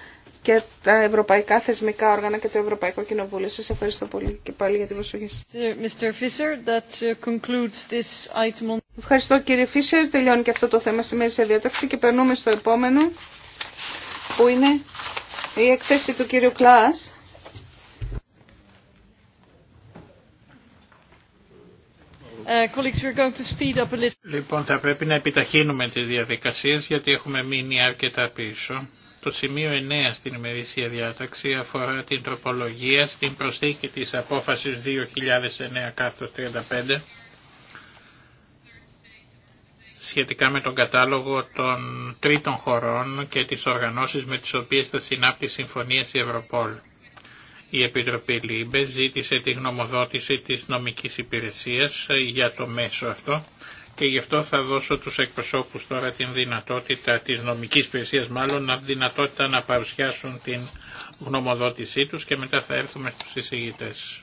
[SPEAKER 3] και τα ευρωπαϊκά θεσμικά όργανα και το Ευρωπαϊκό Κοινοβούλιο. Σας ευχαριστώ πολύ και πάλι για την προσοχή σας. Ε, uh, ευχαριστώ κύριε Φίσερ. Τελειώνει και αυτό το θέμα στη μέση διάταξη και περνούμε στο επόμενο που είναι η εκθέση του κύριου Κλάς.
[SPEAKER 2] Ε, λοιπόν, θα πρέπει να επιταχύνουμε τις διαδικασίες γιατί έχουμε μείνει αρκετά πίσω. Το σημείο 9 στην ημερήσια διάταξη αφορά την τροπολογία στην προσθήκη της απόφασης 2009-35 σχετικά με τον κατάλογο των τρίτων χωρών και τις οργανώσεις με τις οποίες θα συνάπτει συμφωνία η Ευρωπόλ. Η Επιτροπή ΛΥΜΠΕ ζήτησε τη γνωμοδότηση της νομικής υπηρεσίας για το μέσο αυτό και γι' αυτό θα δώσω τους εκπροσώπους τώρα την δυνατότητα της νομικής υπηρεσία μάλλον να δυνατότητα να παρουσιάσουν την γνωμοδότησή τους και μετά θα έρθουμε στους εισηγητές.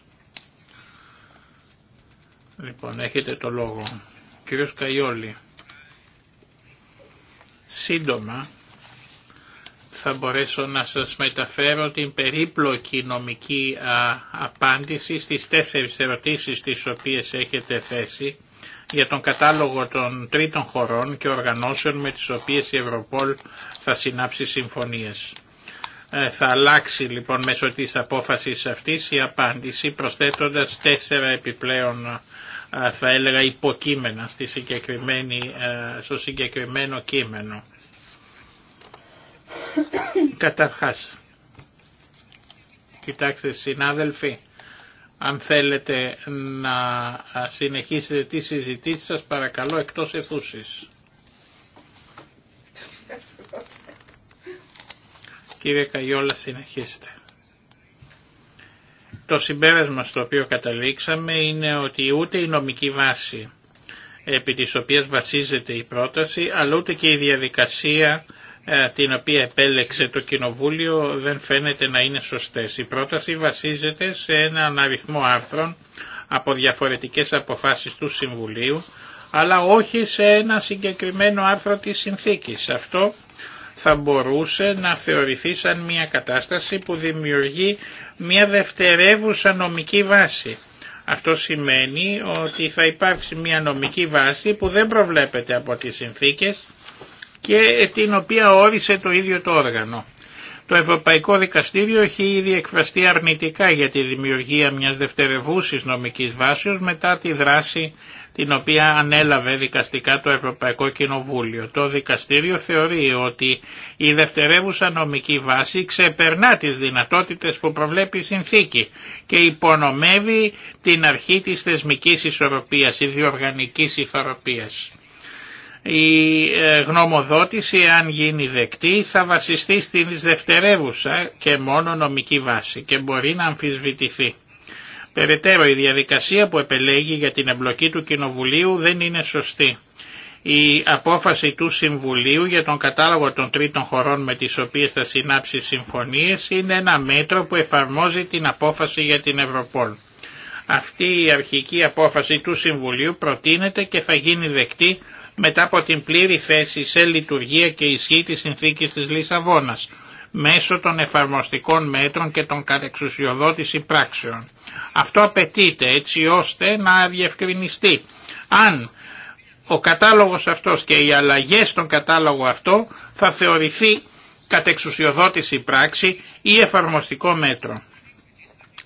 [SPEAKER 2] Λοιπόν, έχετε το λόγο. Κύριος Καϊόλη. Σύντομα, θα μπορέσω να σας μεταφέρω την περίπλοκη νομική απάντηση στις τέσσερις ερωτήσεις τις οποίες έχετε θέσει για τον κατάλογο των τρίτων χωρών και οργανώσεων με τις οποίες η Ευρωπόλ θα συνάψει συμφωνίες. Ε, θα αλλάξει λοιπόν μέσω της απόφασης αυτής η απάντηση προσθέτοντας τέσσερα επιπλέον θα έλεγα υποκείμενα ε, στο συγκεκριμένο κείμενο. Καταρχάς, κοιτάξτε συνάδελφοι, αν θέλετε να συνεχίσετε τη συζητήση σας παρακαλώ εκτός εθούσης. Κύριε Καγιόλα συνεχίστε. Το συμπέρασμα στο οποίο καταλήξαμε είναι ότι ούτε η νομική βάση επί της οποίας βασίζεται η πρόταση αλλά ούτε και η διαδικασία ε, την οποία επέλεξε το Κοινοβούλιο δεν φαίνεται να είναι σωστές. Η πρόταση βασίζεται σε έναν αριθμό άρθρων από διαφορετικές αποφάσεις του Συμβουλίου, αλλά όχι σε ένα συγκεκριμένο άρθρο της συνθήκης. Αυτό θα μπορούσε να θεωρηθεί σαν μια κατάσταση που δημιουργεί μια δευτερεύουσα νομική βάση. Αυτό σημαίνει ότι θα υπάρξει μια νομική βάση που δεν προβλέπεται από τις συνθήκες και την οποία όρισε το ίδιο το όργανο. Το Ευρωπαϊκό Δικαστήριο έχει ήδη εκφραστεί αρνητικά για τη δημιουργία μιας δευτερευούσης νομικής βάσεως μετά τη δράση την οποία ανέλαβε δικαστικά το Ευρωπαϊκό Κοινοβούλιο. Το δικαστήριο θεωρεί ότι η δευτερεύουσα νομική βάση ξεπερνά τις δυνατότητες που προβλέπει η συνθήκη και υπονομεύει την αρχή της θεσμικής ισορροπίας, ιδιοργανικής ισορροπίας. Η ε, γνωμοδότηση αν γίνει δεκτή θα βασιστεί στην δευτερεύουσα και μόνο νομική βάση και μπορεί να αμφισβητηθεί. Περαιτέρω η διαδικασία που επελέγει για την εμπλοκή του Κοινοβουλίου δεν είναι σωστή. Η απόφαση του Συμβουλίου για τον κατάλογο των τρίτων χωρών με τις οποίες θα συνάψει συμφωνίες είναι ένα μέτρο που εφαρμόζει την απόφαση για την Ευρωπόλ. Αυτή η αρχική απόφαση του Συμβουλίου προτείνεται και θα γίνει δεκτή μετά από την πλήρη θέση σε λειτουργία και ισχύ της συνθήκης της Λισαβόνας μέσω των εφαρμοστικών μέτρων και των κατεξουσιοδότηση πράξεων. Αυτό απαιτείται έτσι ώστε να διευκρινιστεί. Αν ο κατάλογος αυτός και οι αλλαγές στον κατάλογο αυτό θα θεωρηθεί κατεξουσιοδότηση πράξη ή εφαρμοστικό μέτρο.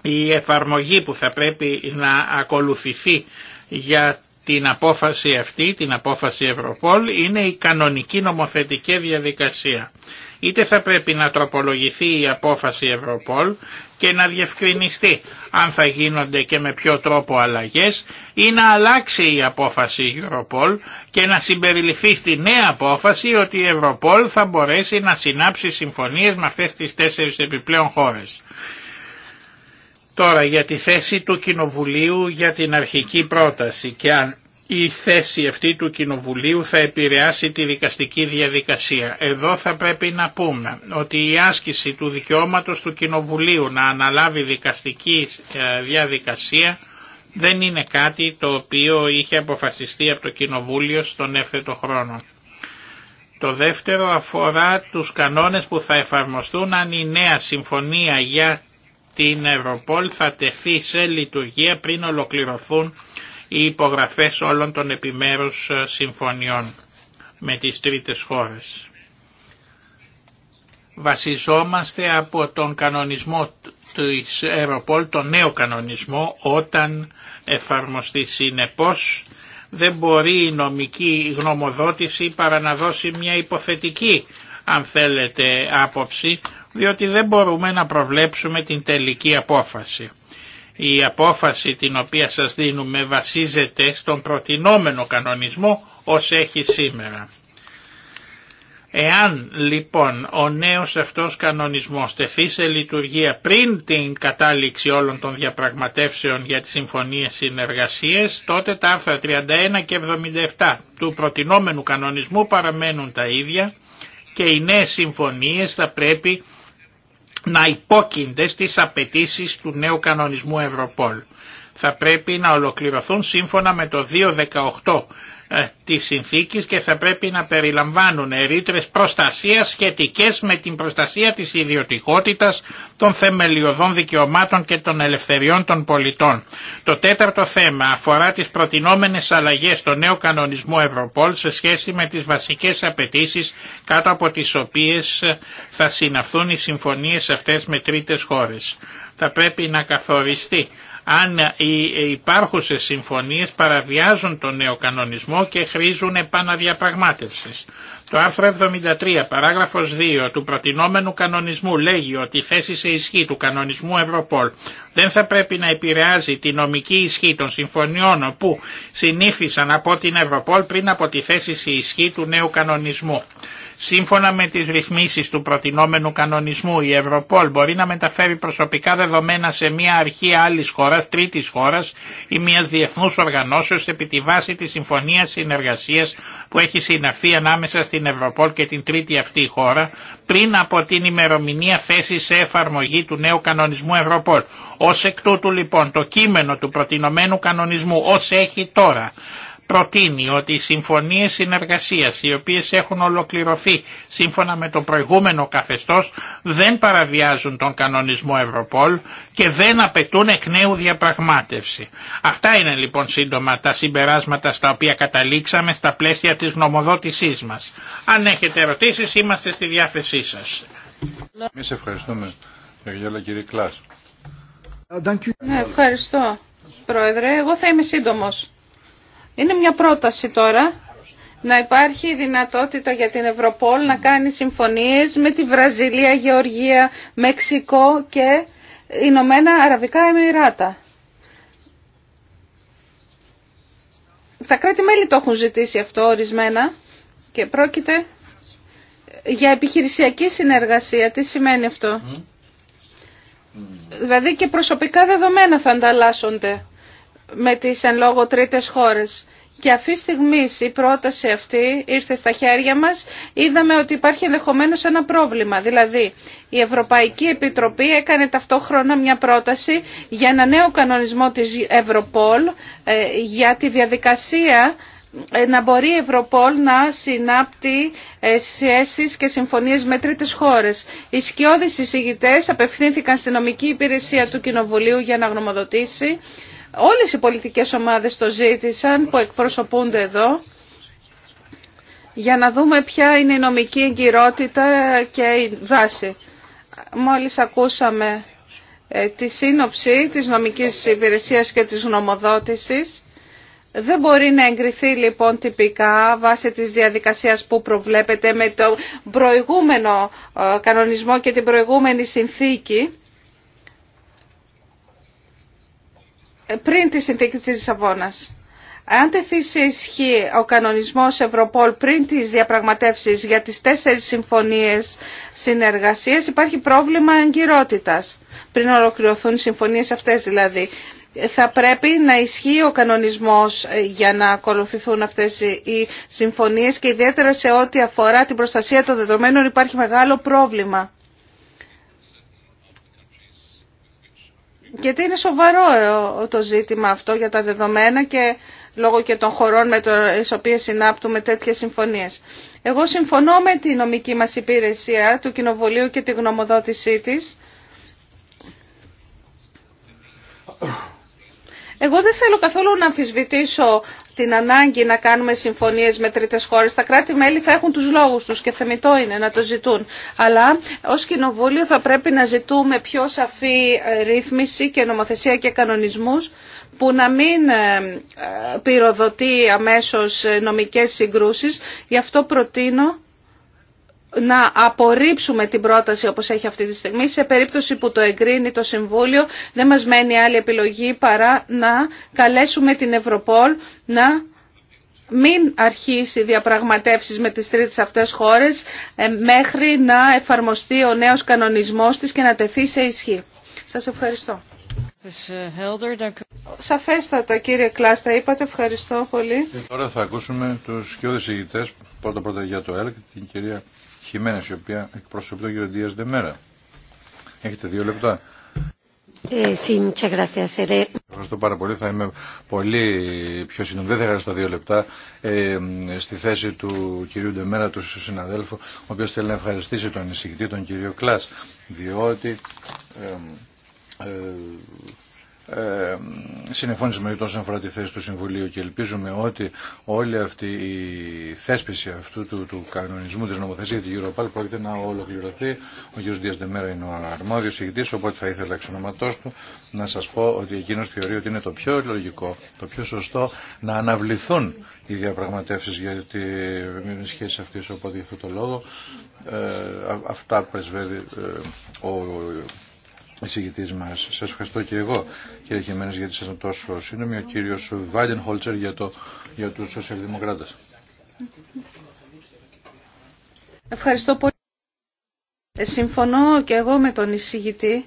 [SPEAKER 2] Η εφαρμογή που θα πρέπει να ακολουθηθεί για την απόφαση αυτή, την απόφαση Ευρωπόλ, είναι η κανονική νομοθετική διαδικασία. Είτε θα πρέπει να τροπολογηθεί η απόφαση Ευρωπόλ και να διευκρινιστεί αν θα γίνονται και με ποιο τρόπο αλλαγές ή να αλλάξει η απόφαση ευρωπολ και να συμπεριληφθεί στη νέα απόφαση ότι η Ευρωπόλ θα μπορέσει να συνάψει συμφωνίες με αυτές τις τέσσερις επιπλέον χώρες. Τώρα για τη θέση του Κοινοβουλίου για την αρχική πρόταση και αν η θέση αυτή του Κοινοβουλίου θα επηρεάσει τη δικαστική διαδικασία. Εδώ θα πρέπει να πούμε ότι η άσκηση του δικαιώματος του Κοινοβουλίου να αναλάβει δικαστική ε, διαδικασία δεν είναι κάτι το οποίο είχε αποφασιστεί από το Κοινοβούλιο στον έφετο χρόνο. Το δεύτερο αφορά τους κανόνες που θα εφαρμοστούν αν η νέα συμφωνία για την Ευρωπόλ θα τεθεί σε λειτουργία πριν ολοκληρωθούν οι υπογραφές όλων των επιμέρους ε, συμφωνιών με τις τρίτες χώρες. Βασιζόμαστε από τον κανονισμό του Ευρωπόλ, τον νέο κανονισμό, όταν εφαρμοστεί συνεπώς, δεν μπορεί η νομική γνωμοδότηση παρά να δώσει μια υποθετική, αν θέλετε, άποψη, διότι δεν μπορούμε να προβλέψουμε την τελική απόφαση. Η απόφαση την οποία σας δίνουμε βασίζεται στον προτινόμενο κανονισμό ως έχει σήμερα. Εάν λοιπόν ο νέος αυτός κανονισμός τεθεί σε λειτουργία πριν την κατάληξη όλων των διαπραγματεύσεων για τις συμφωνίες συνεργασίες, τότε τα άρθρα 31 και 77 του προτινόμενου κανονισμού παραμένουν τα ίδια και οι νέες συμφωνίες θα πρέπει να υπόκεινται στις απαιτήσει του νέου κανονισμού Ευρωπόλ. Θα πρέπει να ολοκληρωθούν σύμφωνα με το 2.18 ε, της συνθήκης και θα πρέπει να περιλαμβάνουν ρήτρες προστασίας σχετικές με την προστασία της ιδιωτικότητας των θεμελιωδών δικαιωμάτων και των ελευθεριών των πολιτών. Το τέταρτο θέμα αφορά τις προτινόμενες αλλαγές στο νέο κανονισμό Ευρωπόλ σε σχέση με τις βασικές απαιτήσεις κάτω από τις οποίες θα συναυθούν οι συμφωνίες αυτές με τρίτες χώρες. Θα πρέπει να καθοριστεί αν οι υπάρχουσες συμφωνίες παραβιάζουν τον νέο κανονισμό και χρήζουν επαναδιαπραγμάτευσης. Το άρθρο 73 παράγραφος 2 του προτινόμενου κανονισμού λέγει ότι η θέση σε ισχύ του κανονισμού Ευρωπόλ δεν θα πρέπει να επηρεάζει τη νομική ισχύ των συμφωνιών που συνήθισαν από την Ευρωπόλ πριν από τη θέση σε ισχύ του νέου κανονισμού. Σύμφωνα με τις ρυθμίσεις του προτινόμενου κανονισμού, η Ευρωπόλ μπορεί να μεταφέρει προσωπικά δεδομένα σε μια αρχή άλλης χώρας, τρίτης χώρας ή μιας διεθνούς οργανώσεως επί τη βάση της συμφωνίας συνεργασίας που έχει συναφεί ανάμεσα στην Ευρωπόλ και την τρίτη αυτή χώρα πριν από την ημερομηνία θέση σε εφαρμογή του νέου κανονισμού Ευρωπόλ. Ως εκ τούτου λοιπόν το κείμενο του προτινομένου κανονισμού ως έχει τώρα προτείνει ότι οι συμφωνίες συνεργασίας οι οποίες έχουν ολοκληρωθεί σύμφωνα με το προηγούμενο καθεστώς δεν παραβιάζουν τον κανονισμό Ευρωπόλ και δεν απαιτούν εκ νέου διαπραγμάτευση. Αυτά είναι λοιπόν σύντομα τα συμπεράσματα στα οποία καταλήξαμε στα πλαίσια της γνωμοδότησής μας. Αν έχετε ερωτήσεις είμαστε στη διάθεσή
[SPEAKER 1] σας. Εμείς ευχαριστούμε Κλάς.
[SPEAKER 3] Ναι, ευχαριστώ πρόεδρε. Εγώ θα είμαι σύντομος. Είναι μια πρόταση τώρα να υπάρχει δυνατότητα για την Ευρωπόλ να κάνει συμφωνίες με τη Βραζιλία, Γεωργία, Μεξικό και Ηνωμένα Αραβικά Εμμυράτα. Τα κράτη-μέλη το έχουν ζητήσει αυτό ορισμένα και πρόκειται για επιχειρησιακή συνεργασία. Τι σημαίνει αυτό. Δηλαδή και προσωπικά δεδομένα θα ανταλλάσσονται με τις εν λόγω τρίτες χώρες. Και αυτή τη στιγμή η πρόταση αυτή ήρθε στα χέρια μας, είδαμε ότι υπάρχει ενδεχομένω ένα πρόβλημα. Δηλαδή, η Ευρωπαϊκή Επιτροπή έκανε ταυτόχρονα μια πρόταση για ένα νέο κανονισμό της Ευρωπόλ ε, για τη διαδικασία ε, να μπορεί η Ευρωπόλ να συνάπτει ε, σχέσει και συμφωνίες με τρίτες χώρες. Οι σκιώδεις εισηγητές απευθύνθηκαν στην νομική υπηρεσία του Κοινοβουλίου για να γνωμοδοτήσει Όλες οι πολιτικές ομάδες το ζήτησαν που εκπροσωπούνται εδώ για να δούμε ποια είναι η νομική εγκυρότητα και η βάση. Μόλις ακούσαμε ε, τη σύνοψη της νομικής υπηρεσίας και της νομοδότησης Δεν μπορεί να εγκριθεί λοιπόν τυπικά βάσει της διαδικασίας που προβλέπεται με το προηγούμενο ε, κανονισμό και την προηγούμενη συνθήκη πριν τη συνθήκη της Λισαβόνας. Αν τεθεί σε ισχύ ο κανονισμός Ευρωπόλ πριν τις διαπραγματεύσεις για τις τέσσερις συμφωνίες συνεργασίας, υπάρχει πρόβλημα εγκυρότητας. Πριν ολοκληρωθούν οι συμφωνίες αυτές δηλαδή. Θα πρέπει να ισχύει ο κανονισμός ε, για να ακολουθηθούν αυτές οι συμφωνίες και ιδιαίτερα σε ό,τι αφορά την προστασία των δεδομένων υπάρχει μεγάλο πρόβλημα. Γιατί είναι σοβαρό ε, το ζήτημα αυτό για τα δεδομένα και λόγω και των χωρών με τις οποίες συνάπτουμε τέτοιες συμφωνίες. Εγώ συμφωνώ με τη νομική μας υπηρεσία του Κοινοβουλίου και τη γνωμοδότησή της. Εγώ δεν θέλω καθόλου να αμφισβητήσω την ανάγκη να κάνουμε συμφωνίες με τρίτες χώρες. Τα κράτη-μέλη θα έχουν τους λόγους τους και θεμητό είναι να το ζητούν. Αλλά ως Κοινοβούλιο θα πρέπει να ζητούμε πιο σαφή ε, ρύθμιση και νομοθεσία και κανονισμούς που να μην ε, ε, πυροδοτεί αμέσως νομικές συγκρούσεις. Γι' αυτό προτείνω να απορρίψουμε την πρόταση όπως έχει αυτή τη στιγμή σε περίπτωση που το εγκρίνει το Συμβούλιο δεν μας μένει άλλη επιλογή παρά να καλέσουμε την Ευρωπόλ να μην αρχίσει διαπραγματεύσεις με τις τρίτες αυτές χώρες ε, μέχρι να εφαρμοστεί ο νέος κανονισμός της και να τεθεί σε ισχύ. Σας ευχαριστώ. Σαφέστατα κύριε Κλάστα, είπατε ευχαριστώ πολύ.
[SPEAKER 1] τώρα θα ακούσουμε τους σκιώδες ηγητές, πρώτα πρώτα για το ΕΛΚ, την κυρία Χιμένες, η οποία εκπροσωπεί τον κύριο Ντίας Δεμέρα. Έχετε δύο λεπτά.
[SPEAKER 3] Ε, gracias.
[SPEAKER 1] Ευχαριστώ πάρα πολύ. Θα είμαι πολύ πιο σύντομη. Δεν θα χρειαστώ δύο λεπτά ε, στη θέση του κυρίου Ντεμέρα, του συναδέλφου, ο οποίος θέλει να ευχαριστήσει τον εισηγητή, τον κύριο Κλάς, διότι ε, ε, ε, συνεφώνησαμε με λοιπόν όσον αφορά τη θέση του Συμβουλίου και ελπίζουμε ότι όλη αυτή η θέσπιση αυτού του, του κανονισμού της νομοθεσίας για την Europal πρόκειται να ολοκληρωθεί. Ο κ. Δίας Ντεμέρα είναι ο αρμόδιος ηγητής, οπότε θα ήθελα εξ ονοματός του να σας πω ότι εκείνος θεωρεί ότι είναι το πιο λογικό, το πιο σωστό να αναβληθούν οι διαπραγματεύσεις για τη σχέση αυτής, οπότε για αυτό το λόγο ε, αυτά πρεσβεύει ε, ο εισηγητή μα. Σα ευχαριστώ και εγώ, κύριε Χιμένε, γιατί σα τόσο σύντομοι. Ο κύριο Βάιντεν Χόλτσερ για, το, για του σοσιαλδημοκράτε.
[SPEAKER 3] Ευχαριστώ πολύ. Ε, συμφωνώ και εγώ με τον εισηγητή.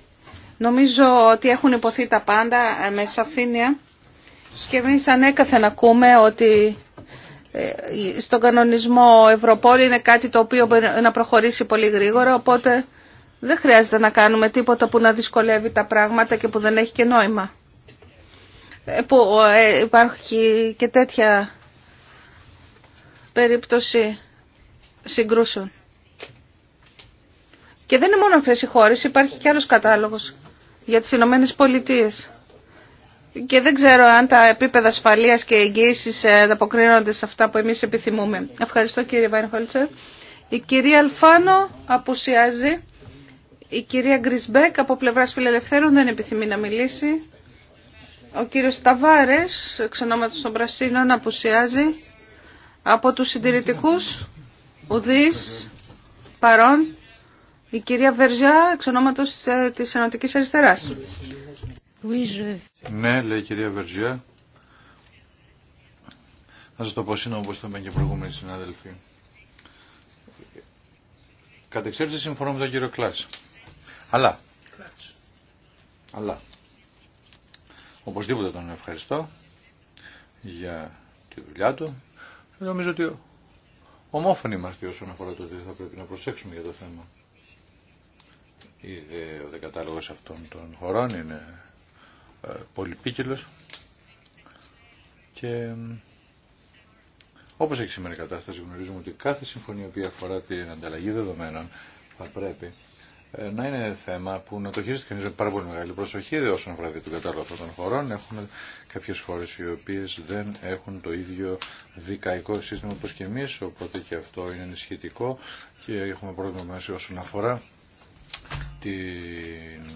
[SPEAKER 3] Νομίζω ότι έχουν υποθεί τα πάντα ε, με σαφήνεια και εμεί ανέκαθεν ακούμε ότι ε, στον κανονισμό Ευρωπόλη είναι κάτι το οποίο μπορεί να προχωρήσει πολύ γρήγορα, οπότε δεν χρειάζεται να κάνουμε τίποτα που να δυσκολεύει τα πράγματα και που δεν έχει και νόημα. Ε, που ε, υπάρχει και τέτοια περίπτωση συγκρούσεων. Και δεν είναι μόνο αυτές οι χώρες, υπάρχει και άλλος κατάλογος για τις Ηνωμένε Πολιτείε. Και δεν ξέρω αν τα επίπεδα ασφαλείας και εγγύησης ε, ανταποκρίνονται σε αυτά που εμείς επιθυμούμε. Ευχαριστώ κύριε Βάινχολτσερ. Η κυρία Αλφάνο απουσιάζει. Η κυρία Γκρισμπέκ από πλευράς φιλελευθέρων δεν επιθυμεί να μιλήσει. Ο κύριος Ταβάρες, εξ των Πρασίνων, απουσιάζει από τους συντηρητικούς. ουδείς παρόν, η κυρία Βερζιά, εξ ονόματος ε, της Ενωτικής Αριστεράς.
[SPEAKER 1] Ναι, λέει η κυρία Βερζιά. Θα σας το πω σύνομα όπως το και προηγούμενοι συνάδελφοι. Κατ' συμφωνώ με τον κύριο Κλά. Αλλά. Αλλά. Οπωσδήποτε τον ευχαριστώ για τη δουλειά του. Νομίζω ότι ομόφωνοι είμαστε όσον αφορά το ότι θα πρέπει να προσέξουμε για το θέμα. ο δεκατάλογος αυτών των χωρών είναι ε, πολυπίκυλος και όπως έχει σήμερα η κατάσταση γνωρίζουμε ότι κάθε συμφωνία που αφορά την ανταλλαγή δεδομένων θα πρέπει ε, να είναι θέμα που να το χειρίζεται κανεί με πάρα πολύ μεγάλη προσοχή όσον αφορά δηλαδή τον κατάλογο αυτών των χωρών. Έχουμε κάποιε χώρε οι οποίε δεν έχουν το ίδιο δικαϊκό σύστημα όπω και εμεί, οπότε και αυτό είναι ενισχυτικό και έχουμε πρόβλημα μέσα όσον αφορά τη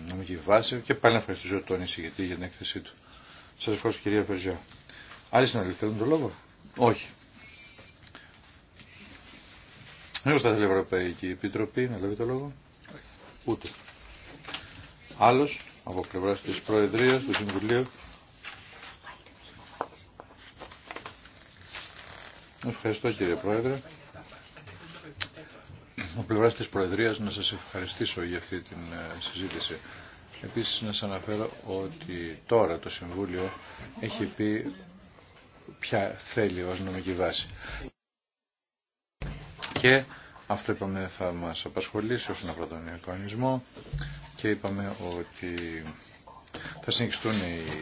[SPEAKER 1] νομική βάση και πάλι να ευχαριστήσω τον εισηγητή για την έκθεσή του. Σας ευχαριστώ κυρία Φερζιά. Άλλοι συναδελφοί θέλουν τον λόγο. Όχι. Εγώ θα θέλει η Ευρωπαϊκή Επιτροπή να λάβει το λόγο ούτε άλλος από πλευρά της Προεδρίας του Συμβουλίου. Ευχαριστώ κύριε Πρόεδρε. Από πλευρά τη Προεδρίας να σας ευχαριστήσω για αυτή την ε, συζήτηση. Επίσης να σας αναφέρω ότι τώρα το Συμβούλιο έχει πει ποια θέλει ως νομική βάση. Και αυτό είπαμε θα μας απασχολήσει όσον αφορά τον οικονομισμό και είπαμε ότι θα συνεχιστούν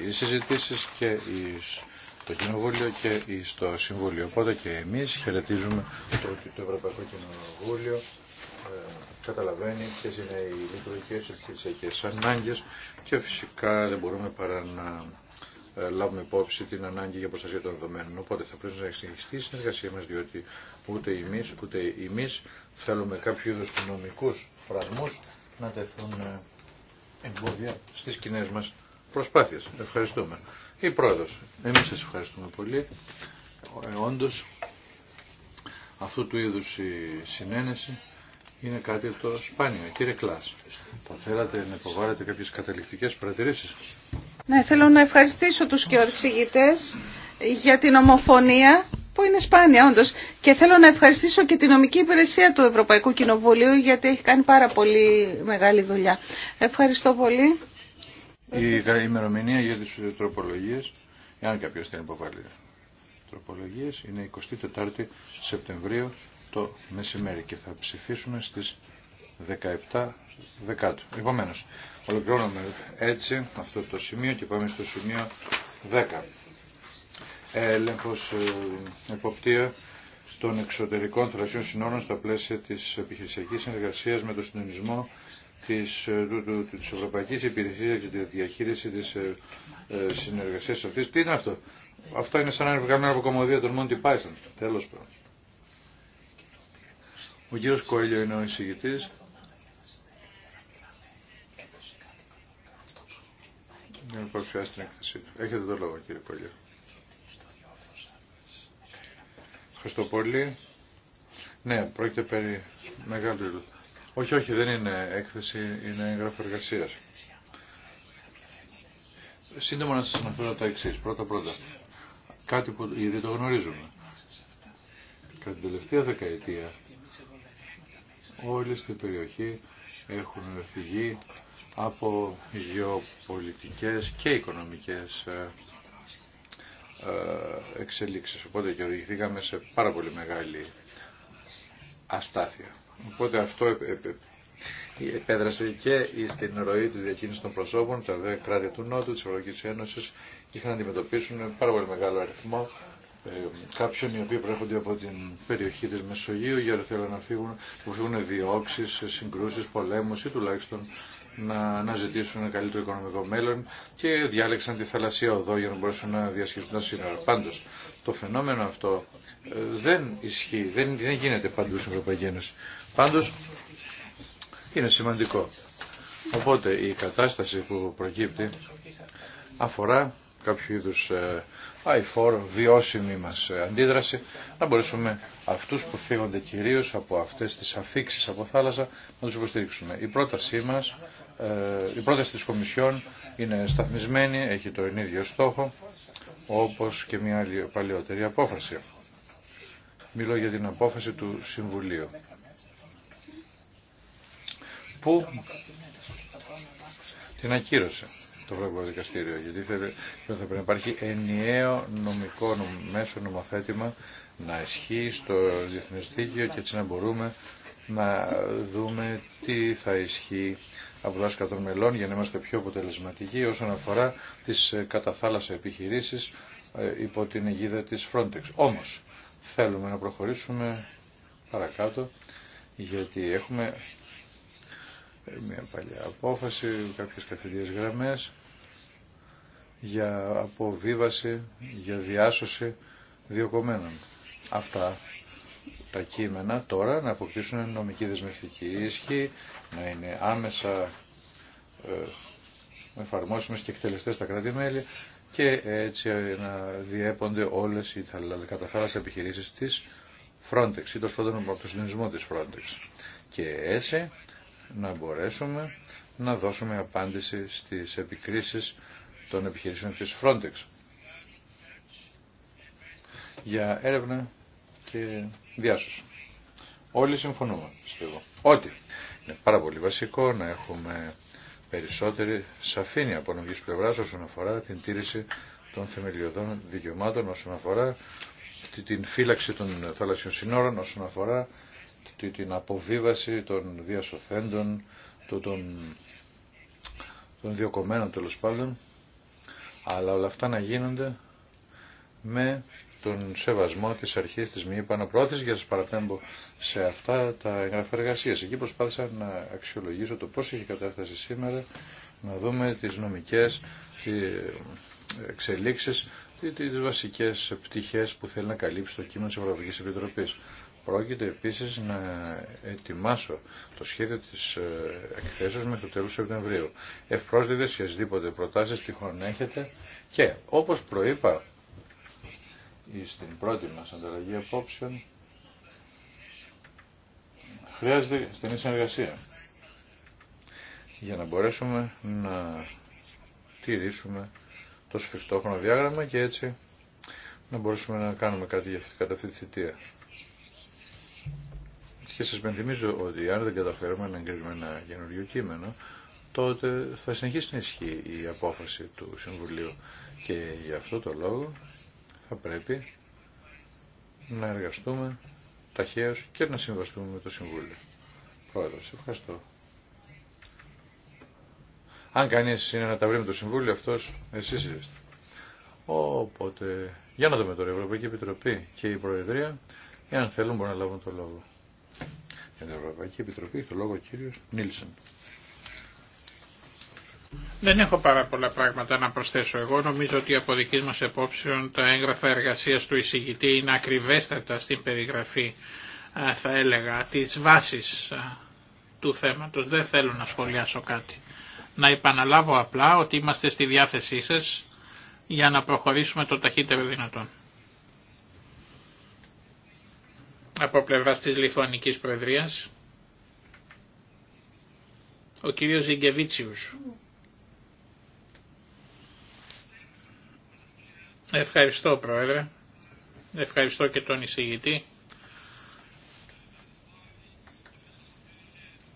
[SPEAKER 1] οι συζητήσεις και στο Κοινοβούλιο και στο Συμβούλιο. Οπότε και εμείς χαιρετίζουμε το ότι το Ευρωπαϊκό Κοινοβούλιο ε, καταλαβαίνει ποιε είναι οι λειτουργικέ και τις ανάγκες και φυσικά δεν μπορούμε παρά να ε, λάβουμε υπόψη την ανάγκη για προστασία των δεδομένων. Οπότε θα πρέπει να συνεχιστεί η συνεργασία μα διότι ούτε εμεί, ούτε εμεί θέλουμε κάποιο είδους νομικού φραγμού να τεθούν ε, εμπόδια στι κοινέ μα προσπάθειε. Ευχαριστούμε. Η πρόεδρο, εμείς σας ευχαριστούμε πολύ. Ε, όντως, αυτού του είδου η συνένεση είναι κάτι το σπάνιο. Κύριε Κλάς, θα θέλατε να υποβάλλετε κάποιες καταληκτικές παρατηρήσεις.
[SPEAKER 3] Ναι, θέλω να ευχαριστήσω τους και για την ομοφωνία που είναι σπάνια όντως. Και θέλω να ευχαριστήσω και την νομική υπηρεσία του Ευρωπαϊκού Κοινοβουλίου γιατί έχει κάνει πάρα πολύ μεγάλη δουλειά. Ευχαριστώ πολύ.
[SPEAKER 1] Η ημερομηνία για τις τροπολογίες, εάν κάποιο θέλει υποβάλει τροπολογίες, είναι 24 Σεπτεμβρίου το μεσημέρι και θα ψηφίσουμε στις 17 δεκάτου. Επομένω. ολοκληρώνουμε έτσι αυτό το σημείο και πάμε στο σημείο 10. Έλεγχος ε, εποπτεία των εξωτερικών θρασιών συνόρων στα πλαίσια τη επιχειρησιακή συνεργασία με το συντονισμό της, ε, του, του, της Ευρωπαϊκής Υπηρεσίας και τη διαχείριση της ε, συνεργασία. Αυτή. αυτής. Τι είναι αυτό. Αυτό είναι σαν να είναι βγαμμένο από των Monty Python. Τέλος πάντων. Ο κύριος Κοέλιο είναι ο εισηγητής. για να παρουσιάσει την έκθεσή του. Έχετε το λόγο κύριε Πολιό. Ευχαριστώ πολύ. Ναι, πρόκειται περί μεγάλου Όχι, όχι, δεν είναι έκθεση, είναι έγγραφο εργασία. Σύντομα να σα αναφέρω τα εξή. Πρώτα-πρώτα, κάτι που ήδη το γνωρίζουμε. Κατά την τελευταία δεκαετία, Όλοι στην περιοχή έχουν φυγεί από γεωπολιτικές και οικονομικές ε, ε, εξελίξεις. Οπότε και οδηγηθήκαμε σε πάρα πολύ μεγάλη αστάθεια. Οπότε αυτό επέδρασε και στην ροή της διακίνησης των προσώπων, τα δε κράτη του Νότου, της Ευρωπαϊκής Ένωσης, είχαν να αντιμετωπίσουν πάρα πολύ μεγάλο αριθμό ε, κάποιων οι οποίοι προέρχονται από την περιοχή της Μεσογείου για να θέλουν να φύγουν, που φύγουν διώξεις, συγκρούσεις, πολέμους ή τουλάχιστον να, να ζητήσουν ένα καλύτερο οικονομικό μέλλον και διάλεξαν τη θαλασσία οδό για να μπορέσουν να διασχίσουν τα σύνορα. Πάντως, το φαινόμενο αυτό ε, δεν ισχύει, δεν, γίνεται παντού στην Ευρωπαϊκή Ένωση. Πάντως, είναι σημαντικό. Οπότε η κατάσταση που προκύπτει αφορά κάποιο είδου. Ε, ...ΑΙΦΟΡ, βιώσιμη μας αντίδραση, να μπορέσουμε αυτούς που φύγονται κυρίως από αυτές τις αφήξεις από θάλασσα να τους υποστηρίξουμε. Η πρότασή μας, ε, η πρόταση της Κομισιόν είναι σταθμισμένη, έχει το ίδιο στόχο, όπως και μια άλλη παλαιότερη απόφαση. Μιλώ για την απόφαση του Συμβουλίου που την ακύρωσε το Ευρωπαϊκό Δικαστήριο. Γιατί θα πρέπει να υπάρχει ενιαίο νομικό μέσο νομοθέτημα να ισχύει στο διεθνέ δίκαιο και έτσι να μπορούμε να δούμε τι θα ισχύει από τα των μελών για να είμαστε πιο αποτελεσματικοί όσον αφορά τις ε, καταθάλασσα επιχειρήσεις ε, υπό την αιγίδα της Frontex. Όμως θέλουμε να προχωρήσουμε παρακάτω γιατί έχουμε ε, μια παλιά απόφαση, κάποιες καθηγητές γραμμές για αποβίβαση, για διάσωση διοκομένων. Αυτά τα κείμενα τώρα να αποκτήσουν νομική δεσμευτική ίσχυ, να είναι άμεσα ε, εφαρμόσιμες και εκτελεστές στα κράτη-μέλη και έτσι να διέπονται όλες οι δηλαδή καταφέρας επιχειρήσεις της Frontex ή τόσο πάντων από το συνδυασμό της Frontex. Και έτσι να μπορέσουμε να δώσουμε απάντηση στις επικρίσεις των επιχειρήσεων της Frontex για έρευνα και διάσωση. Όλοι συμφωνούμε, πιστεύω, ότι είναι πάρα πολύ βασικό να έχουμε περισσότερη σαφήνεια από νομικής πλευράς όσον αφορά την τήρηση των θεμελιωδών δικαιωμάτων, όσον αφορά την φύλαξη των θαλασσιών συνόρων, όσον αφορά την αποβίβαση των διασωθέντων, των, των διοκομμένων τέλο πάντων, αλλά όλα αυτά να γίνονται με τον σεβασμό της αρχής της μη επαναπρόθεσης για να σας παραπέμπω σε αυτά τα εγγραφή Εκεί προσπάθησα να αξιολογήσω το πώς έχει κατάσταση σήμερα, να δούμε τις νομικές εξελίξεις, τις βασικές πτυχές που θέλει να καλύψει το κείμενο της Ευρωπαϊκής Επιτροπής. Πρόκειται επίσης να ετοιμάσω το σχέδιο της ε, εκθέσεως μέχρι το τέλος Σεπτεμβρίου. και δίποτε προτάσεις τυχόν έχετε και όπως προείπα στην πρώτη μας ανταλλαγή απόψεων χρειάζεται στενή συνεργασία για να μπορέσουμε να τηρήσουμε το σφιχτό διάγραμμα και έτσι να μπορέσουμε να κάνουμε κάτι αυτή τη θητεία. Και σας πενθυμίζω ότι αν δεν καταφέρουμε να εγκρίνουμε ένα καινούριο κείμενο, τότε θα συνεχίσει να ισχύει η απόφαση του Συμβουλίου. Και γι' αυτό το λόγο θα πρέπει να εργαστούμε ταχαίως και να συμβαστούμε με το Συμβούλιο. Σε ευχαριστώ. Αν κανείς είναι να τα βρει με το Συμβούλιο, αυτός εσείς είστε. Οπότε, για να δούμε τώρα η Ευρωπαϊκή Επιτροπή και η Προεδρία, εάν θέλουν μπορούν να λάβουν το λόγο την Ευρωπαϊκή Επιτροπή. το λόγο ο
[SPEAKER 2] Δεν έχω πάρα πολλά πράγματα να προσθέσω. Εγώ νομίζω ότι από δική μας επόψεων τα έγγραφα εργασίας του εισηγητή είναι ακριβέστατα στην περιγραφή, θα έλεγα, της βάσης του θέματος. Δεν θέλω να σχολιάσω κάτι. Να επαναλάβω απλά ότι είμαστε στη διάθεσή σας για να προχωρήσουμε το ταχύτερο δυνατόν. από πλευρά της Λιθουανική Προεδρίας, ο κύριος Ζιγκεβίτσιους. Ευχαριστώ Πρόεδρε, ευχαριστώ και τον εισηγητή.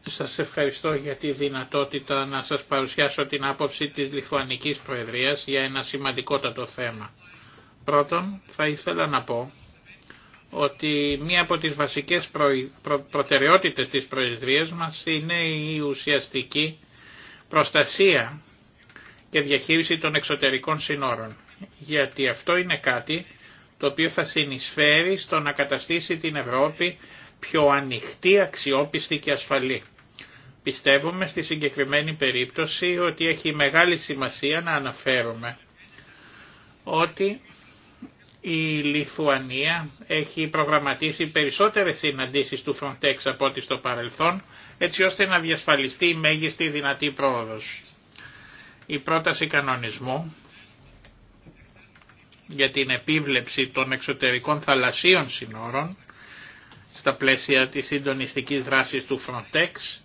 [SPEAKER 2] Σας ευχαριστώ για τη δυνατότητα να σας παρουσιάσω την άποψη της Λιθουανικής Προεδρίας για ένα σημαντικότατο θέμα. Πρώτον, θα ήθελα να πω ότι μία από τις βασικές προ... Προ... προτεραιότητες της Προεδρίας μας είναι η ουσιαστική προστασία και διαχείριση των εξωτερικών συνόρων. Γιατί αυτό είναι κάτι το οποίο θα συνεισφέρει στο να καταστήσει την Ευρώπη πιο ανοιχτή, αξιόπιστη και ασφαλή. Πιστεύουμε στη συγκεκριμένη περίπτωση ότι έχει μεγάλη σημασία να αναφέρουμε ότι η Λιθουανία έχει προγραμματίσει περισσότερες συναντήσεις του Frontex από ό,τι στο παρελθόν, έτσι ώστε να διασφαλιστεί η μέγιστη δυνατή πρόοδος. Η πρόταση κανονισμού για την επίβλεψη των εξωτερικών θαλασσίων συνόρων στα πλαίσια της συντονιστικής δράσης του Frontex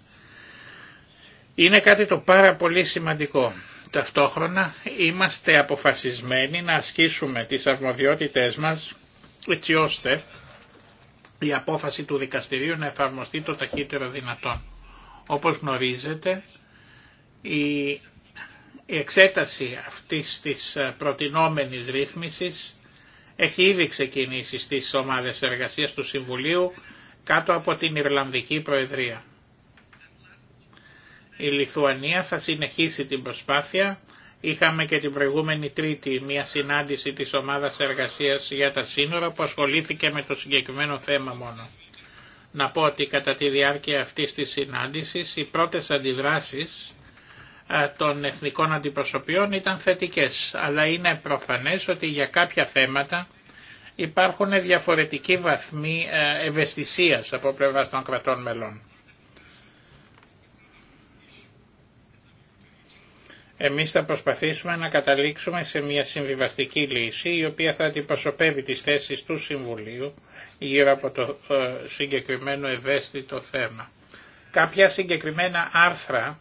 [SPEAKER 2] είναι κάτι το πάρα πολύ σημαντικό. Ταυτόχρονα είμαστε αποφασισμένοι να ασκήσουμε τις αρμοδιότητες μας έτσι ώστε η απόφαση του δικαστηρίου να εφαρμοστεί το ταχύτερο δυνατόν. Όπως γνωρίζετε, η εξέταση αυτής της προτινόμενης ρύθμισης έχει ήδη ξεκινήσει στις ομάδες εργασίας του Συμβουλίου κάτω από την Ιρλανδική Προεδρία. Η Λιθουανία θα συνεχίσει την προσπάθεια. Είχαμε και την προηγούμενη Τρίτη μια συνάντηση της ομάδας εργασίας για τα σύνορα που ασχολήθηκε με το συγκεκριμένο θέμα μόνο. Να πω ότι κατά τη διάρκεια αυτής της συνάντησης οι πρώτες αντιδράσεις των εθνικών αντιπροσωπιών ήταν θετικές, αλλά είναι προφανές ότι για κάποια θέματα υπάρχουν διαφορετικοί βαθμοί ευαισθησίας από πλευράς των κρατών μελών. Εμείς θα προσπαθήσουμε να καταλήξουμε σε μια συμβιβαστική λύση η οποία θα αντιπροσωπεύει τις θέσεις του Συμβουλίου γύρω από το ε, συγκεκριμένο ευαίσθητο θέμα. Κάποια συγκεκριμένα άρθρα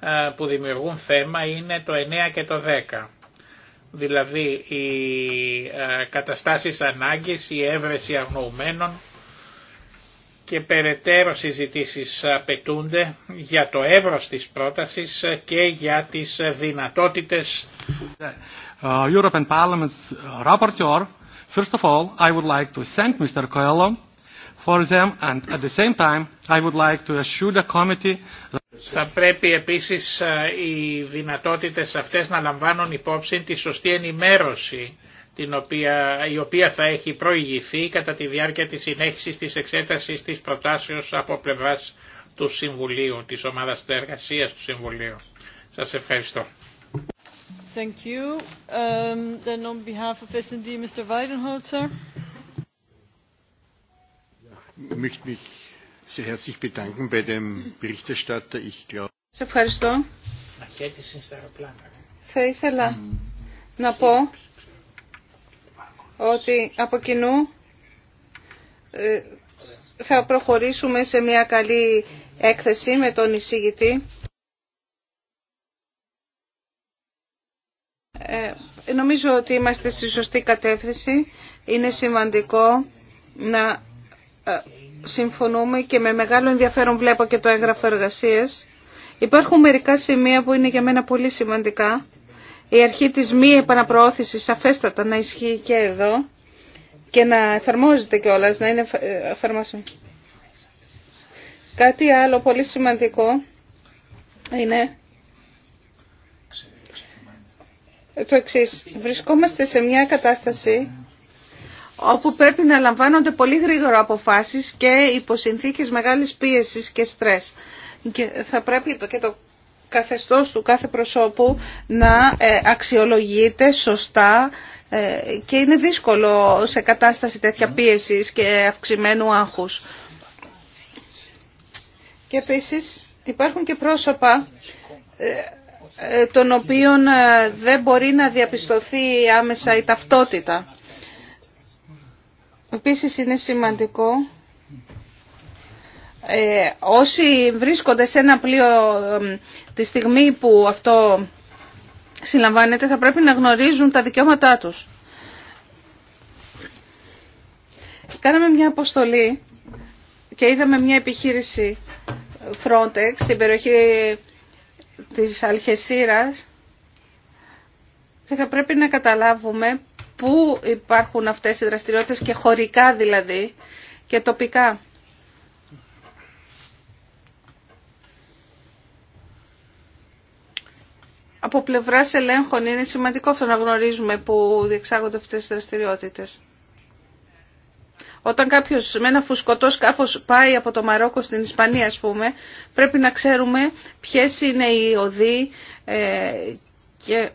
[SPEAKER 2] ε, που δημιουργούν θέμα είναι το 9 και το 10. Δηλαδή οι ε, καταστάσεις ανάγκης, η έβρεση αγνοουμένων, και περαιτέρω συζητήσεις απαιτούνται για το εύρος της πρότασης και για τις δυνατότητες.
[SPEAKER 1] Uh, European Parliament's rapporteur, first of all, I would like to thank Mr. Coelho for them and at the same time I would like to assure the committee
[SPEAKER 2] θα πρέπει επίσης uh, οι δυνατότητες αυτές να λαμβάνουν υπόψη τη σωστή ενημέρωση την οποία, η οποία θα έχει προηγηθεί κατά τη διάρκεια της συνέχισης της εξέτασης της προτάσεως από πλευράς του Συμβουλίου, της ομάδας εργασίας του Συμβουλίου. Σας ευχαριστώ.
[SPEAKER 3] Thank you. Um, then on behalf of S&D, Mr. Weidenholzer. Σε ευχαριστώ. Ε. Θα ήθελα να πω ότι από κοινού ε, θα προχωρήσουμε σε μια καλή έκθεση με τον εισηγητή. Ε, νομίζω ότι είμαστε στη σωστή κατεύθυνση. Είναι σημαντικό να ε, συμφωνούμε και με μεγάλο ενδιαφέρον βλέπω και το έγγραφο εργασίες. Υπάρχουν μερικά σημεία που είναι για μένα πολύ σημαντικά η αρχή της μη επαναπροώθησης σαφέστατα να ισχύει και εδώ και να εφαρμόζεται κιόλα, να είναι ε, εφαρμόσιμη. Κάτι άλλο πολύ σημαντικό είναι το εξή: Βρισκόμαστε σε μια κατάσταση όπου πρέπει να λαμβάνονται πολύ γρήγορα αποφάσεις και υπό μεγάλης πίεσης και στρες. Και θα πρέπει το, και το καθεστώς του κάθε προσώπου να ε, αξιολογείται σωστά ε, και είναι δύσκολο σε κατάσταση τέτοια ναι. πίεσης και αυξημένου άγχους. Και επίσης υπάρχουν και πρόσωπα ε, των οποίων δεν μπορεί να διαπιστωθεί άμεσα η ταυτότητα. Επίσης είναι σημαντικό ε, όσοι βρίσκονται σε ένα πλοίο τη στιγμή που αυτό συλλαμβάνεται θα πρέπει να γνωρίζουν τα δικαιώματά τους. Κάναμε μια αποστολή και είδαμε μια επιχείρηση Frontex στην περιοχή της Αλχεσίρας και θα πρέπει να καταλάβουμε πού υπάρχουν αυτές οι δραστηριότητες και χωρικά δηλαδή και τοπικά. από πλευρά ελέγχων είναι σημαντικό αυτό να γνωρίζουμε που διεξάγονται αυτές τις δραστηριότητες. Όταν κάποιο με ένα φουσκωτό σκάφο πάει από το Μαρόκο στην Ισπανία, ας πούμε, πρέπει να ξέρουμε ποιε είναι οι οδοί ε, και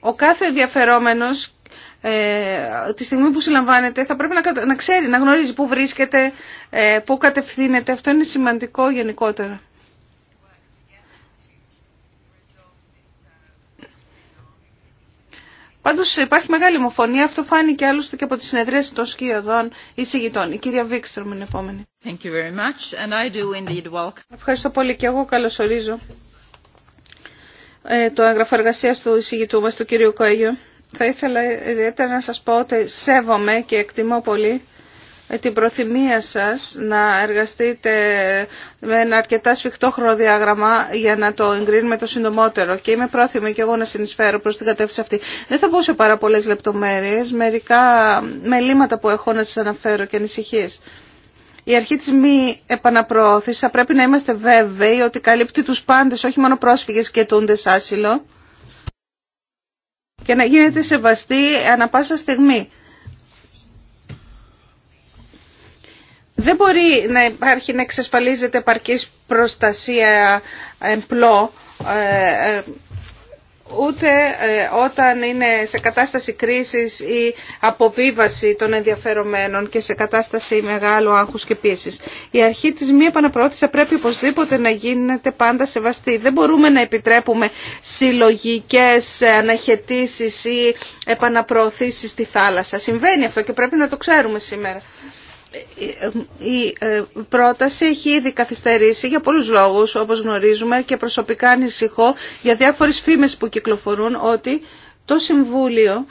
[SPEAKER 3] ο κάθε ενδιαφερόμενος ε, τη στιγμή που συλλαμβάνεται θα πρέπει να, να ξέρει, να γνωρίζει πού βρίσκεται, ε, πού κατευθύνεται. Αυτό είναι σημαντικό γενικότερα. Πάντω υπάρχει μεγάλη ομοφωνία. Αυτό φάνηκε άλλωστε και από τι συνεδρίε των σκιωδών εισηγητών. Η κυρία Βίξτρομ είναι επόμενη. Thank you very much. And I do indeed Ευχαριστώ πολύ και εγώ καλωσορίζω ε, το έγγραφο εργασία του εισηγητού μα, του κυρίου Κόγιο. Θα ήθελα ιδιαίτερα να σας πω ότι σέβομαι και εκτιμώ πολύ την προθυμία σας να εργαστείτε με ένα αρκετά σφιχτό χρονοδιάγραμμα για να το εγκρίνουμε το συντομότερο και είμαι πρόθυμη και εγώ να συνεισφέρω προς την κατεύθυνση αυτή. Δεν θα πω σε πάρα πολλές λεπτομέρειες, μερικά μελήματα που έχω να σας αναφέρω και ανησυχίε. Η αρχή της μη επαναπροώθησης θα πρέπει να είμαστε βέβαιοι ότι καλύπτει τους πάντες, όχι μόνο πρόσφυγες και τούντες άσυλο και να γίνεται σεβαστή ανα πάσα στιγμή. Δεν μπορεί να υπάρχει να εξασφαλίζεται επαρκής προστασία εμπλό ε, ε, ούτε ε, όταν είναι σε κατάσταση κρίσης ή αποβίβαση των ενδιαφερομένων και σε κατάσταση μεγάλου άγχους και πίεσης. Η αρχή της μη επαναπροώθησης πρέπει οπωσδήποτε να γίνεται πάντα σεβαστή. Δεν μπορούμε να επιτρέπουμε συλλογικές αναχαιτήσεις ή επαναπροωθήσεις στη θάλασσα. Συμβαίνει αυτό και πρέπει να το ξέρουμε σήμερα η ε, πρόταση έχει ήδη καθυστερήσει για πολλούς λόγους όπως γνωρίζουμε και προσωπικά ανησυχώ για διάφορες φήμες που κυκλοφορούν ότι το Συμβούλιο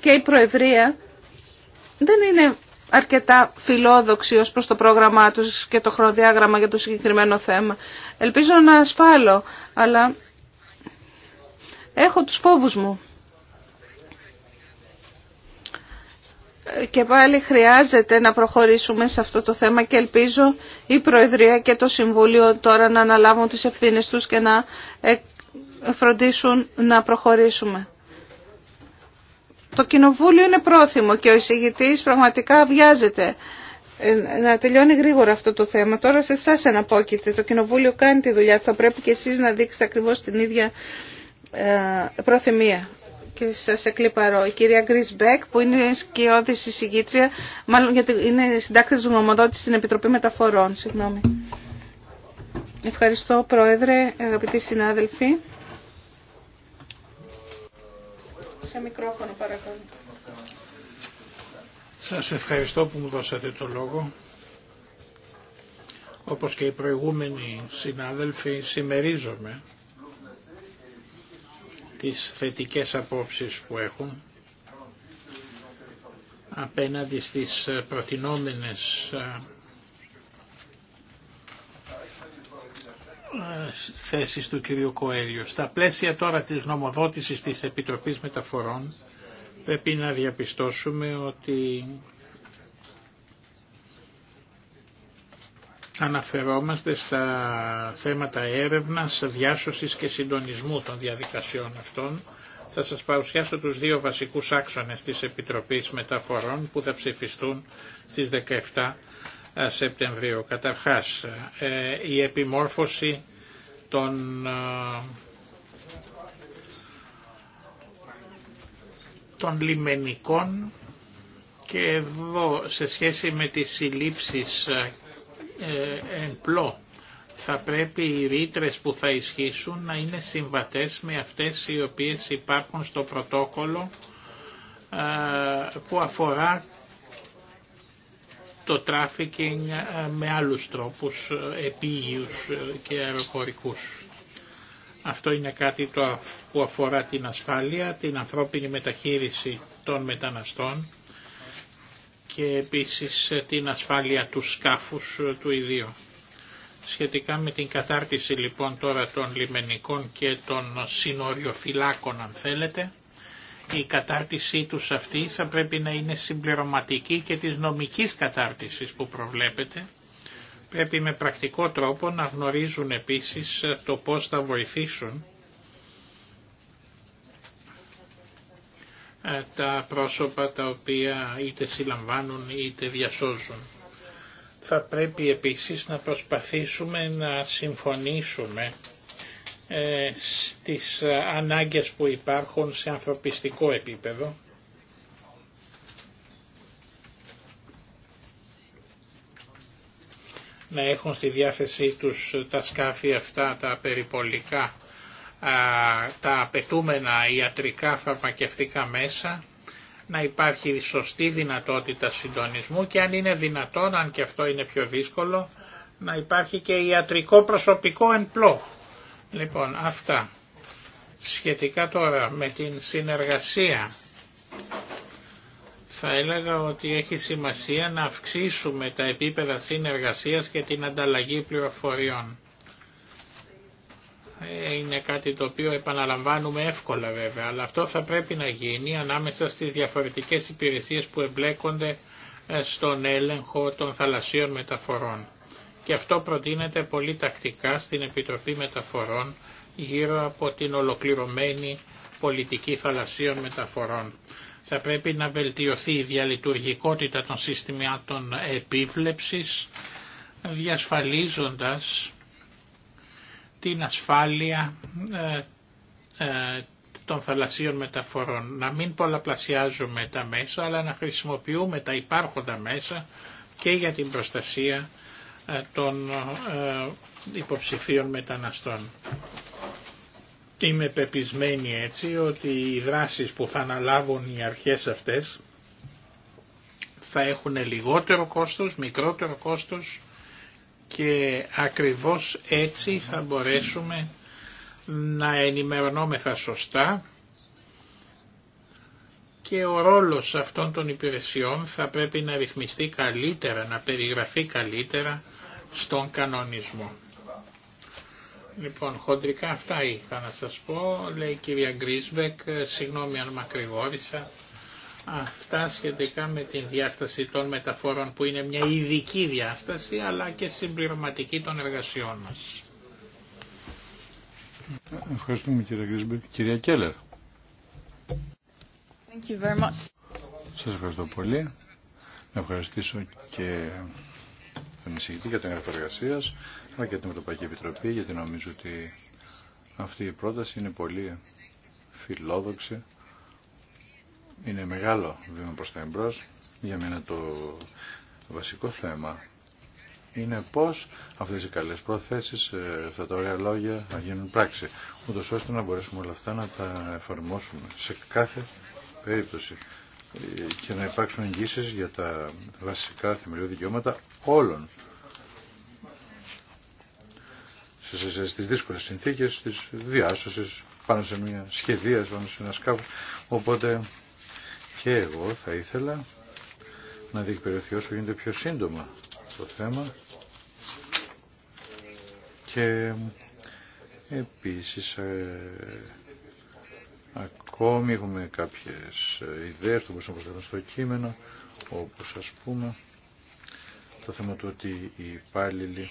[SPEAKER 3] και η Προεδρία δεν είναι αρκετά φιλόδοξοι ως προς το πρόγραμμά τους και το χρονοδιάγραμμα για το συγκεκριμένο θέμα. Ελπίζω να ασφάλω, αλλά έχω τους φόβους μου. και πάλι χρειάζεται να προχωρήσουμε σε αυτό το θέμα και ελπίζω η Προεδρία και το Συμβούλιο τώρα να αναλάβουν τις ευθύνες τους και να ε, φροντίσουν να προχωρήσουμε. Το Κοινοβούλιο είναι πρόθυμο και ο εισηγητής πραγματικά βιάζεται ε, να τελειώνει γρήγορα αυτό το θέμα. Τώρα σε εσά εναπόκειται. Το Κοινοβούλιο κάνει τη δουλειά. Θα πρέπει και εσείς να δείξετε ακριβώς την ίδια ε, προθυμία και σας εκλυπαρώ. Η κυρία Μπέκ που είναι σκιώδης εισηγήτρια, μάλλον γιατί είναι συντάκτης γνωμοδότης στην Επιτροπή Μεταφορών. Συγγνώμη. Ευχαριστώ Πρόεδρε, αγαπητοί συνάδελφοι. Σε μικρόφωνο παρακαλώ.
[SPEAKER 1] Σας ευχαριστώ που μου
[SPEAKER 2] δώσατε το λόγο. Όπως και οι προηγούμενοι συνάδελφοι, συμμερίζομαι τις θετικές απόψεις που έχουν απέναντι στις ε, προτινόμενες ε, ε, θέσεις του κυρίου Κοέλιο. Στα πλαίσια τώρα της νομοδότησης της Επιτροπής Μεταφορών πρέπει να διαπιστώσουμε ότι αναφερόμαστε στα θέματα έρευνας, διάσωσης και συντονισμού των διαδικασιών αυτών. Θα σας παρουσιάσω τους δύο βασικούς άξονες της Επιτροπής Μεταφορών που θα ψηφιστούν στις 17 ε, Σεπτεμβρίου. Καταρχάς, ε, η επιμόρφωση των ε, των λιμενικών και εδώ σε σχέση με τις συλλήψεις ε, εν Θα πρέπει οι ρήτρε που θα ισχύσουν να είναι συμβατές με αυτές οι οποίες υπάρχουν στο πρωτόκολλο ε, που αφορά το τράφικινγκ ε, με άλλους τρόπους επίγειους και αεροπορικούς. Αυτό είναι κάτι το που αφορά την ασφάλεια, την ανθρώπινη μεταχείριση των μεταναστών και επίσης την ασφάλεια του σκάφους ε, του ιδίου. Σχετικά με την κατάρτιση λοιπόν τώρα των λιμενικών και των συνοριοφυλάκων αν θέλετε, η κατάρτισή τους αυτή θα πρέπει να είναι συμπληρωματική και της νομικής κατάρτισης που προβλέπεται. Πρέπει με πρακτικό τρόπο να γνωρίζουν επίσης ε, το πώς θα βοηθήσουν Ε, τα πρόσωπα τα οποία είτε συλλαμβάνουν είτε διασώζουν. Θα πρέπει επίσης να προσπαθήσουμε να συμφωνήσουμε ε, στις ανάγκες που υπάρχουν σε ανθρωπιστικό επίπεδο να έχουν στη διάθεσή τους τα σκάφη αυτά τα περιπολικά τα απαιτούμενα ιατρικά φαρμακευτικά μέσα, να υπάρχει σωστή δυνατότητα συντονισμού και αν είναι δυνατόν, αν και αυτό είναι πιο δύσκολο, να υπάρχει και ιατρικό προσωπικό εμπλό. Λοιπόν, αυτά. Σχετικά τώρα με την συνεργασία, θα έλεγα ότι έχει σημασία να αυξήσουμε τα επίπεδα συνεργασίας και την ανταλλαγή πληροφοριών. Ε, είναι κάτι το οποίο επαναλαμβάνουμε εύκολα βέβαια, αλλά αυτό θα πρέπει να γίνει ανάμεσα στις διαφορετικές υπηρεσίες που εμπλέκονται ε, στον έλεγχο των θαλασσίων μεταφορών. Και αυτό προτείνεται πολύ τακτικά στην Επιτροπή Μεταφορών γύρω από την ολοκληρωμένη πολιτική θαλασσίων μεταφορών. Θα πρέπει να βελτιωθεί η διαλειτουργικότητα των συστημάτων επίβλεψης, διασφαλίζοντας την ασφάλεια ε, ε, των θαλασσίων μεταφορών. Να μην πολλαπλασιάζουμε τα μέσα, αλλά να χρησιμοποιούμε τα υπάρχοντα μέσα και για την προστασία ε, των υποψηφίων μεταναστών. Είμαι πεπισμένη έτσι ότι οι δράσεις που θα αναλάβουν οι αρχές αυτές θα έχουν λιγότερο κόστος, μικρότερο κόστος και ακριβώς έτσι θα μπορέσουμε να ενημερωνόμεθα σωστά και ο ρόλος αυτών των υπηρεσιών θα πρέπει να ρυθμιστεί καλύτερα, να περιγραφεί καλύτερα στον κανονισμό. Λοιπόν, χοντρικά αυτά είχα να σας πω, λέει η κυρία Γκρίσβεκ, συγγνώμη αν μακρηγόρησα αυτά σχετικά με τη διάσταση των μεταφόρων που είναι μια ειδική διάσταση αλλά και συμπληρωματική των εργασιών μας.
[SPEAKER 1] Ευχαριστούμε κύριε Γκρίσμπερ. Κυρία Κέλλερ. Σας ευχαριστώ πολύ. Να ευχαριστήσω και τον εισηγητή για την εργασία αλλά και την Ευρωπαϊκή Επιτροπή γιατί νομίζω ότι αυτή η πρόταση είναι πολύ φιλόδοξη είναι μεγάλο βήμα προς τα εμπρός. Για μένα το βασικό θέμα είναι πώς αυτές οι καλές προθέσεις, ε, αυτά τα ωραία λόγια να γίνουν πράξη, ούτως ώστε να μπορέσουμε όλα αυτά να τα εφαρμόσουμε σε κάθε περίπτωση ε, και να υπάρξουν εγγύσεις για τα βασικά θεμελιώδη δικαιώματα όλων στις δύσκολες συνθήκες, στις διάσωσες, πάνω σε μια σχεδία, πάνω σε ένα σκάφο. Οπότε και εγώ θα ήθελα να διεκπαιρεωθεί όσο γίνεται πιο σύντομα το θέμα και επίσης ε, ακόμη έχουμε κάποιες ιδέες που μπορούμε να προσθέσουμε στο κείμενο όπως ας πούμε το θέμα του ότι οι υπάλληλοι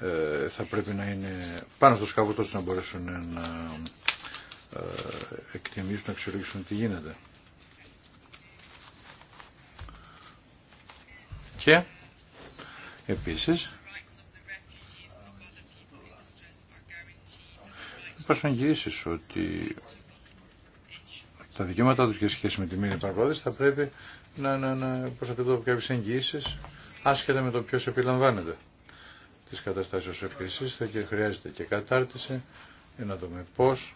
[SPEAKER 1] ε, θα πρέπει να είναι πάνω στο σκάβο τόσο να μπορέσουν να ε, εκτιμήσουν, να αξιολογήσουν τι γίνεται. Και επίσης υπάρχουν ότι τα δικαιώματά τους και σχέση με τη μήνυ παραπρόθεση θα πρέπει να, να, να προστατεύονται από κάποιες εγγυήσεις άσχετα με το ποιο επιλαμβάνεται τις καταστάσεις επίσης θα και χρειάζεται και κατάρτιση για να δούμε πώς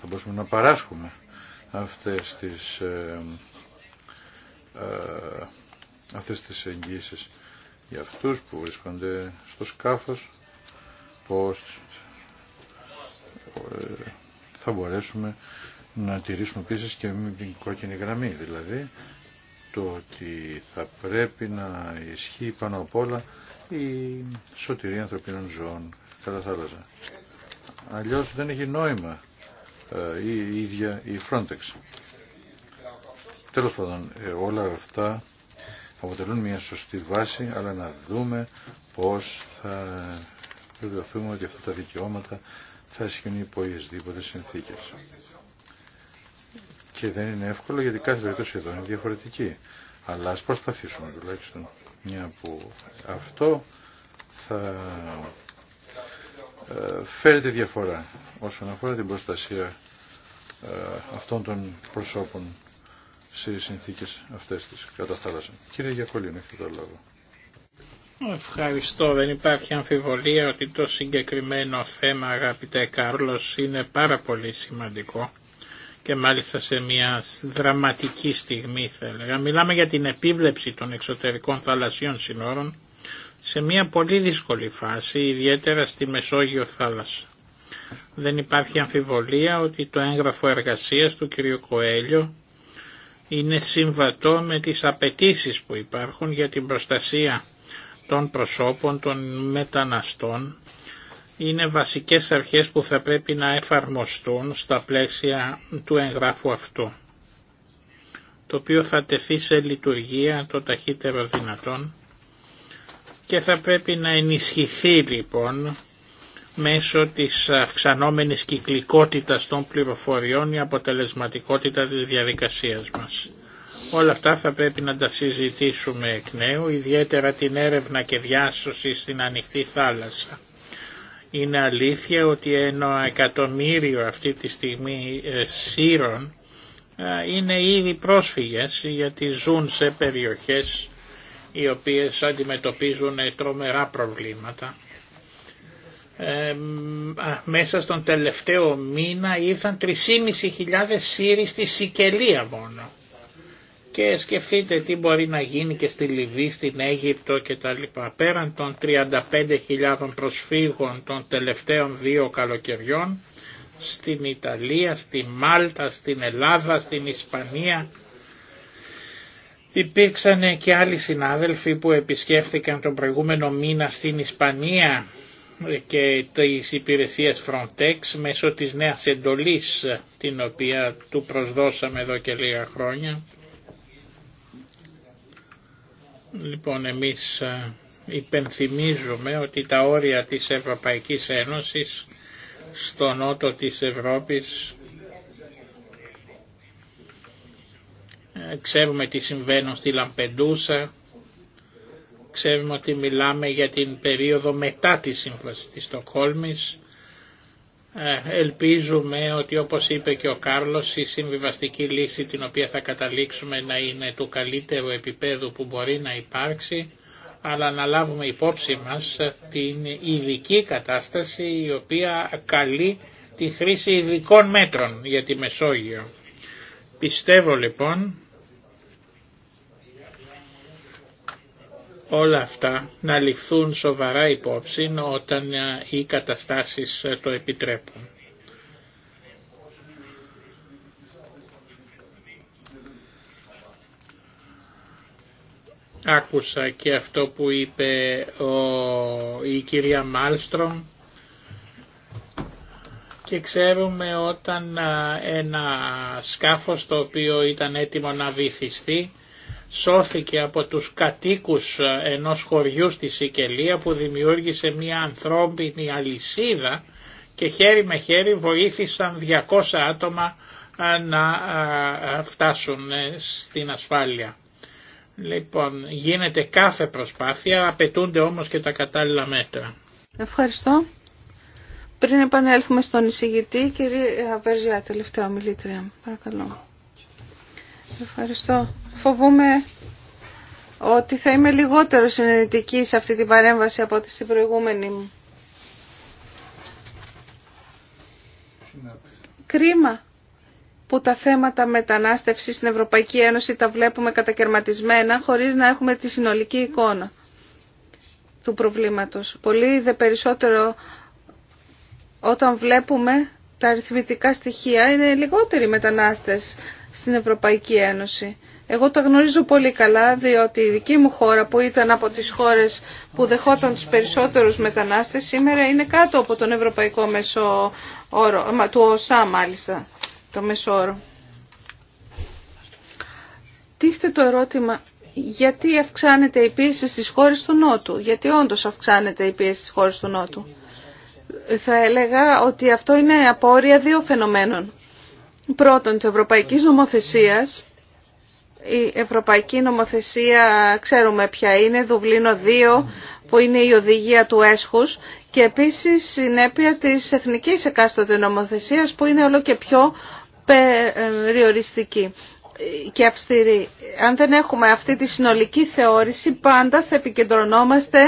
[SPEAKER 1] θα μπορούμε να παράσχουμε αυτές τις ε, ε, αυτές τις εγγύσεις για αυτούς που βρίσκονται στο σκάφος πως ε, θα μπορέσουμε να τηρήσουμε επίση και την κόκκινη γραμμή δηλαδή το ότι θα πρέπει να ισχύει πάνω απ' όλα η σωτηρία ανθρωπίνων ζώων κατά θάλασσα. Αλλιώς δεν έχει νόημα ε, η ίδια η Frontex. Τέλος πάντων, ε, όλα αυτά αποτελούν μια σωστή βάση, αλλά να δούμε πώς θα βεβαιωθούμε ότι αυτά τα δικαιώματα θα ισχύουν υπό οποιασδήποτε συνθήκες. Και δεν είναι εύκολο γιατί κάθε περίπτωση εδώ είναι διαφορετική. Αλλά ας προσπαθήσουμε τουλάχιστον μια που αυτό θα ε, φέρει τη διαφορά όσον αφορά την προστασία ε, αυτών των προσώπων σε συνθήκες αυτές της κατά θάλασσα. Κύριε Γιακολίνο, έχετε το λόγο.
[SPEAKER 2] Ευχαριστώ. Δεν υπάρχει αμφιβολία ότι το συγκεκριμένο θέμα αγαπητέ Κάρλος είναι πάρα πολύ σημαντικό και μάλιστα σε μια δραματική στιγμή θα έλεγα. Μιλάμε για την επίβλεψη των εξωτερικών θαλασσίων συνόρων σε μια πολύ δύσκολη φάση, ιδιαίτερα στη Μεσόγειο θάλασσα. Δεν υπάρχει αμφιβολία ότι το έγγραφο εργασίας του κ. Κοέλιο είναι συμβατό με τις απαιτήσεις που υπάρχουν για την προστασία των προσώπων των μεταναστών. Είναι βασικές αρχές που θα πρέπει να εφαρμοστούν στα πλαίσια του εγγράφου αυτού, το οποίο θα τεθεί σε λειτουργία το ταχύτερο δυνατόν και θα πρέπει να ενισχυθεί λοιπόν μέσω της αυξανόμενης κυκλικότητας των πληροφοριών η αποτελεσματικότητα της διαδικασίας μας. Όλα αυτά θα πρέπει να τα συζητήσουμε εκ νέου, ιδιαίτερα την έρευνα και διάσωση στην ανοιχτή θάλασσα. Είναι αλήθεια ότι ένα εκατομμύριο αυτή τη στιγμή ε, σύρων ε, είναι ήδη πρόσφυγες γιατί ζουν σε περιοχές οι οποίες αντιμετωπίζουν τρομερά προβλήματα μέσα στον τελευταίο μήνα ήρθαν 3.500 Σύριοι στη Σικελία μόνο. Και σκεφτείτε τι μπορεί να γίνει και στη Λιβύη, στην Αίγυπτο κτλ. Πέραν των 35.000 προσφύγων των τελευταίων δύο καλοκαιριών, στην Ιταλία, στη Μάλτα, στην Ελλάδα, στην Ισπανία, Υπήρξαν και άλλοι συνάδελφοι που επισκέφθηκαν τον προηγούμενο μήνα στην Ισπανία και της υπηρεσίας Frontex μέσω της νέας εντολής την οποία του προσδώσαμε εδώ και λίγα χρόνια. Λοιπόν, εμείς ε, υπενθυμίζουμε ότι τα όρια της Ευρωπαϊκής Ένωσης στο νότο της Ευρώπης ε, ξέρουμε τι συμβαίνουν στη Λαμπεντούσα Ξέρουμε ότι μιλάμε για την περίοδο μετά τη σύμφωση της Στοκχόλμης. Ε, ελπίζουμε ότι όπως είπε και ο Κάρλος η συμβιβαστική λύση την οποία θα καταλήξουμε να είναι του καλύτερου επίπεδου που μπορεί να υπάρξει αλλά να λάβουμε υπόψη μας την ειδική κατάσταση η οποία καλεί τη χρήση ειδικών μέτρων για τη Μεσόγειο. Πιστεύω λοιπόν όλα αυτά να ληφθούν σοβαρά υπόψη όταν ε, οι καταστάσεις ε, το επιτρέπουν. Άκουσα και αυτό που είπε ο, η κυρία Μάλστρομ και ξέρουμε όταν ε, ένα σκάφος το οποίο ήταν έτοιμο να βυθιστεί σώθηκε από τους κατοίκους ε, ενός χωριού στη Σικελία που δημιούργησε μια ανθρώπινη αλυσίδα και χέρι με χέρι βοήθησαν 200 άτομα ε, να ε, φτάσουν στην ασφάλεια. Λοιπόν, γίνεται κάθε προσπάθεια, απαιτούνται όμως και τα κατάλληλα μέτρα.
[SPEAKER 3] Ευχαριστώ. Πριν επανέλθουμε στον εισηγητή, κύριε Βερζιά, τελευταία ομιλήτρια. Παρακαλώ. Ευχαριστώ φοβούμαι ότι θα είμαι λιγότερο συνενετική σε αυτή την παρέμβαση από ό,τι στην προηγούμενη μου. Κρίμα που τα θέματα μετανάστευσης στην Ευρωπαϊκή Ένωση τα βλέπουμε κατακαιρματισμένα χωρίς να έχουμε τη συνολική εικόνα του προβλήματος. Πολύ δε περισσότερο όταν βλέπουμε τα αριθμητικά στοιχεία είναι λιγότεροι μετανάστες στην Ευρωπαϊκή Ένωση. Εγώ τα γνωρίζω πολύ καλά διότι η δική μου χώρα που ήταν από τις χώρες που δεχόταν τους περισσότερους μετανάστες σήμερα είναι κάτω από τον ευρωπαϊκό μέσο του ΟΣΑ μάλιστα, το μέσο όρο. Τίστε το ερώτημα γιατί αυξάνεται η πίεση στις χώρες του Νότου, γιατί όντως αυξάνεται η πίεση στις χώρες του Νότου. Θα έλεγα ότι αυτό είναι απόρρια δύο φαινομένων. Πρώτον, της ευρωπαϊκής νομοθεσίας η ευρωπαϊκή νομοθεσία ξέρουμε ποια είναι, Δουβλίνο 2 που είναι η οδηγία του έσχους και επίσης συνέπεια της εθνικής εκάστοτε νομοθεσίας που είναι όλο και πιο περιοριστική και αυστηρή. Αν δεν έχουμε αυτή τη συνολική θεώρηση πάντα θα επικεντρωνόμαστε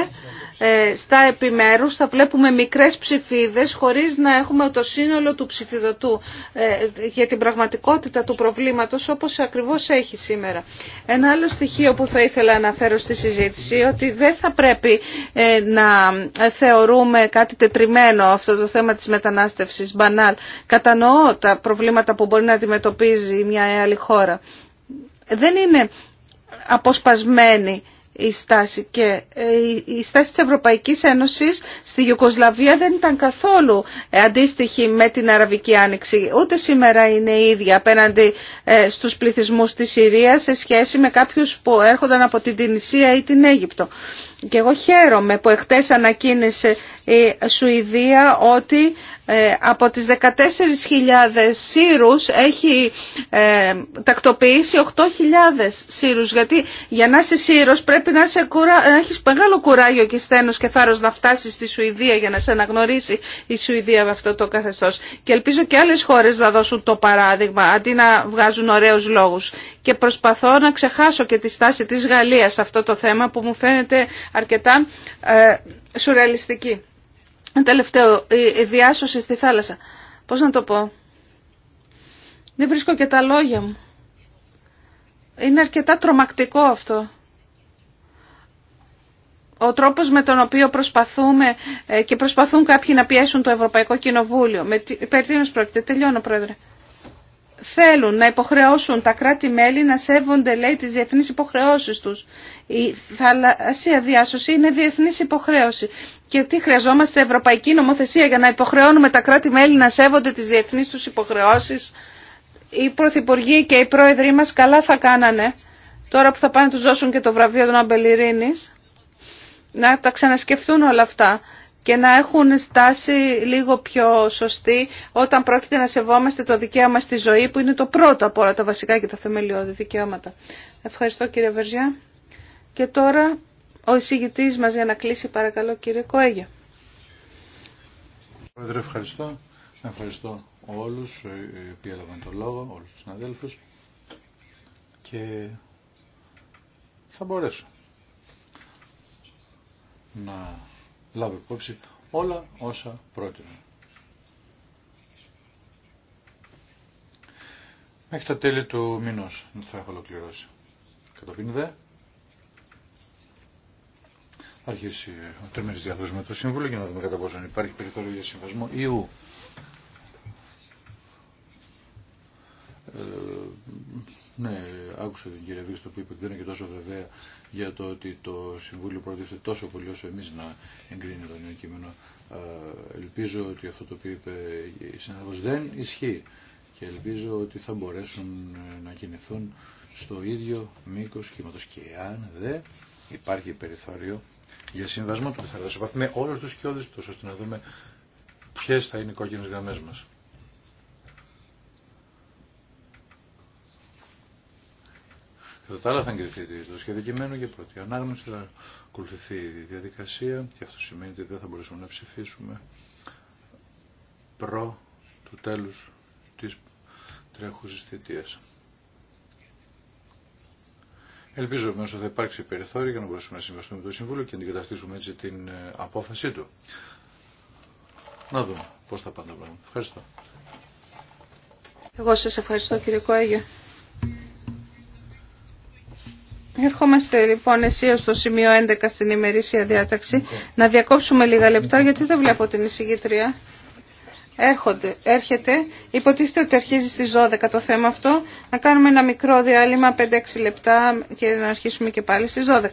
[SPEAKER 3] ε, στα επιμέρους θα βλέπουμε μικρές ψηφίδες χωρίς να έχουμε το σύνολο του ψηφιδωτού ε, για την πραγματικότητα του προβλήματος όπως ακριβώς έχει σήμερα. Ένα άλλο στοιχείο που θα ήθελα να φέρω στη συζήτηση ότι δεν θα πρέπει ε, να θεωρούμε κάτι τετριμένο αυτό το θέμα της μετανάστευσης μπανάλ. Κατανοώ τα προβλήματα που μπορεί να αντιμετωπίζει μια άλλη χώρα. Δεν είναι αποσπασμένη η στάση και ε, η στάση της Ευρωπαϊκής Ένωσης στη Ιουκοσλαβία δεν ήταν καθόλου ε, αντίστοιχη με την Αραβική Άνοιξη. Ούτε σήμερα είναι η ίδια απέναντι ε, στους πληθυσμούς της Συρίας σε σχέση με κάποιους που έρχονταν από την Τινησία ή την Αίγυπτο. Και εγώ χαίρομαι που εχθές ανακοίνησε η Σουηδία ότι ε, από τις 14.000 σύρους έχει ε, τακτοποιήσει 8.000 σύρους. Γιατί για να είσαι σύρος πρέπει να, είσαι έχεις μεγάλο κουράγιο και στένος και θάρρος να φτάσεις στη Σουηδία για να σε αναγνωρίσει η Σουηδία με αυτό το καθεστώς. Και ελπίζω και άλλες χώρες να δώσουν το παράδειγμα αντί να βγάζουν ωραίους λόγους. Και προσπαθώ να ξεχάσω και τη στάση της Γαλλίας σε αυτό το θέμα που μου φαίνεται αρκετά ε, σουρεαλιστική. Τελευταίο, η διάσωση στη θάλασσα. Πώς να το πω. Δεν βρίσκω και τα λόγια μου. Είναι αρκετά τρομακτικό αυτό. Ο τρόπος με τον οποίο προσπαθούμε ε, και προσπαθούν κάποιοι να πιέσουν το Ευρωπαϊκό Κοινοβούλιο. Με, περί πρόκειται. Τελειώνω, Πρόεδρε θέλουν να υποχρεώσουν τα κράτη-μέλη να σέβονται, λέει, τις διεθνείς υποχρεώσεις τους. Η θαλασσία διάσωση είναι διεθνής υποχρέωση. Και τι χρειαζόμαστε ευρωπαϊκή νομοθεσία για να υποχρεώνουμε τα κράτη-μέλη να σέβονται τις διεθνείς τους υποχρεώσεις. Οι πρωθυπουργοί και οι πρόεδροι μας καλά θα κάνανε, τώρα που θα πάνε τους δώσουν και το βραβείο των Αμπελιρίνης, να τα ξανασκεφτούν όλα αυτά και να έχουν στάση λίγο πιο σωστή όταν πρόκειται να σεβόμαστε το δικαίωμα στη ζωή που είναι το πρώτο από όλα τα βασικά και τα θεμελιώδη δικαιώματα. Ευχαριστώ κύριε Βερζιά. Και τώρα ο εισηγητής μας για να κλείσει παρακαλώ κύριε Κοέγια.
[SPEAKER 1] Πρόεδρε ευχαριστώ. Ευχαριστώ όλους ε, ε, οι οποίοι έλαβαν το λόγο, όλους τους συναδέλφους και θα μπορέσω να λάβω υπόψη όλα όσα πρότεινα. Μέχρι τα τέλη του μηνός θα έχω ολοκληρώσει. Κατοπίν δε. αρχίσει ο τριμερής διαδρός με το Σύμβουλο για να δούμε κατά πόσο υπάρχει περιθώριο για συμβασμό ιού. Ε, ναι, άκουσα την κυρία Βίξτο που είπε ότι δεν είναι και τόσο βεβαία για το ότι το Συμβούλιο προτίθεται τόσο πολύ όσο εμεί να εγκρίνει το νέο κείμενο. Ελπίζω ότι αυτό το οποίο είπε η συνάδελφο δεν ισχύει και ελπίζω ότι θα μπορέσουν να κινηθούν στο ίδιο μήκο κύματο. Και αν δεν υπάρχει περιθώριο για συμβασμό, τότε θα με όλου του κοιόδε, ώστε να δούμε ποιε θα είναι οι κόκκινε γραμμέ μα. Κατά τα άλλα θα εγκριθεί το σχέδιο κειμένου για πρώτη ανάγνωση, θα ακολουθηθεί η διαδικασία και αυτό σημαίνει ότι δεν θα μπορέσουμε να ψηφίσουμε προ του τέλους της τρέχουσης θητείας. Ελπίζω όσο θα υπάρξει περιθώριο για να μπορέσουμε να συμβαστούμε με το Συμβούλιο και να αντικαταστήσουμε έτσι την ε, απόφασή του. Να δούμε πώς θα πάνε τα πράγματα. Ευχαριστώ.
[SPEAKER 3] Εγώ σας ευχαριστώ κύριε Κοέγιο. Ερχόμαστε λοιπόν εσύ στο σημείο 11 στην ημερήσια διάταξη. Να διακόψουμε λίγα λεπτά γιατί δεν βλέπω την εισηγήτρια. Έρχονται, έρχεται. Υποτίθεται ότι αρχίζει στις 12 το θέμα αυτό. Να κάνουμε ένα μικρό διάλειμμα 5-6 λεπτά και να αρχίσουμε και πάλι στις 12.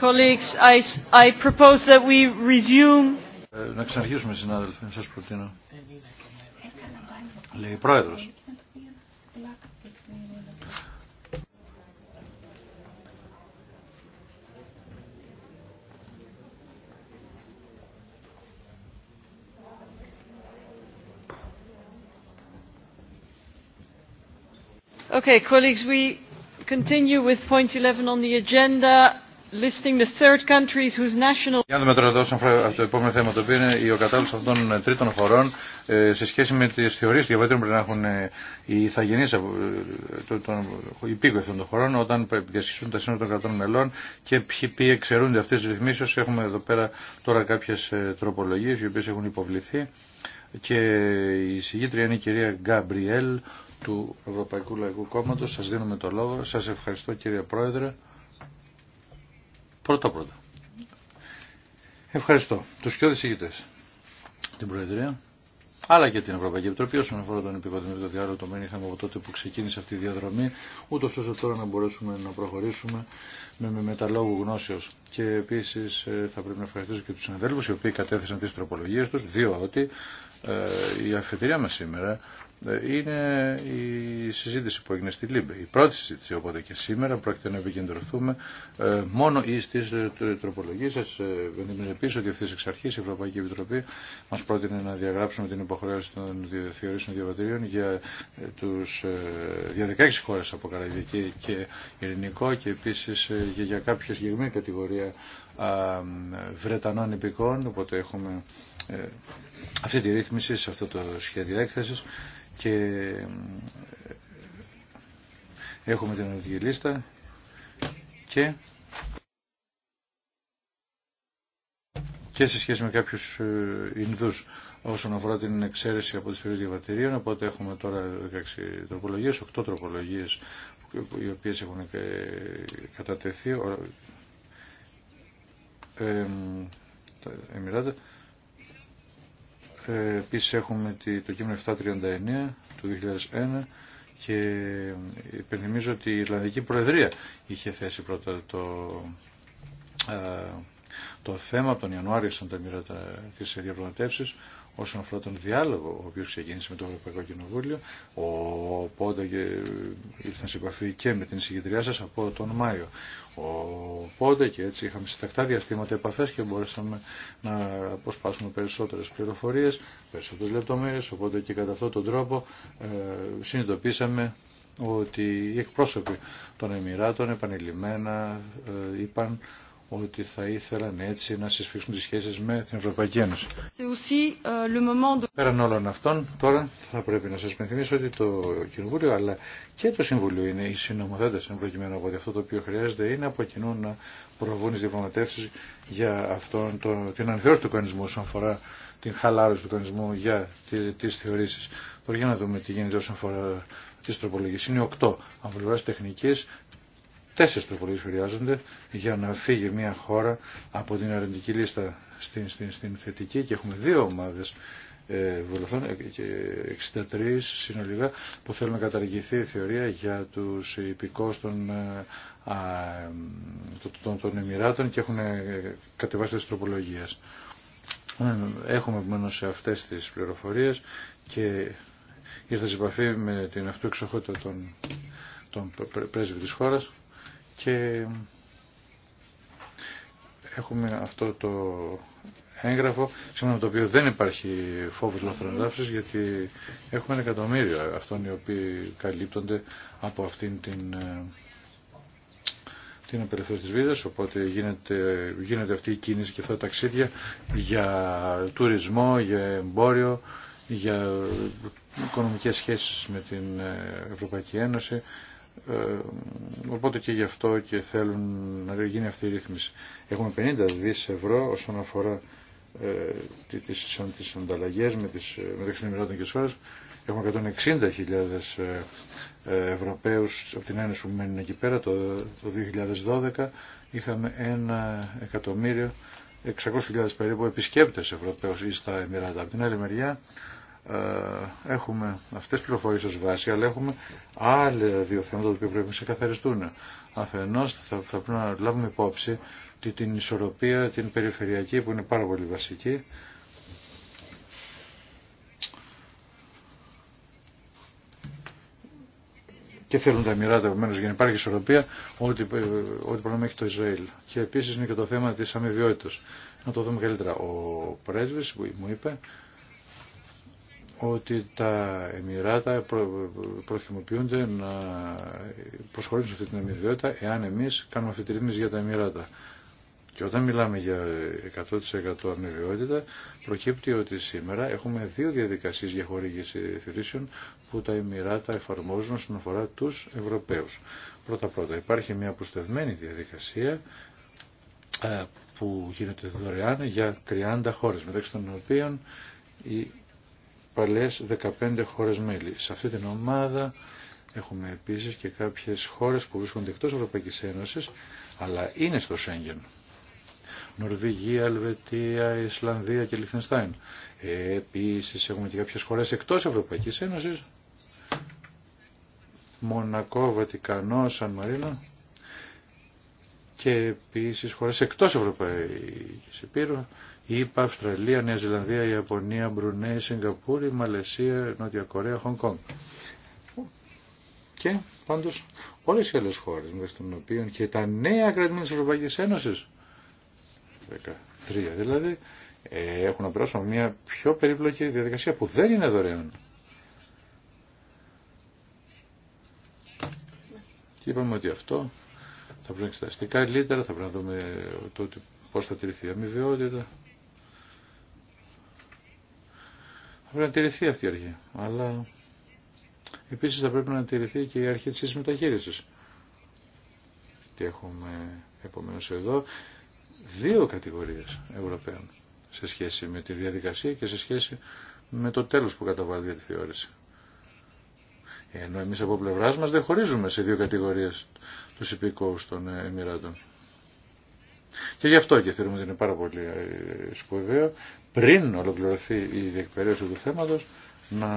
[SPEAKER 3] Colleagues, I, I propose that we resume.
[SPEAKER 1] Να ξαναρχίσουμε, συνάδελφοι, σας προτείνω. Λέει πρόεδρος.
[SPEAKER 3] Okay, colleagues, we continue with point
[SPEAKER 2] 11
[SPEAKER 1] on the agenda. Listing the third countries whose national... Για να δούμε τώρα εδώ το επόμενο θέμα το οποίο είναι η κατάλληλο αυτών των ε, τρίτων χωρών ε, σε σχέση με τι θεωρίε διαβατήρων πρέπει να έχουν ε, οι ηθαγενεί υπήκοοι αυτών των χωρών όταν διασχίσουν τα σύνορα των κρατών μελών και ποιοι εξαιρούνται αυτέ τι ρυθμίσει. Έχουμε εδώ πέρα τώρα κάποιε τροπολογίε οι οποίε έχουν υποβληθεί και η συγγήτρια είναι η κυρία Γκάμπριελ του Ευρωπαϊκού Λαϊκού Κόμματο. Σα δίνουμε το λόγο. Σα ευχαριστώ κύριε Πρόεδρε. Πρώτα πρώτα. Ευχαριστώ τους και ηγητές, την Προεδρία, αλλά και την Ευρωπαϊκή Επιτροπή όσον αφορά τον επικοδομητικό διάλογο το μένει είχαμε από τότε που ξεκίνησε αυτή η διαδρομή, ούτω ώστε τώρα να μπορέσουμε να προχωρήσουμε με, με μεταλόγου γνώσεω. Και επίσης ε, θα πρέπει να ευχαριστήσω και του συναδέλφου, οι οποίοι κατέθεσαν τι τροπολογίε του, διότι ε, η αφετηρία μα σήμερα είναι η συζήτηση που έγινε στη Λίμπε. Η πρώτη συζήτηση, οπότε και σήμερα πρόκειται να επικεντρωθούμε ε, μόνο στι ε, τροπολογίε σα. Ε, επίση, ότι ευθύ εξ αρχή η Ευρωπαϊκή Επιτροπή μα πρότεινε να διαγράψουμε την υποχρέωση των θεωρήσεων διαβατηρίων για, του 16 χώρε από Καραϊβική και Ειρηνικό και επίση για κάποια συγκεκριμένη κατηγορία Βρετανών υπηκών. Οπότε έχουμε αυτή τη ρύθμιση σε αυτό το σχέδιο έκθεσης και ε, έχουμε την ίδια λίστα και και σε σχέση με κάποιους ε, Ινδούς όσον αφορά την εξαίρεση από τις φυλές διαβατηρίων. Οπότε έχουμε τώρα 16 τροπολογίες, 8 τροπολογίες οι οποίες έχουν ε, κατατεθεί. Ε, Εμμυράτα ε, επίσης έχουμε το κείμενο 739 του 2001 και υπενθυμίζω ότι η Ιρλανδική Προεδρία είχε θέσει πρώτα το, ε, θέμα τον Ιανουάριο σαν τα μοίρα της διαπραγματεύσεις όσον αφορά τον διάλογο ο οποίος ξεκίνησε με το Ευρωπαϊκό Κοινοβούλιο οπότε και ήρθαν σε επαφή και με την συγκεντριά σας από τον Μάιο οπότε και έτσι είχαμε σε τακτά διαστήματα επαφές και μπορέσαμε να αποσπάσουμε περισσότερες πληροφορίες περισσότερες λεπτομέρειες οπότε και κατά αυτόν τον τρόπο ε, συνειδητοποίησαμε ότι οι εκπρόσωποι των Εμμυράτων επανειλημμένα ε, είπαν ότι θα ήθελαν έτσι να συσφίξουν τις σχέσεις με την Ευρωπαϊκή Ένωση.
[SPEAKER 3] Euh,
[SPEAKER 1] Πέραν όλων αυτών, τώρα θα πρέπει να σας πενθυμίσω ότι το Κοινοβούλιο αλλά και το Συμβουλίο είναι οι συνομοθέτες εν προκειμένου από αυτό το οποίο χρειάζεται είναι από κοινού να προβούν τις διαπραγματεύσεις για αυτόν τον, την ανθεώρηση του κανονισμού όσον αφορά την χαλάρωση του κανονισμού για τις θεωρήσεις. Τώρα για να δούμε τι γίνεται όσον αφορά τις τροπολογίες. Είναι οκτώ από πλευράς τεχνικής Τέσσερις τροπολογίες χρειάζονται για να φύγει μια χώρα από την αρνητική λίστα στην, στην, στην θετική και έχουμε δύο ομάδες ε, βουλευτών 63 ε, συνολικά που θέλουν να καταργηθεί η θεωρία για τους υπηκόστων των, ε, α, των, των Εμμυράτων και έχουν ε, κατεβάσει τις τροπολογίες. Ναι, έχουμε επομένω σε αυτές τις πληροφορίες και ήρθα σε επαφή με την αυτοεξοχότητα των, των πρέσβη της χώρας και έχουμε αυτό το έγγραφο, σύμφωνα με το οποίο δεν υπάρχει φόβος λαθροντάφησης, γιατί έχουμε ένα εκατομμύριο αυτών οι οποίοι καλύπτονται από αυτήν την, ε, την απελευθέρωση της βίδας. οπότε γίνεται, γίνεται αυτή η κίνηση και αυτά τα ταξίδια για τουρισμό, για εμπόριο, για οικονομικές σχέσεις με την ε, Ευρωπαϊκή Ένωση, ε, οπότε και γι' αυτό και θέλουν να γίνει αυτή η ρύθμιση. Έχουμε 50 δις ευρώ όσον αφορά ε, τις, τις ανταλλαγές με τις, ε, μεταξύ νομιζόντων και χώρες. Έχουμε 160.000 ε, Ευρωπαίους από την Ένωση που μένουν εκεί πέρα. Το, το 2012 είχαμε ένα εκατομμύριο 600.000 περίπου επισκέπτες Ευρωπαίους ή στα Εμμυράτα. Από την άλλη μεριά ε, έχουμε αυτές τις πληροφορίες ως βάση, αλλά έχουμε άλλα δύο θέματα που πρέπει να ξεκαθαριστούν. Αφενός θα, θα πρέπει να λάβουμε υπόψη τη, την ισορροπία, την περιφερειακή που είναι πάρα πολύ βασική. Και θέλουν τα μοιράτα επομένω για να υπάρχει ισορροπία ό,τι, ε, ό,τι πρόβλημα έχει το Ισραήλ. Και επίση είναι και το θέμα τη αμοιβιότητα. Να το δούμε καλύτερα. Ο πρέσβη μου είπε ότι τα Εμμυράτα προθυμοποιούνται να προσχωρήσουν αυτή την αμοιβαιότητα εάν εμείς κάνουμε αυτή τη ρύθμιση για τα Εμμυράτα. Και όταν μιλάμε για 100% αμοιβαιότητα, προκύπτει ότι σήμερα έχουμε δύο διαδικασίες για χορήγηση θεωρήσεων που τα Εμμυράτα εφαρμόζουν όσον αφορά τους Ευρωπαίους. Πρώτα-πρώτα υπάρχει μια προστευμένη διαδικασία ε, που γίνεται δωρεάν για 30 χώρες, μεταξύ των οποίων παλές 15 χώρες μέλη. Σε αυτή την ομάδα έχουμε επίσης και κάποιες χώρες που βρίσκονται εκτός Ευρωπαϊκής Ένωσης, αλλά είναι στο Σέγγεν. Νορβηγία, Αλβετία, Ισλανδία και Λιχτενστάιν. Επίσης έχουμε και κάποιες χώρες εκτός Ευρωπαϊκής Ένωσης. Μονακό, Βατικανό, Σαν Μαρίνο και επίσης χώρες εκτός Ευρωπαϊκής Επίρου ΕΙΠΑ, Αυστραλία, Νέα Ζηλανδία, Ιαπωνία, Μπρουνέη, Σιγκαπούρη, Μαλαισία, Νότια Κορέα, Χονγκ Και πάντως όλες οι άλλες χώρες μεταξύ των οποίων και τα νέα κρατημένα της Ευρωπαϊκής Ένωσης 13 δηλαδή ε, έχουν να περάσουν μια πιο περίπλοκη διαδικασία που δεν είναι δωρεάν. Και είπαμε ότι αυτό θα πρέπει να εξεταστεί καλύτερα, θα πρέπει να δούμε το, πώς θα τηρηθεί η αμοιβαιότητα. πρέπει να τηρηθεί αυτή η αρχή. Αλλά επίσης θα πρέπει να τηρηθεί και η αρχή της μεταχείρισης. Και έχουμε επομένως εδώ δύο κατηγορίες Ευρωπαίων σε σχέση με τη διαδικασία και σε σχέση με το τέλος που καταβάλλει για τη θεώρηση. Ενώ εμείς από πλευράς μας δεν χωρίζουμε σε δύο κατηγορίες τους υπηκόους των Εμμυράτων. Και γι' αυτό και θεωρούμε ότι είναι πάρα πολύ ε, σπουδαίο πριν ολοκληρωθεί η διεκπαιρέωση του θέματος να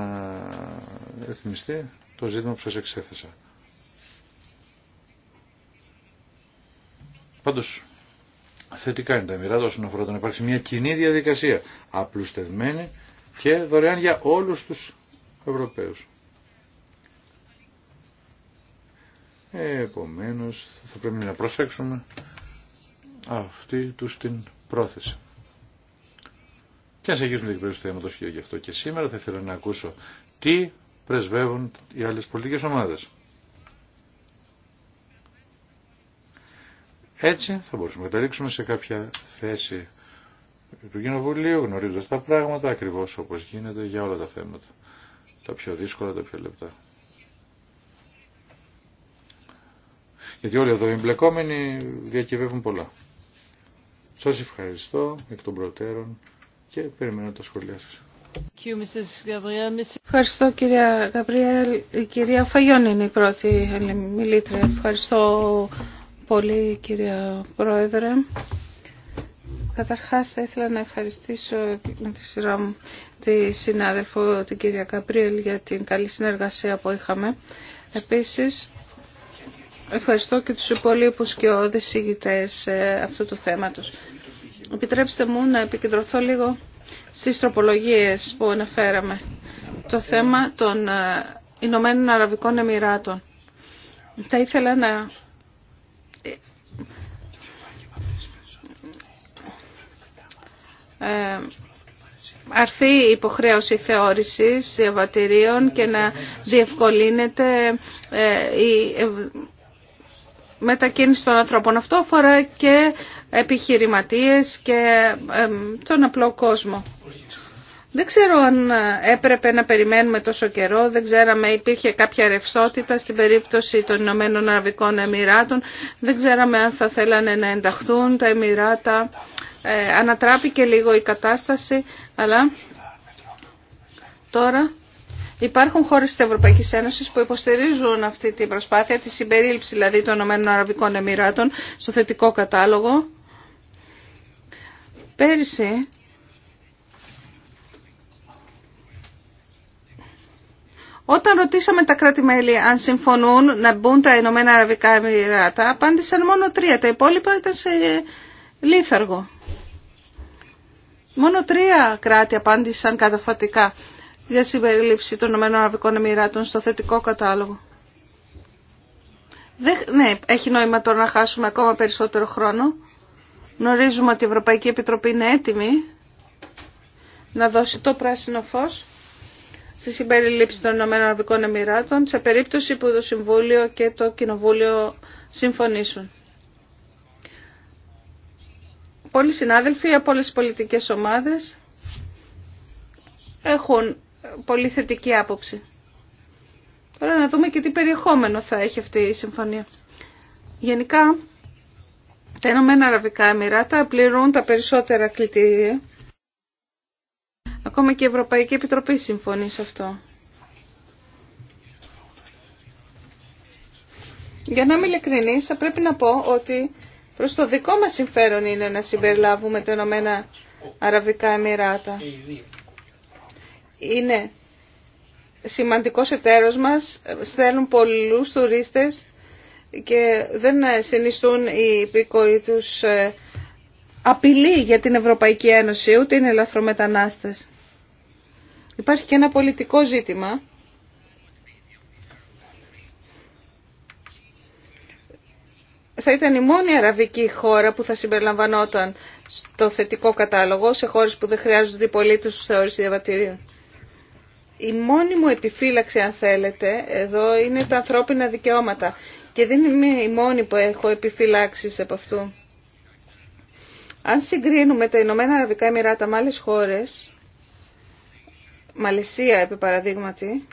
[SPEAKER 1] θυμιστεί το ζήτημα που σας εξέθεσα. Πάντως, θετικά είναι τα μοιράτα όσον αφορά το να υπάρξει μια κοινή διαδικασία, απλουστευμένη και δωρεάν για όλους τους Ευρωπαίους. Επομένως, θα πρέπει να προσέξουμε αυτή τους την πρόθεση. Και αν συνεχίσουμε την εκπαίδευση του θέματος και γι' αυτό και σήμερα θα ήθελα να ακούσω τι πρεσβεύουν οι άλλες πολιτικές ομάδες. Έτσι θα μπορούσαμε να καταλήξουμε σε κάποια θέση του Κοινοβουλίου, γνωρίζοντα τα πράγματα ακριβώς όπως γίνεται για όλα τα θέματα. Τα πιο δύσκολα, τα πιο λεπτά. Γιατί όλοι εδώ οι εμπλεκόμενοι διακυβεύουν πολλά. Σας ευχαριστώ εκ των προτέρων και περιμένω τα σχολεία
[SPEAKER 3] σας. Ευχαριστώ κυρία Γαβριέλ. Η κυρία Φαγιόν είναι η πρώτη μιλήτρια. Ευχαριστώ πολύ κυρία Πρόεδρε. Καταρχάς θα ήθελα να ευχαριστήσω με τη σειρά μου τη συνάδελφο την κυρία Καπρίελ για την καλή συνεργασία που είχαμε. Επίσης ευχαριστώ και τους υπολείπους και όδες ε, αυτού του θέματος. Επιτρέψτε μου να επικεντρωθώ λίγο στις τροπολογίες που αναφέραμε. Το θέμα των ε, Ηνωμένων Αραβικών Εμμυράτων. Θα ήθελα να ε, αρθεί η υποχρέωση θεώρησης διαβατηρίων και να διευκολύνεται ε, η μετακίνηση των ανθρώπων. Αυτό αφορά και επιχειρηματίες και τον απλό κόσμο. Δεν ξέρω αν ε, έπρεπε να περιμένουμε τόσο καιρό, δεν ξέραμε υπήρχε κάποια ρευσότητα στην περίπτωση των Ηνωμένων Αραβικών Εμμυράτων, δεν ξέραμε αν θα θέλανε να ενταχθούν τα Εμμυράτα. Ε, ανατράπηκε λίγο η κατάσταση, αλλά τώρα υπάρχουν χώρες της Ευρωπαϊκής Ένωσης που υποστηρίζουν αυτή την προσπάθεια, τη συμπερίληψη δηλαδή των Ηνωμένων Αραβικών Εμμυράτων στο θετικό κατάλογο. Πέρυσι Όταν ρωτήσαμε τα κράτη-μέλη αν συμφωνούν να μπουν τα Ηνωμένα Αραβικά Εμμυράτα, απάντησαν μόνο τρία. Τα υπόλοιπα ήταν σε λίθαργο. Μόνο τρία κράτη απάντησαν καταφατικά για συμπερίληψη των Ηνωμένων Αραβικών Εμμυράτων στο θετικό κατάλογο. Δεν, ναι, έχει νόημα τώρα να χάσουμε ακόμα περισσότερο χρόνο. Γνωρίζουμε ότι η Ευρωπαϊκή Επιτροπή είναι έτοιμη να δώσει το πράσινο φως στη συμπεριλήψη των ΗΠΑ σε περίπτωση που το Συμβούλιο και το Κοινοβούλιο συμφωνήσουν. Πολλοί συνάδελφοι από όλες τις πολιτικές ομάδες έχουν πολύ θετική άποψη. Τώρα να δούμε και τι περιεχόμενο θα έχει αυτή η συμφωνία. Γενικά τα Ηνωμένα Αραβικά Εμμυράτα πληρούν τα περισσότερα κλητήρια. Ακόμα και η Ευρωπαϊκή Επιτροπή συμφωνεί σε αυτό. Για να είμαι ειλικρινή, θα πρέπει να πω ότι προς το δικό μα συμφέρον είναι να συμπεριλάβουμε τα Ηνωμένα Αραβικά Εμμυράτα. Είναι σημαντικό εταίρο μας, στέλνουν πολλούς τουρίστες και δεν συνιστούν οι υπήκοοι τους ε, απειλή για την Ευρωπαϊκή Ένωση, ούτε είναι ελαφρομετανάστες. Υπάρχει και ένα πολιτικό ζήτημα. Θα ήταν η μόνη αραβική χώρα που θα συμπεριλαμβανόταν στο θετικό κατάλογο σε χώρες που δεν χρειάζονται οι πολίτες τους θεώρηση διαβατηρίων. Η μόνη μου επιφύλαξη, αν θέλετε, εδώ είναι τα ανθρώπινα δικαιώματα. Και δεν είμαι η μόνη που έχω επιφύλαξει από αυτού. Αν συγκρίνουμε τα Ηνωμένα Αραβικά Εμμυράτα με άλλες χώρες, Μαλαισία επί παραδείγματι,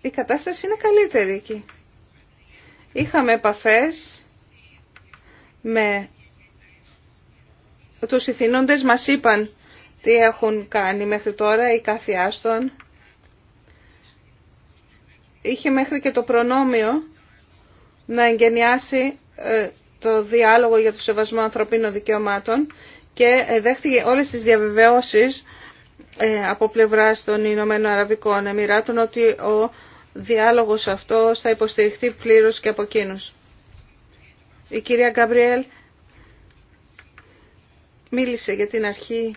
[SPEAKER 3] η κατάσταση είναι καλύτερη εκεί. Είχαμε επαφές με τους ηθινόντες μας είπαν τι έχουν κάνει μέχρι τώρα οι κάθε είχε μέχρι και το προνόμιο να εγκαινιάσει ε, το διάλογο για το σεβασμό ανθρωπίνων δικαιωμάτων και ε, δέχτηκε όλες τις διαβεβαιώσεις ε, από πλευράς των Ηνωμένων Αραβικών Εμμυράτων ότι ο διάλογος αυτός θα υποστηριχθεί πλήρως και από εκείνους. Η κυρία Γκαμπριέλ μίλησε για την αρχή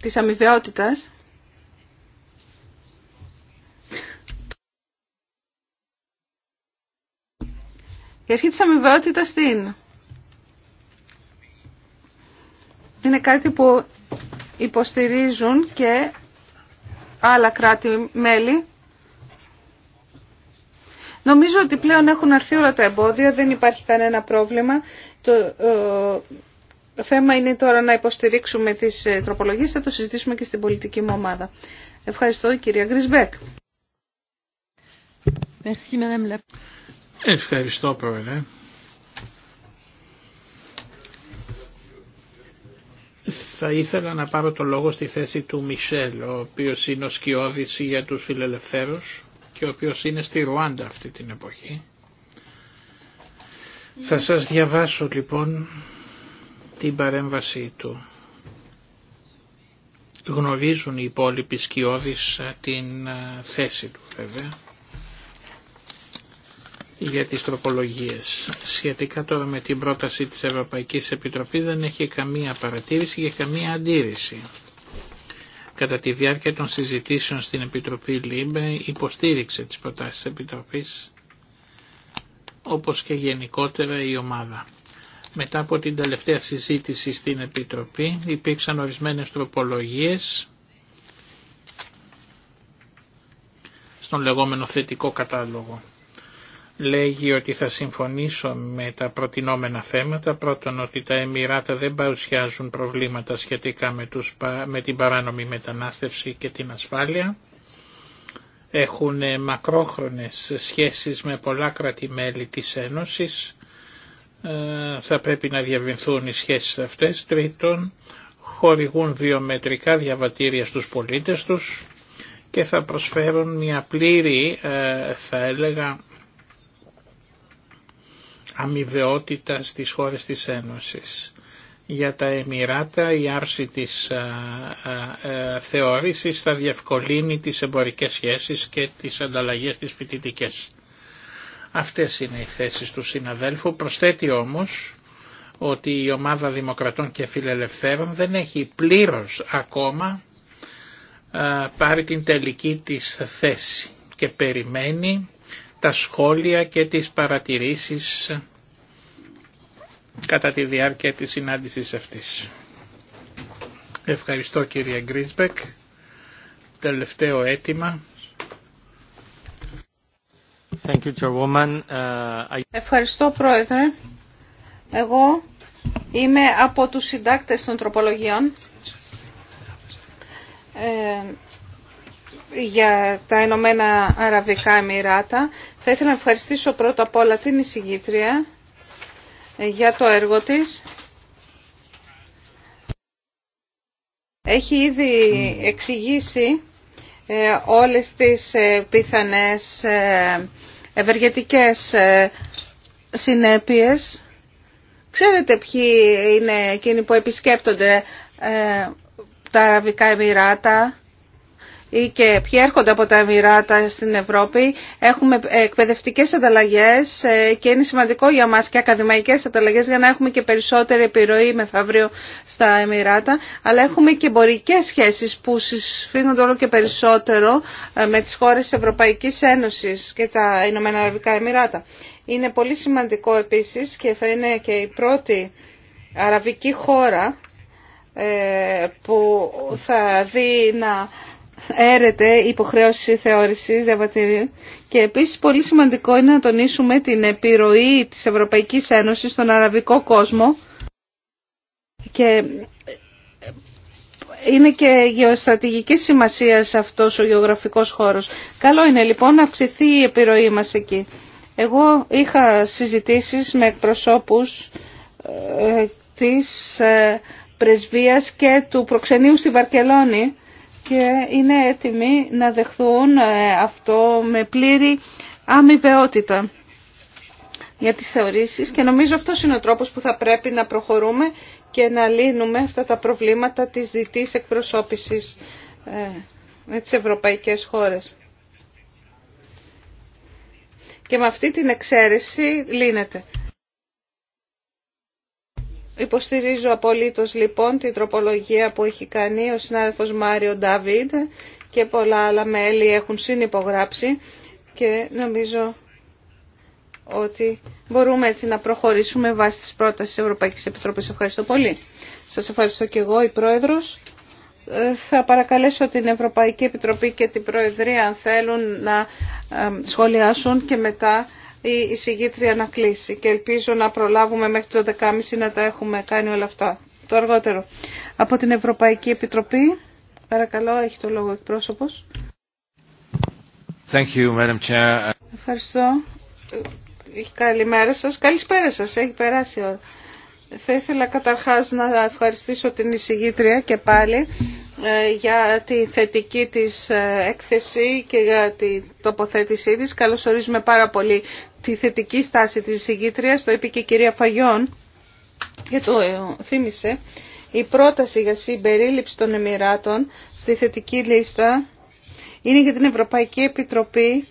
[SPEAKER 3] της αμοιβαιότητας Η αρχή της αμοιβαιότητας τι είναι. Είναι κάτι που υποστηρίζουν και άλλα κράτη-μέλη. Νομίζω ότι πλέον έχουν αρθεί όλα τα εμπόδια, δεν υπάρχει κανένα πρόβλημα. Το ε, θέμα είναι τώρα να υποστηρίξουμε τις ε, τροπολογίες, θα το συζητήσουμε και στην πολιτική μου ομάδα. Ευχαριστώ κυρία Γκρισμπέκ.
[SPEAKER 2] Ευχαριστώ πρόεδρε. Θα ήθελα να πάρω το λόγο στη θέση του Μισελ, ο οποίος είναι ο σκιώδης για τους φιλελευθέρους και ο οποίος είναι στη Ρουάντα αυτή την εποχή. Θα σας διαβάσω λοιπόν την παρέμβασή του. Γνωρίζουν οι υπόλοιποι σκιώδης ε, την ε, θέση του βέβαια για τις τροπολογίες. Σχετικά τώρα με την πρόταση της Ευρωπαϊκής Επιτροπής δεν έχει καμία παρατήρηση και καμία αντίρρηση. Κατά τη διάρκεια των συζητήσεων στην Επιτροπή ΛΥΜΠΕ υποστήριξε τις προτάσεις της Επιτροπής όπως και γενικότερα η ομάδα. Μετά από την τελευταία συζήτηση στην Επιτροπή υπήρξαν ορισμένες τροπολογίες στον λεγόμενο θετικό κατάλογο λέγει ότι θα συμφωνήσω με τα προτινόμενα θέματα. Πρώτον ότι τα Εμμυράτα δεν παρουσιάζουν προβλήματα σχετικά με, τους, με την παράνομη μετανάστευση και την ασφάλεια. Έχουν μακρόχρονες σχέσεις με πολλά κράτη-μέλη της Ένωσης. Ε, θα πρέπει να διαβηθούν οι σχέσεις αυτές. Τρίτον, χορηγούν βιομετρικά διαβατήρια στους πολίτες τους και θα προσφέρουν μια πλήρη, ε, θα έλεγα, αμοιβαιότητα στις χώρες της Ένωσης. Για τα Εμμυράτα η άρση της α, θεώρησης θα διευκολύνει τις εμπορικές σχέσεις και τις ανταλλαγές της φοιτητικέ. Αυτές είναι οι θέσεις του συναδέλφου. Προσθέτει όμως ότι η ομάδα Δημοκρατών και Φιλελευθέρων δεν έχει πλήρως ακόμα πάρει την τελική της θέση και περιμένει τα σχόλια και τις παρατηρήσεις κατά τη διάρκεια της συνάντησης αυτής. Ευχαριστώ κύριε Γκρίσμπεκ. Τελευταίο αίτημα. Thank you, uh,
[SPEAKER 3] Ευχαριστώ Πρόεδρε. Εγώ είμαι από τους συντάκτες των τροπολογιών. Ε, για τα Ηνωμένα Αραβικά Εμμυράτα. Θα ήθελα να ευχαριστήσω πρώτα απ' όλα την εισηγήτρια ε, για το έργο της. Έχει ήδη εξηγήσει ε, όλες τις ε, πιθανές ευεργετικές συνέπειες. Ξέρετε ποιοι είναι εκείνοι που επισκέπτονται τα Αραβικά Εμμυράτα ή και ποιοι έρχονται από τα Εμμυράτα στην Ευρώπη. Έχουμε εκπαιδευτικέ ανταλλαγέ ε, και είναι σημαντικό για μα και ακαδημαϊκές ανταλλαγέ για να έχουμε και περισσότερη επιρροή μεθαύριο στα Εμμυράτα. Αλλά έχουμε και εμπορικέ σχέσει που συσφίγονται όλο και περισσότερο ε, με τι χώρε τη Ευρωπαϊκή Ένωση και τα Ηνωμένα Αραβικά Εμμυράτα. Είναι πολύ σημαντικό επίση και θα είναι και η πρώτη αραβική χώρα ε, που θα δει να έρεται υποχρέωση θεώρησης διαβατηρίου και επίσης πολύ σημαντικό είναι να τονίσουμε την επιρροή της Ευρωπαϊκής Ένωσης στον αραβικό κόσμο και είναι και γεωστρατηγική σημασία σε αυτός ο γεωγραφικός χώρος. Καλό είναι λοιπόν να αυξηθεί η επιρροή μας εκεί. Εγώ είχα συζητήσεις με εκπροσώπους ε, της ε, πρεσβείας και του προξενείου στη Βαρκελόνη και είναι έτοιμοι να δεχθούν ε, αυτό με πλήρη αμοιβαιότητα για τις θεωρήσεις και νομίζω αυτό είναι ο τρόπος που θα πρέπει να προχωρούμε και να λύνουμε αυτά τα προβλήματα της διτής εκπροσώπησης ε, με τις ευρωπαϊκές χώρες. Και με αυτή την εξαίρεση λύνεται. Υποστηρίζω απολύτως λοιπόν την τροπολογία που έχει κάνει ο συνάδελφος Μάριο Ντάβιντ και πολλά άλλα μέλη έχουν συνυπογράψει και νομίζω ότι μπορούμε έτσι να προχωρήσουμε βάσει της πρότασης της Ευρωπαϊκής Επιτροπής. Ευχαριστώ πολύ. Σας ευχαριστώ και εγώ η Πρόεδρος. Ε, θα παρακαλέσω την Ευρωπαϊκή Επιτροπή και την Προεδρία αν θέλουν να ε, σχολιάσουν και μετά η εισηγήτρια να κλείσει και ελπίζω να προλάβουμε μέχρι το 12.30 να τα έχουμε κάνει όλα αυτά. Το αργότερο. Από την Ευρωπαϊκή Επιτροπή, παρακαλώ, έχει το λόγο εκπρόσωπος.
[SPEAKER 1] Thank you, Madam Chair.
[SPEAKER 3] Ευχαριστώ. Καλημέρα σας. Καλησπέρα σας. Έχει περάσει η ώρα. Θα ήθελα καταρχάς να ευχαριστήσω την εισηγήτρια και πάλι ε, για τη θετική της ε, έκθεση και για την τοποθέτησή της. Καλωσορίζουμε πάρα πολύ τη θετική στάση της εισηγήτριας, το είπε και η κυρία Φαγιόν και το ε, θύμισε, η πρόταση για συμπερίληψη των Εμμυράτων στη θετική λίστα είναι για την Ευρωπαϊκή Επιτροπή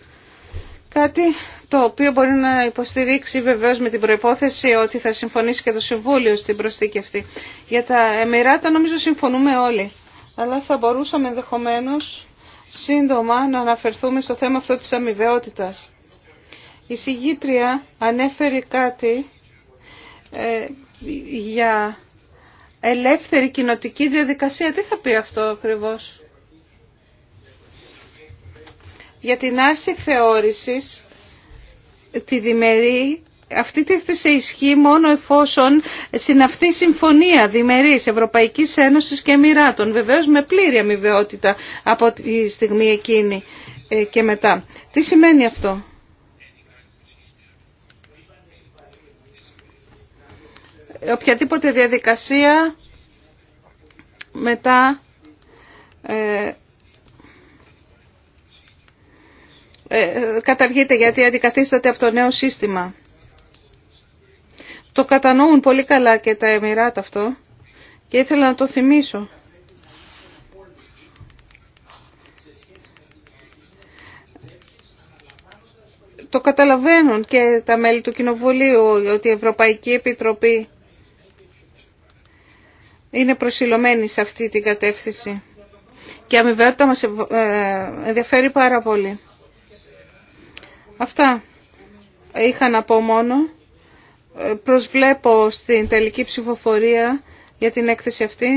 [SPEAKER 3] κάτι το οποίο μπορεί να υποστηρίξει βεβαίω με την προϋπόθεση ότι θα συμφωνήσει και το Συμβούλιο στην προσθήκη αυτή. Για τα Εμμυράτα νομίζω συμφωνούμε όλοι, αλλά θα μπορούσαμε ενδεχομένω σύντομα να αναφερθούμε στο θέμα αυτό της αμοιβαιότητας. Η συγγήτρια ανέφερε κάτι ε, για ελεύθερη κοινοτική διαδικασία. Τι θα πει αυτό ακριβώς. Για την άρση θεώρησης, τη διμερή, αυτή τη θέση ισχύει μόνο εφόσον συναυτεί συμφωνία διμερής Ευρωπαϊκής Ένωσης και Εμμυράτων. Βεβαίως με πλήρη αμοιβαιότητα από τη στιγμή εκείνη ε, και μετά. Τι σημαίνει αυτό. οποιαδήποτε διαδικασία μετά ε, ε, καταργείται γιατί αντικαθίσταται από το νέο σύστημα. Το κατανοούν πολύ καλά και τα Εμμυράτα αυτό και ήθελα να το θυμίσω. Το καταλαβαίνουν και τα μέλη του Κοινοβουλίου ότι η Ευρωπαϊκή Επιτροπή είναι προσιλωμένη σε αυτή την κατεύθυνση. Και η αμοιβαιότητα μας ε, ενδιαφέρει πάρα πολύ. Αυτά είχα να πω μόνο. Ε, προσβλέπω στην τελική ψηφοφορία για την έκθεση αυτή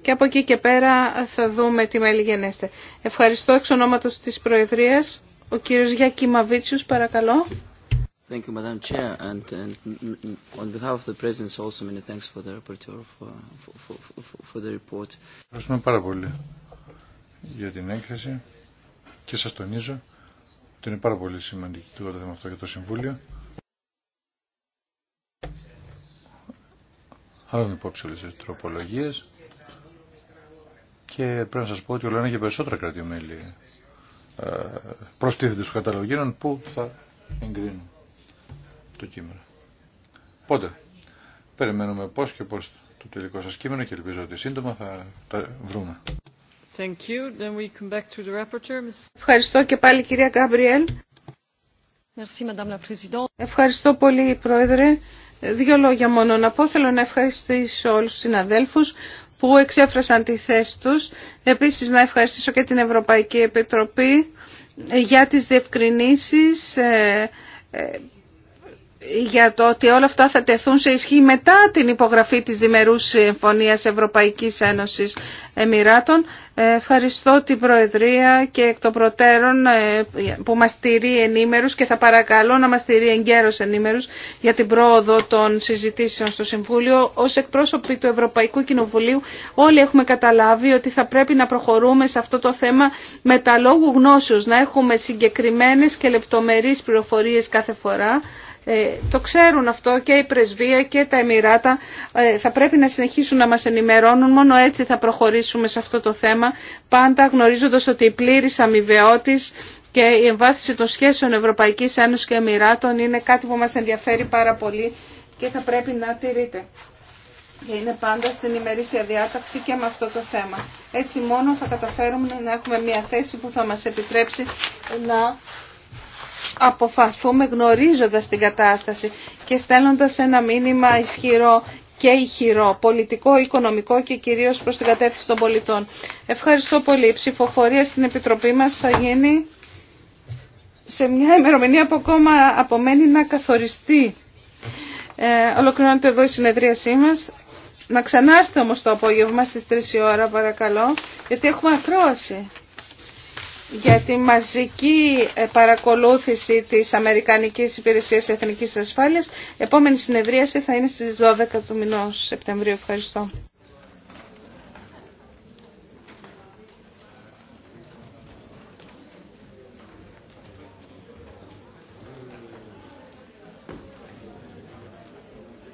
[SPEAKER 3] και από εκεί και πέρα θα δούμε τι μέλη γενέστε. Ευχαριστώ εξ ονόματος της Προεδρίας. Ο κύριος Γιάκη Μαβίτσιος, παρακαλώ.
[SPEAKER 2] Thank you, Madam Chair, and, and
[SPEAKER 1] on behalf of the President, also many thanks for the rapporteur for, for, for, for the report. Ευχαριστούμε πάρα πολύ για την έκθεση και σας τονίζω ότι είναι πάρα πολύ σημαντικό το θέμα αυτό για το Συμβούλιο. Άλλων υπόψη όλες τις τροπολογίες και πρέπει να σας πω ότι όλα είναι και περισσότερα κρατημέλη ε, προστίθεται στους καταλογίνων που θα εγκρίνουν το κείμενο. Πότε περιμένουμε πώς και πώς το τελικό σας κείμενο και ελπίζω ότι σύντομα θα τα βρούμε.
[SPEAKER 3] Ευχαριστώ και πάλι κυρία Γκάμπριελ. Ευχαριστώ πολύ Πρόεδρε. Δύο λόγια μόνο να πω. Θέλω να ευχαριστήσω όλους τους συναδέλφους που εξέφρασαν τη θέση τους. Επίσης να ευχαριστήσω και την Ευρωπαϊκή Επιτροπή για τις διευκρινήσεις ε, ε, για το ότι όλα αυτά θα τεθούν σε ισχύ μετά την υπογραφή της Διμερούς Συμφωνίας Ευρωπαϊκής Ένωσης Εμμυράτων. Ε, ευχαριστώ την Προεδρία και εκ των προτέρων ε, που μας στηρεί ενήμερους και θα παρακαλώ να μας στηρεί εγκαίρως ενήμερους για την πρόοδο των συζητήσεων στο Συμβούλιο. Ως εκπρόσωποι του Ευρωπαϊκού Κοινοβουλίου όλοι έχουμε καταλάβει ότι θα πρέπει να προχωρούμε σε αυτό το θέμα με τα λόγου γνώσεως, να έχουμε συγκεκριμένες και λεπτομερείς πληροφορίες κάθε φορά ε, το ξέρουν αυτό και η Πρεσβεία και τα Εμμυράτα. Ε, θα πρέπει να συνεχίσουν να μας ενημερώνουν. Μόνο έτσι θα προχωρήσουμε σε αυτό το θέμα. Πάντα γνωρίζοντας ότι η πλήρης αμοιβαιότης και η εμβάθυνση των σχέσεων Ευρωπαϊκής Ένωσης και Εμμυράτων είναι κάτι που μας ενδιαφέρει πάρα πολύ και θα πρέπει να τηρείται. Και είναι πάντα στην ημερήσια διάταξη και με αυτό το θέμα. Έτσι μόνο θα καταφέρουμε να έχουμε μια θέση που θα μας επιτρέψει να αποφαθούμε γνωρίζοντας την κατάσταση και στέλνοντας ένα μήνυμα ισχυρό και ηχηρό, πολιτικό, οικονομικό και κυρίως προς την κατεύθυνση των πολιτών. Ευχαριστώ πολύ. Η ψηφοφορία στην Επιτροπή μας θα γίνει σε μια ημερομηνία που ακόμα απομένει να καθοριστεί. Ε, ολοκληρώνεται εδώ η συνεδρίασή μας. Να ξανάρθει όμως το απόγευμα στις 3 η ώρα παρακαλώ, γιατί έχουμε ακρόαση για τη μαζική ε, παρακολούθηση της Αμερικανικής Υπηρεσίας Εθνικής Ασφάλειας. Επόμενη συνεδρίαση θα είναι στις 12 του μηνός Σεπτεμβρίου. Ευχαριστώ.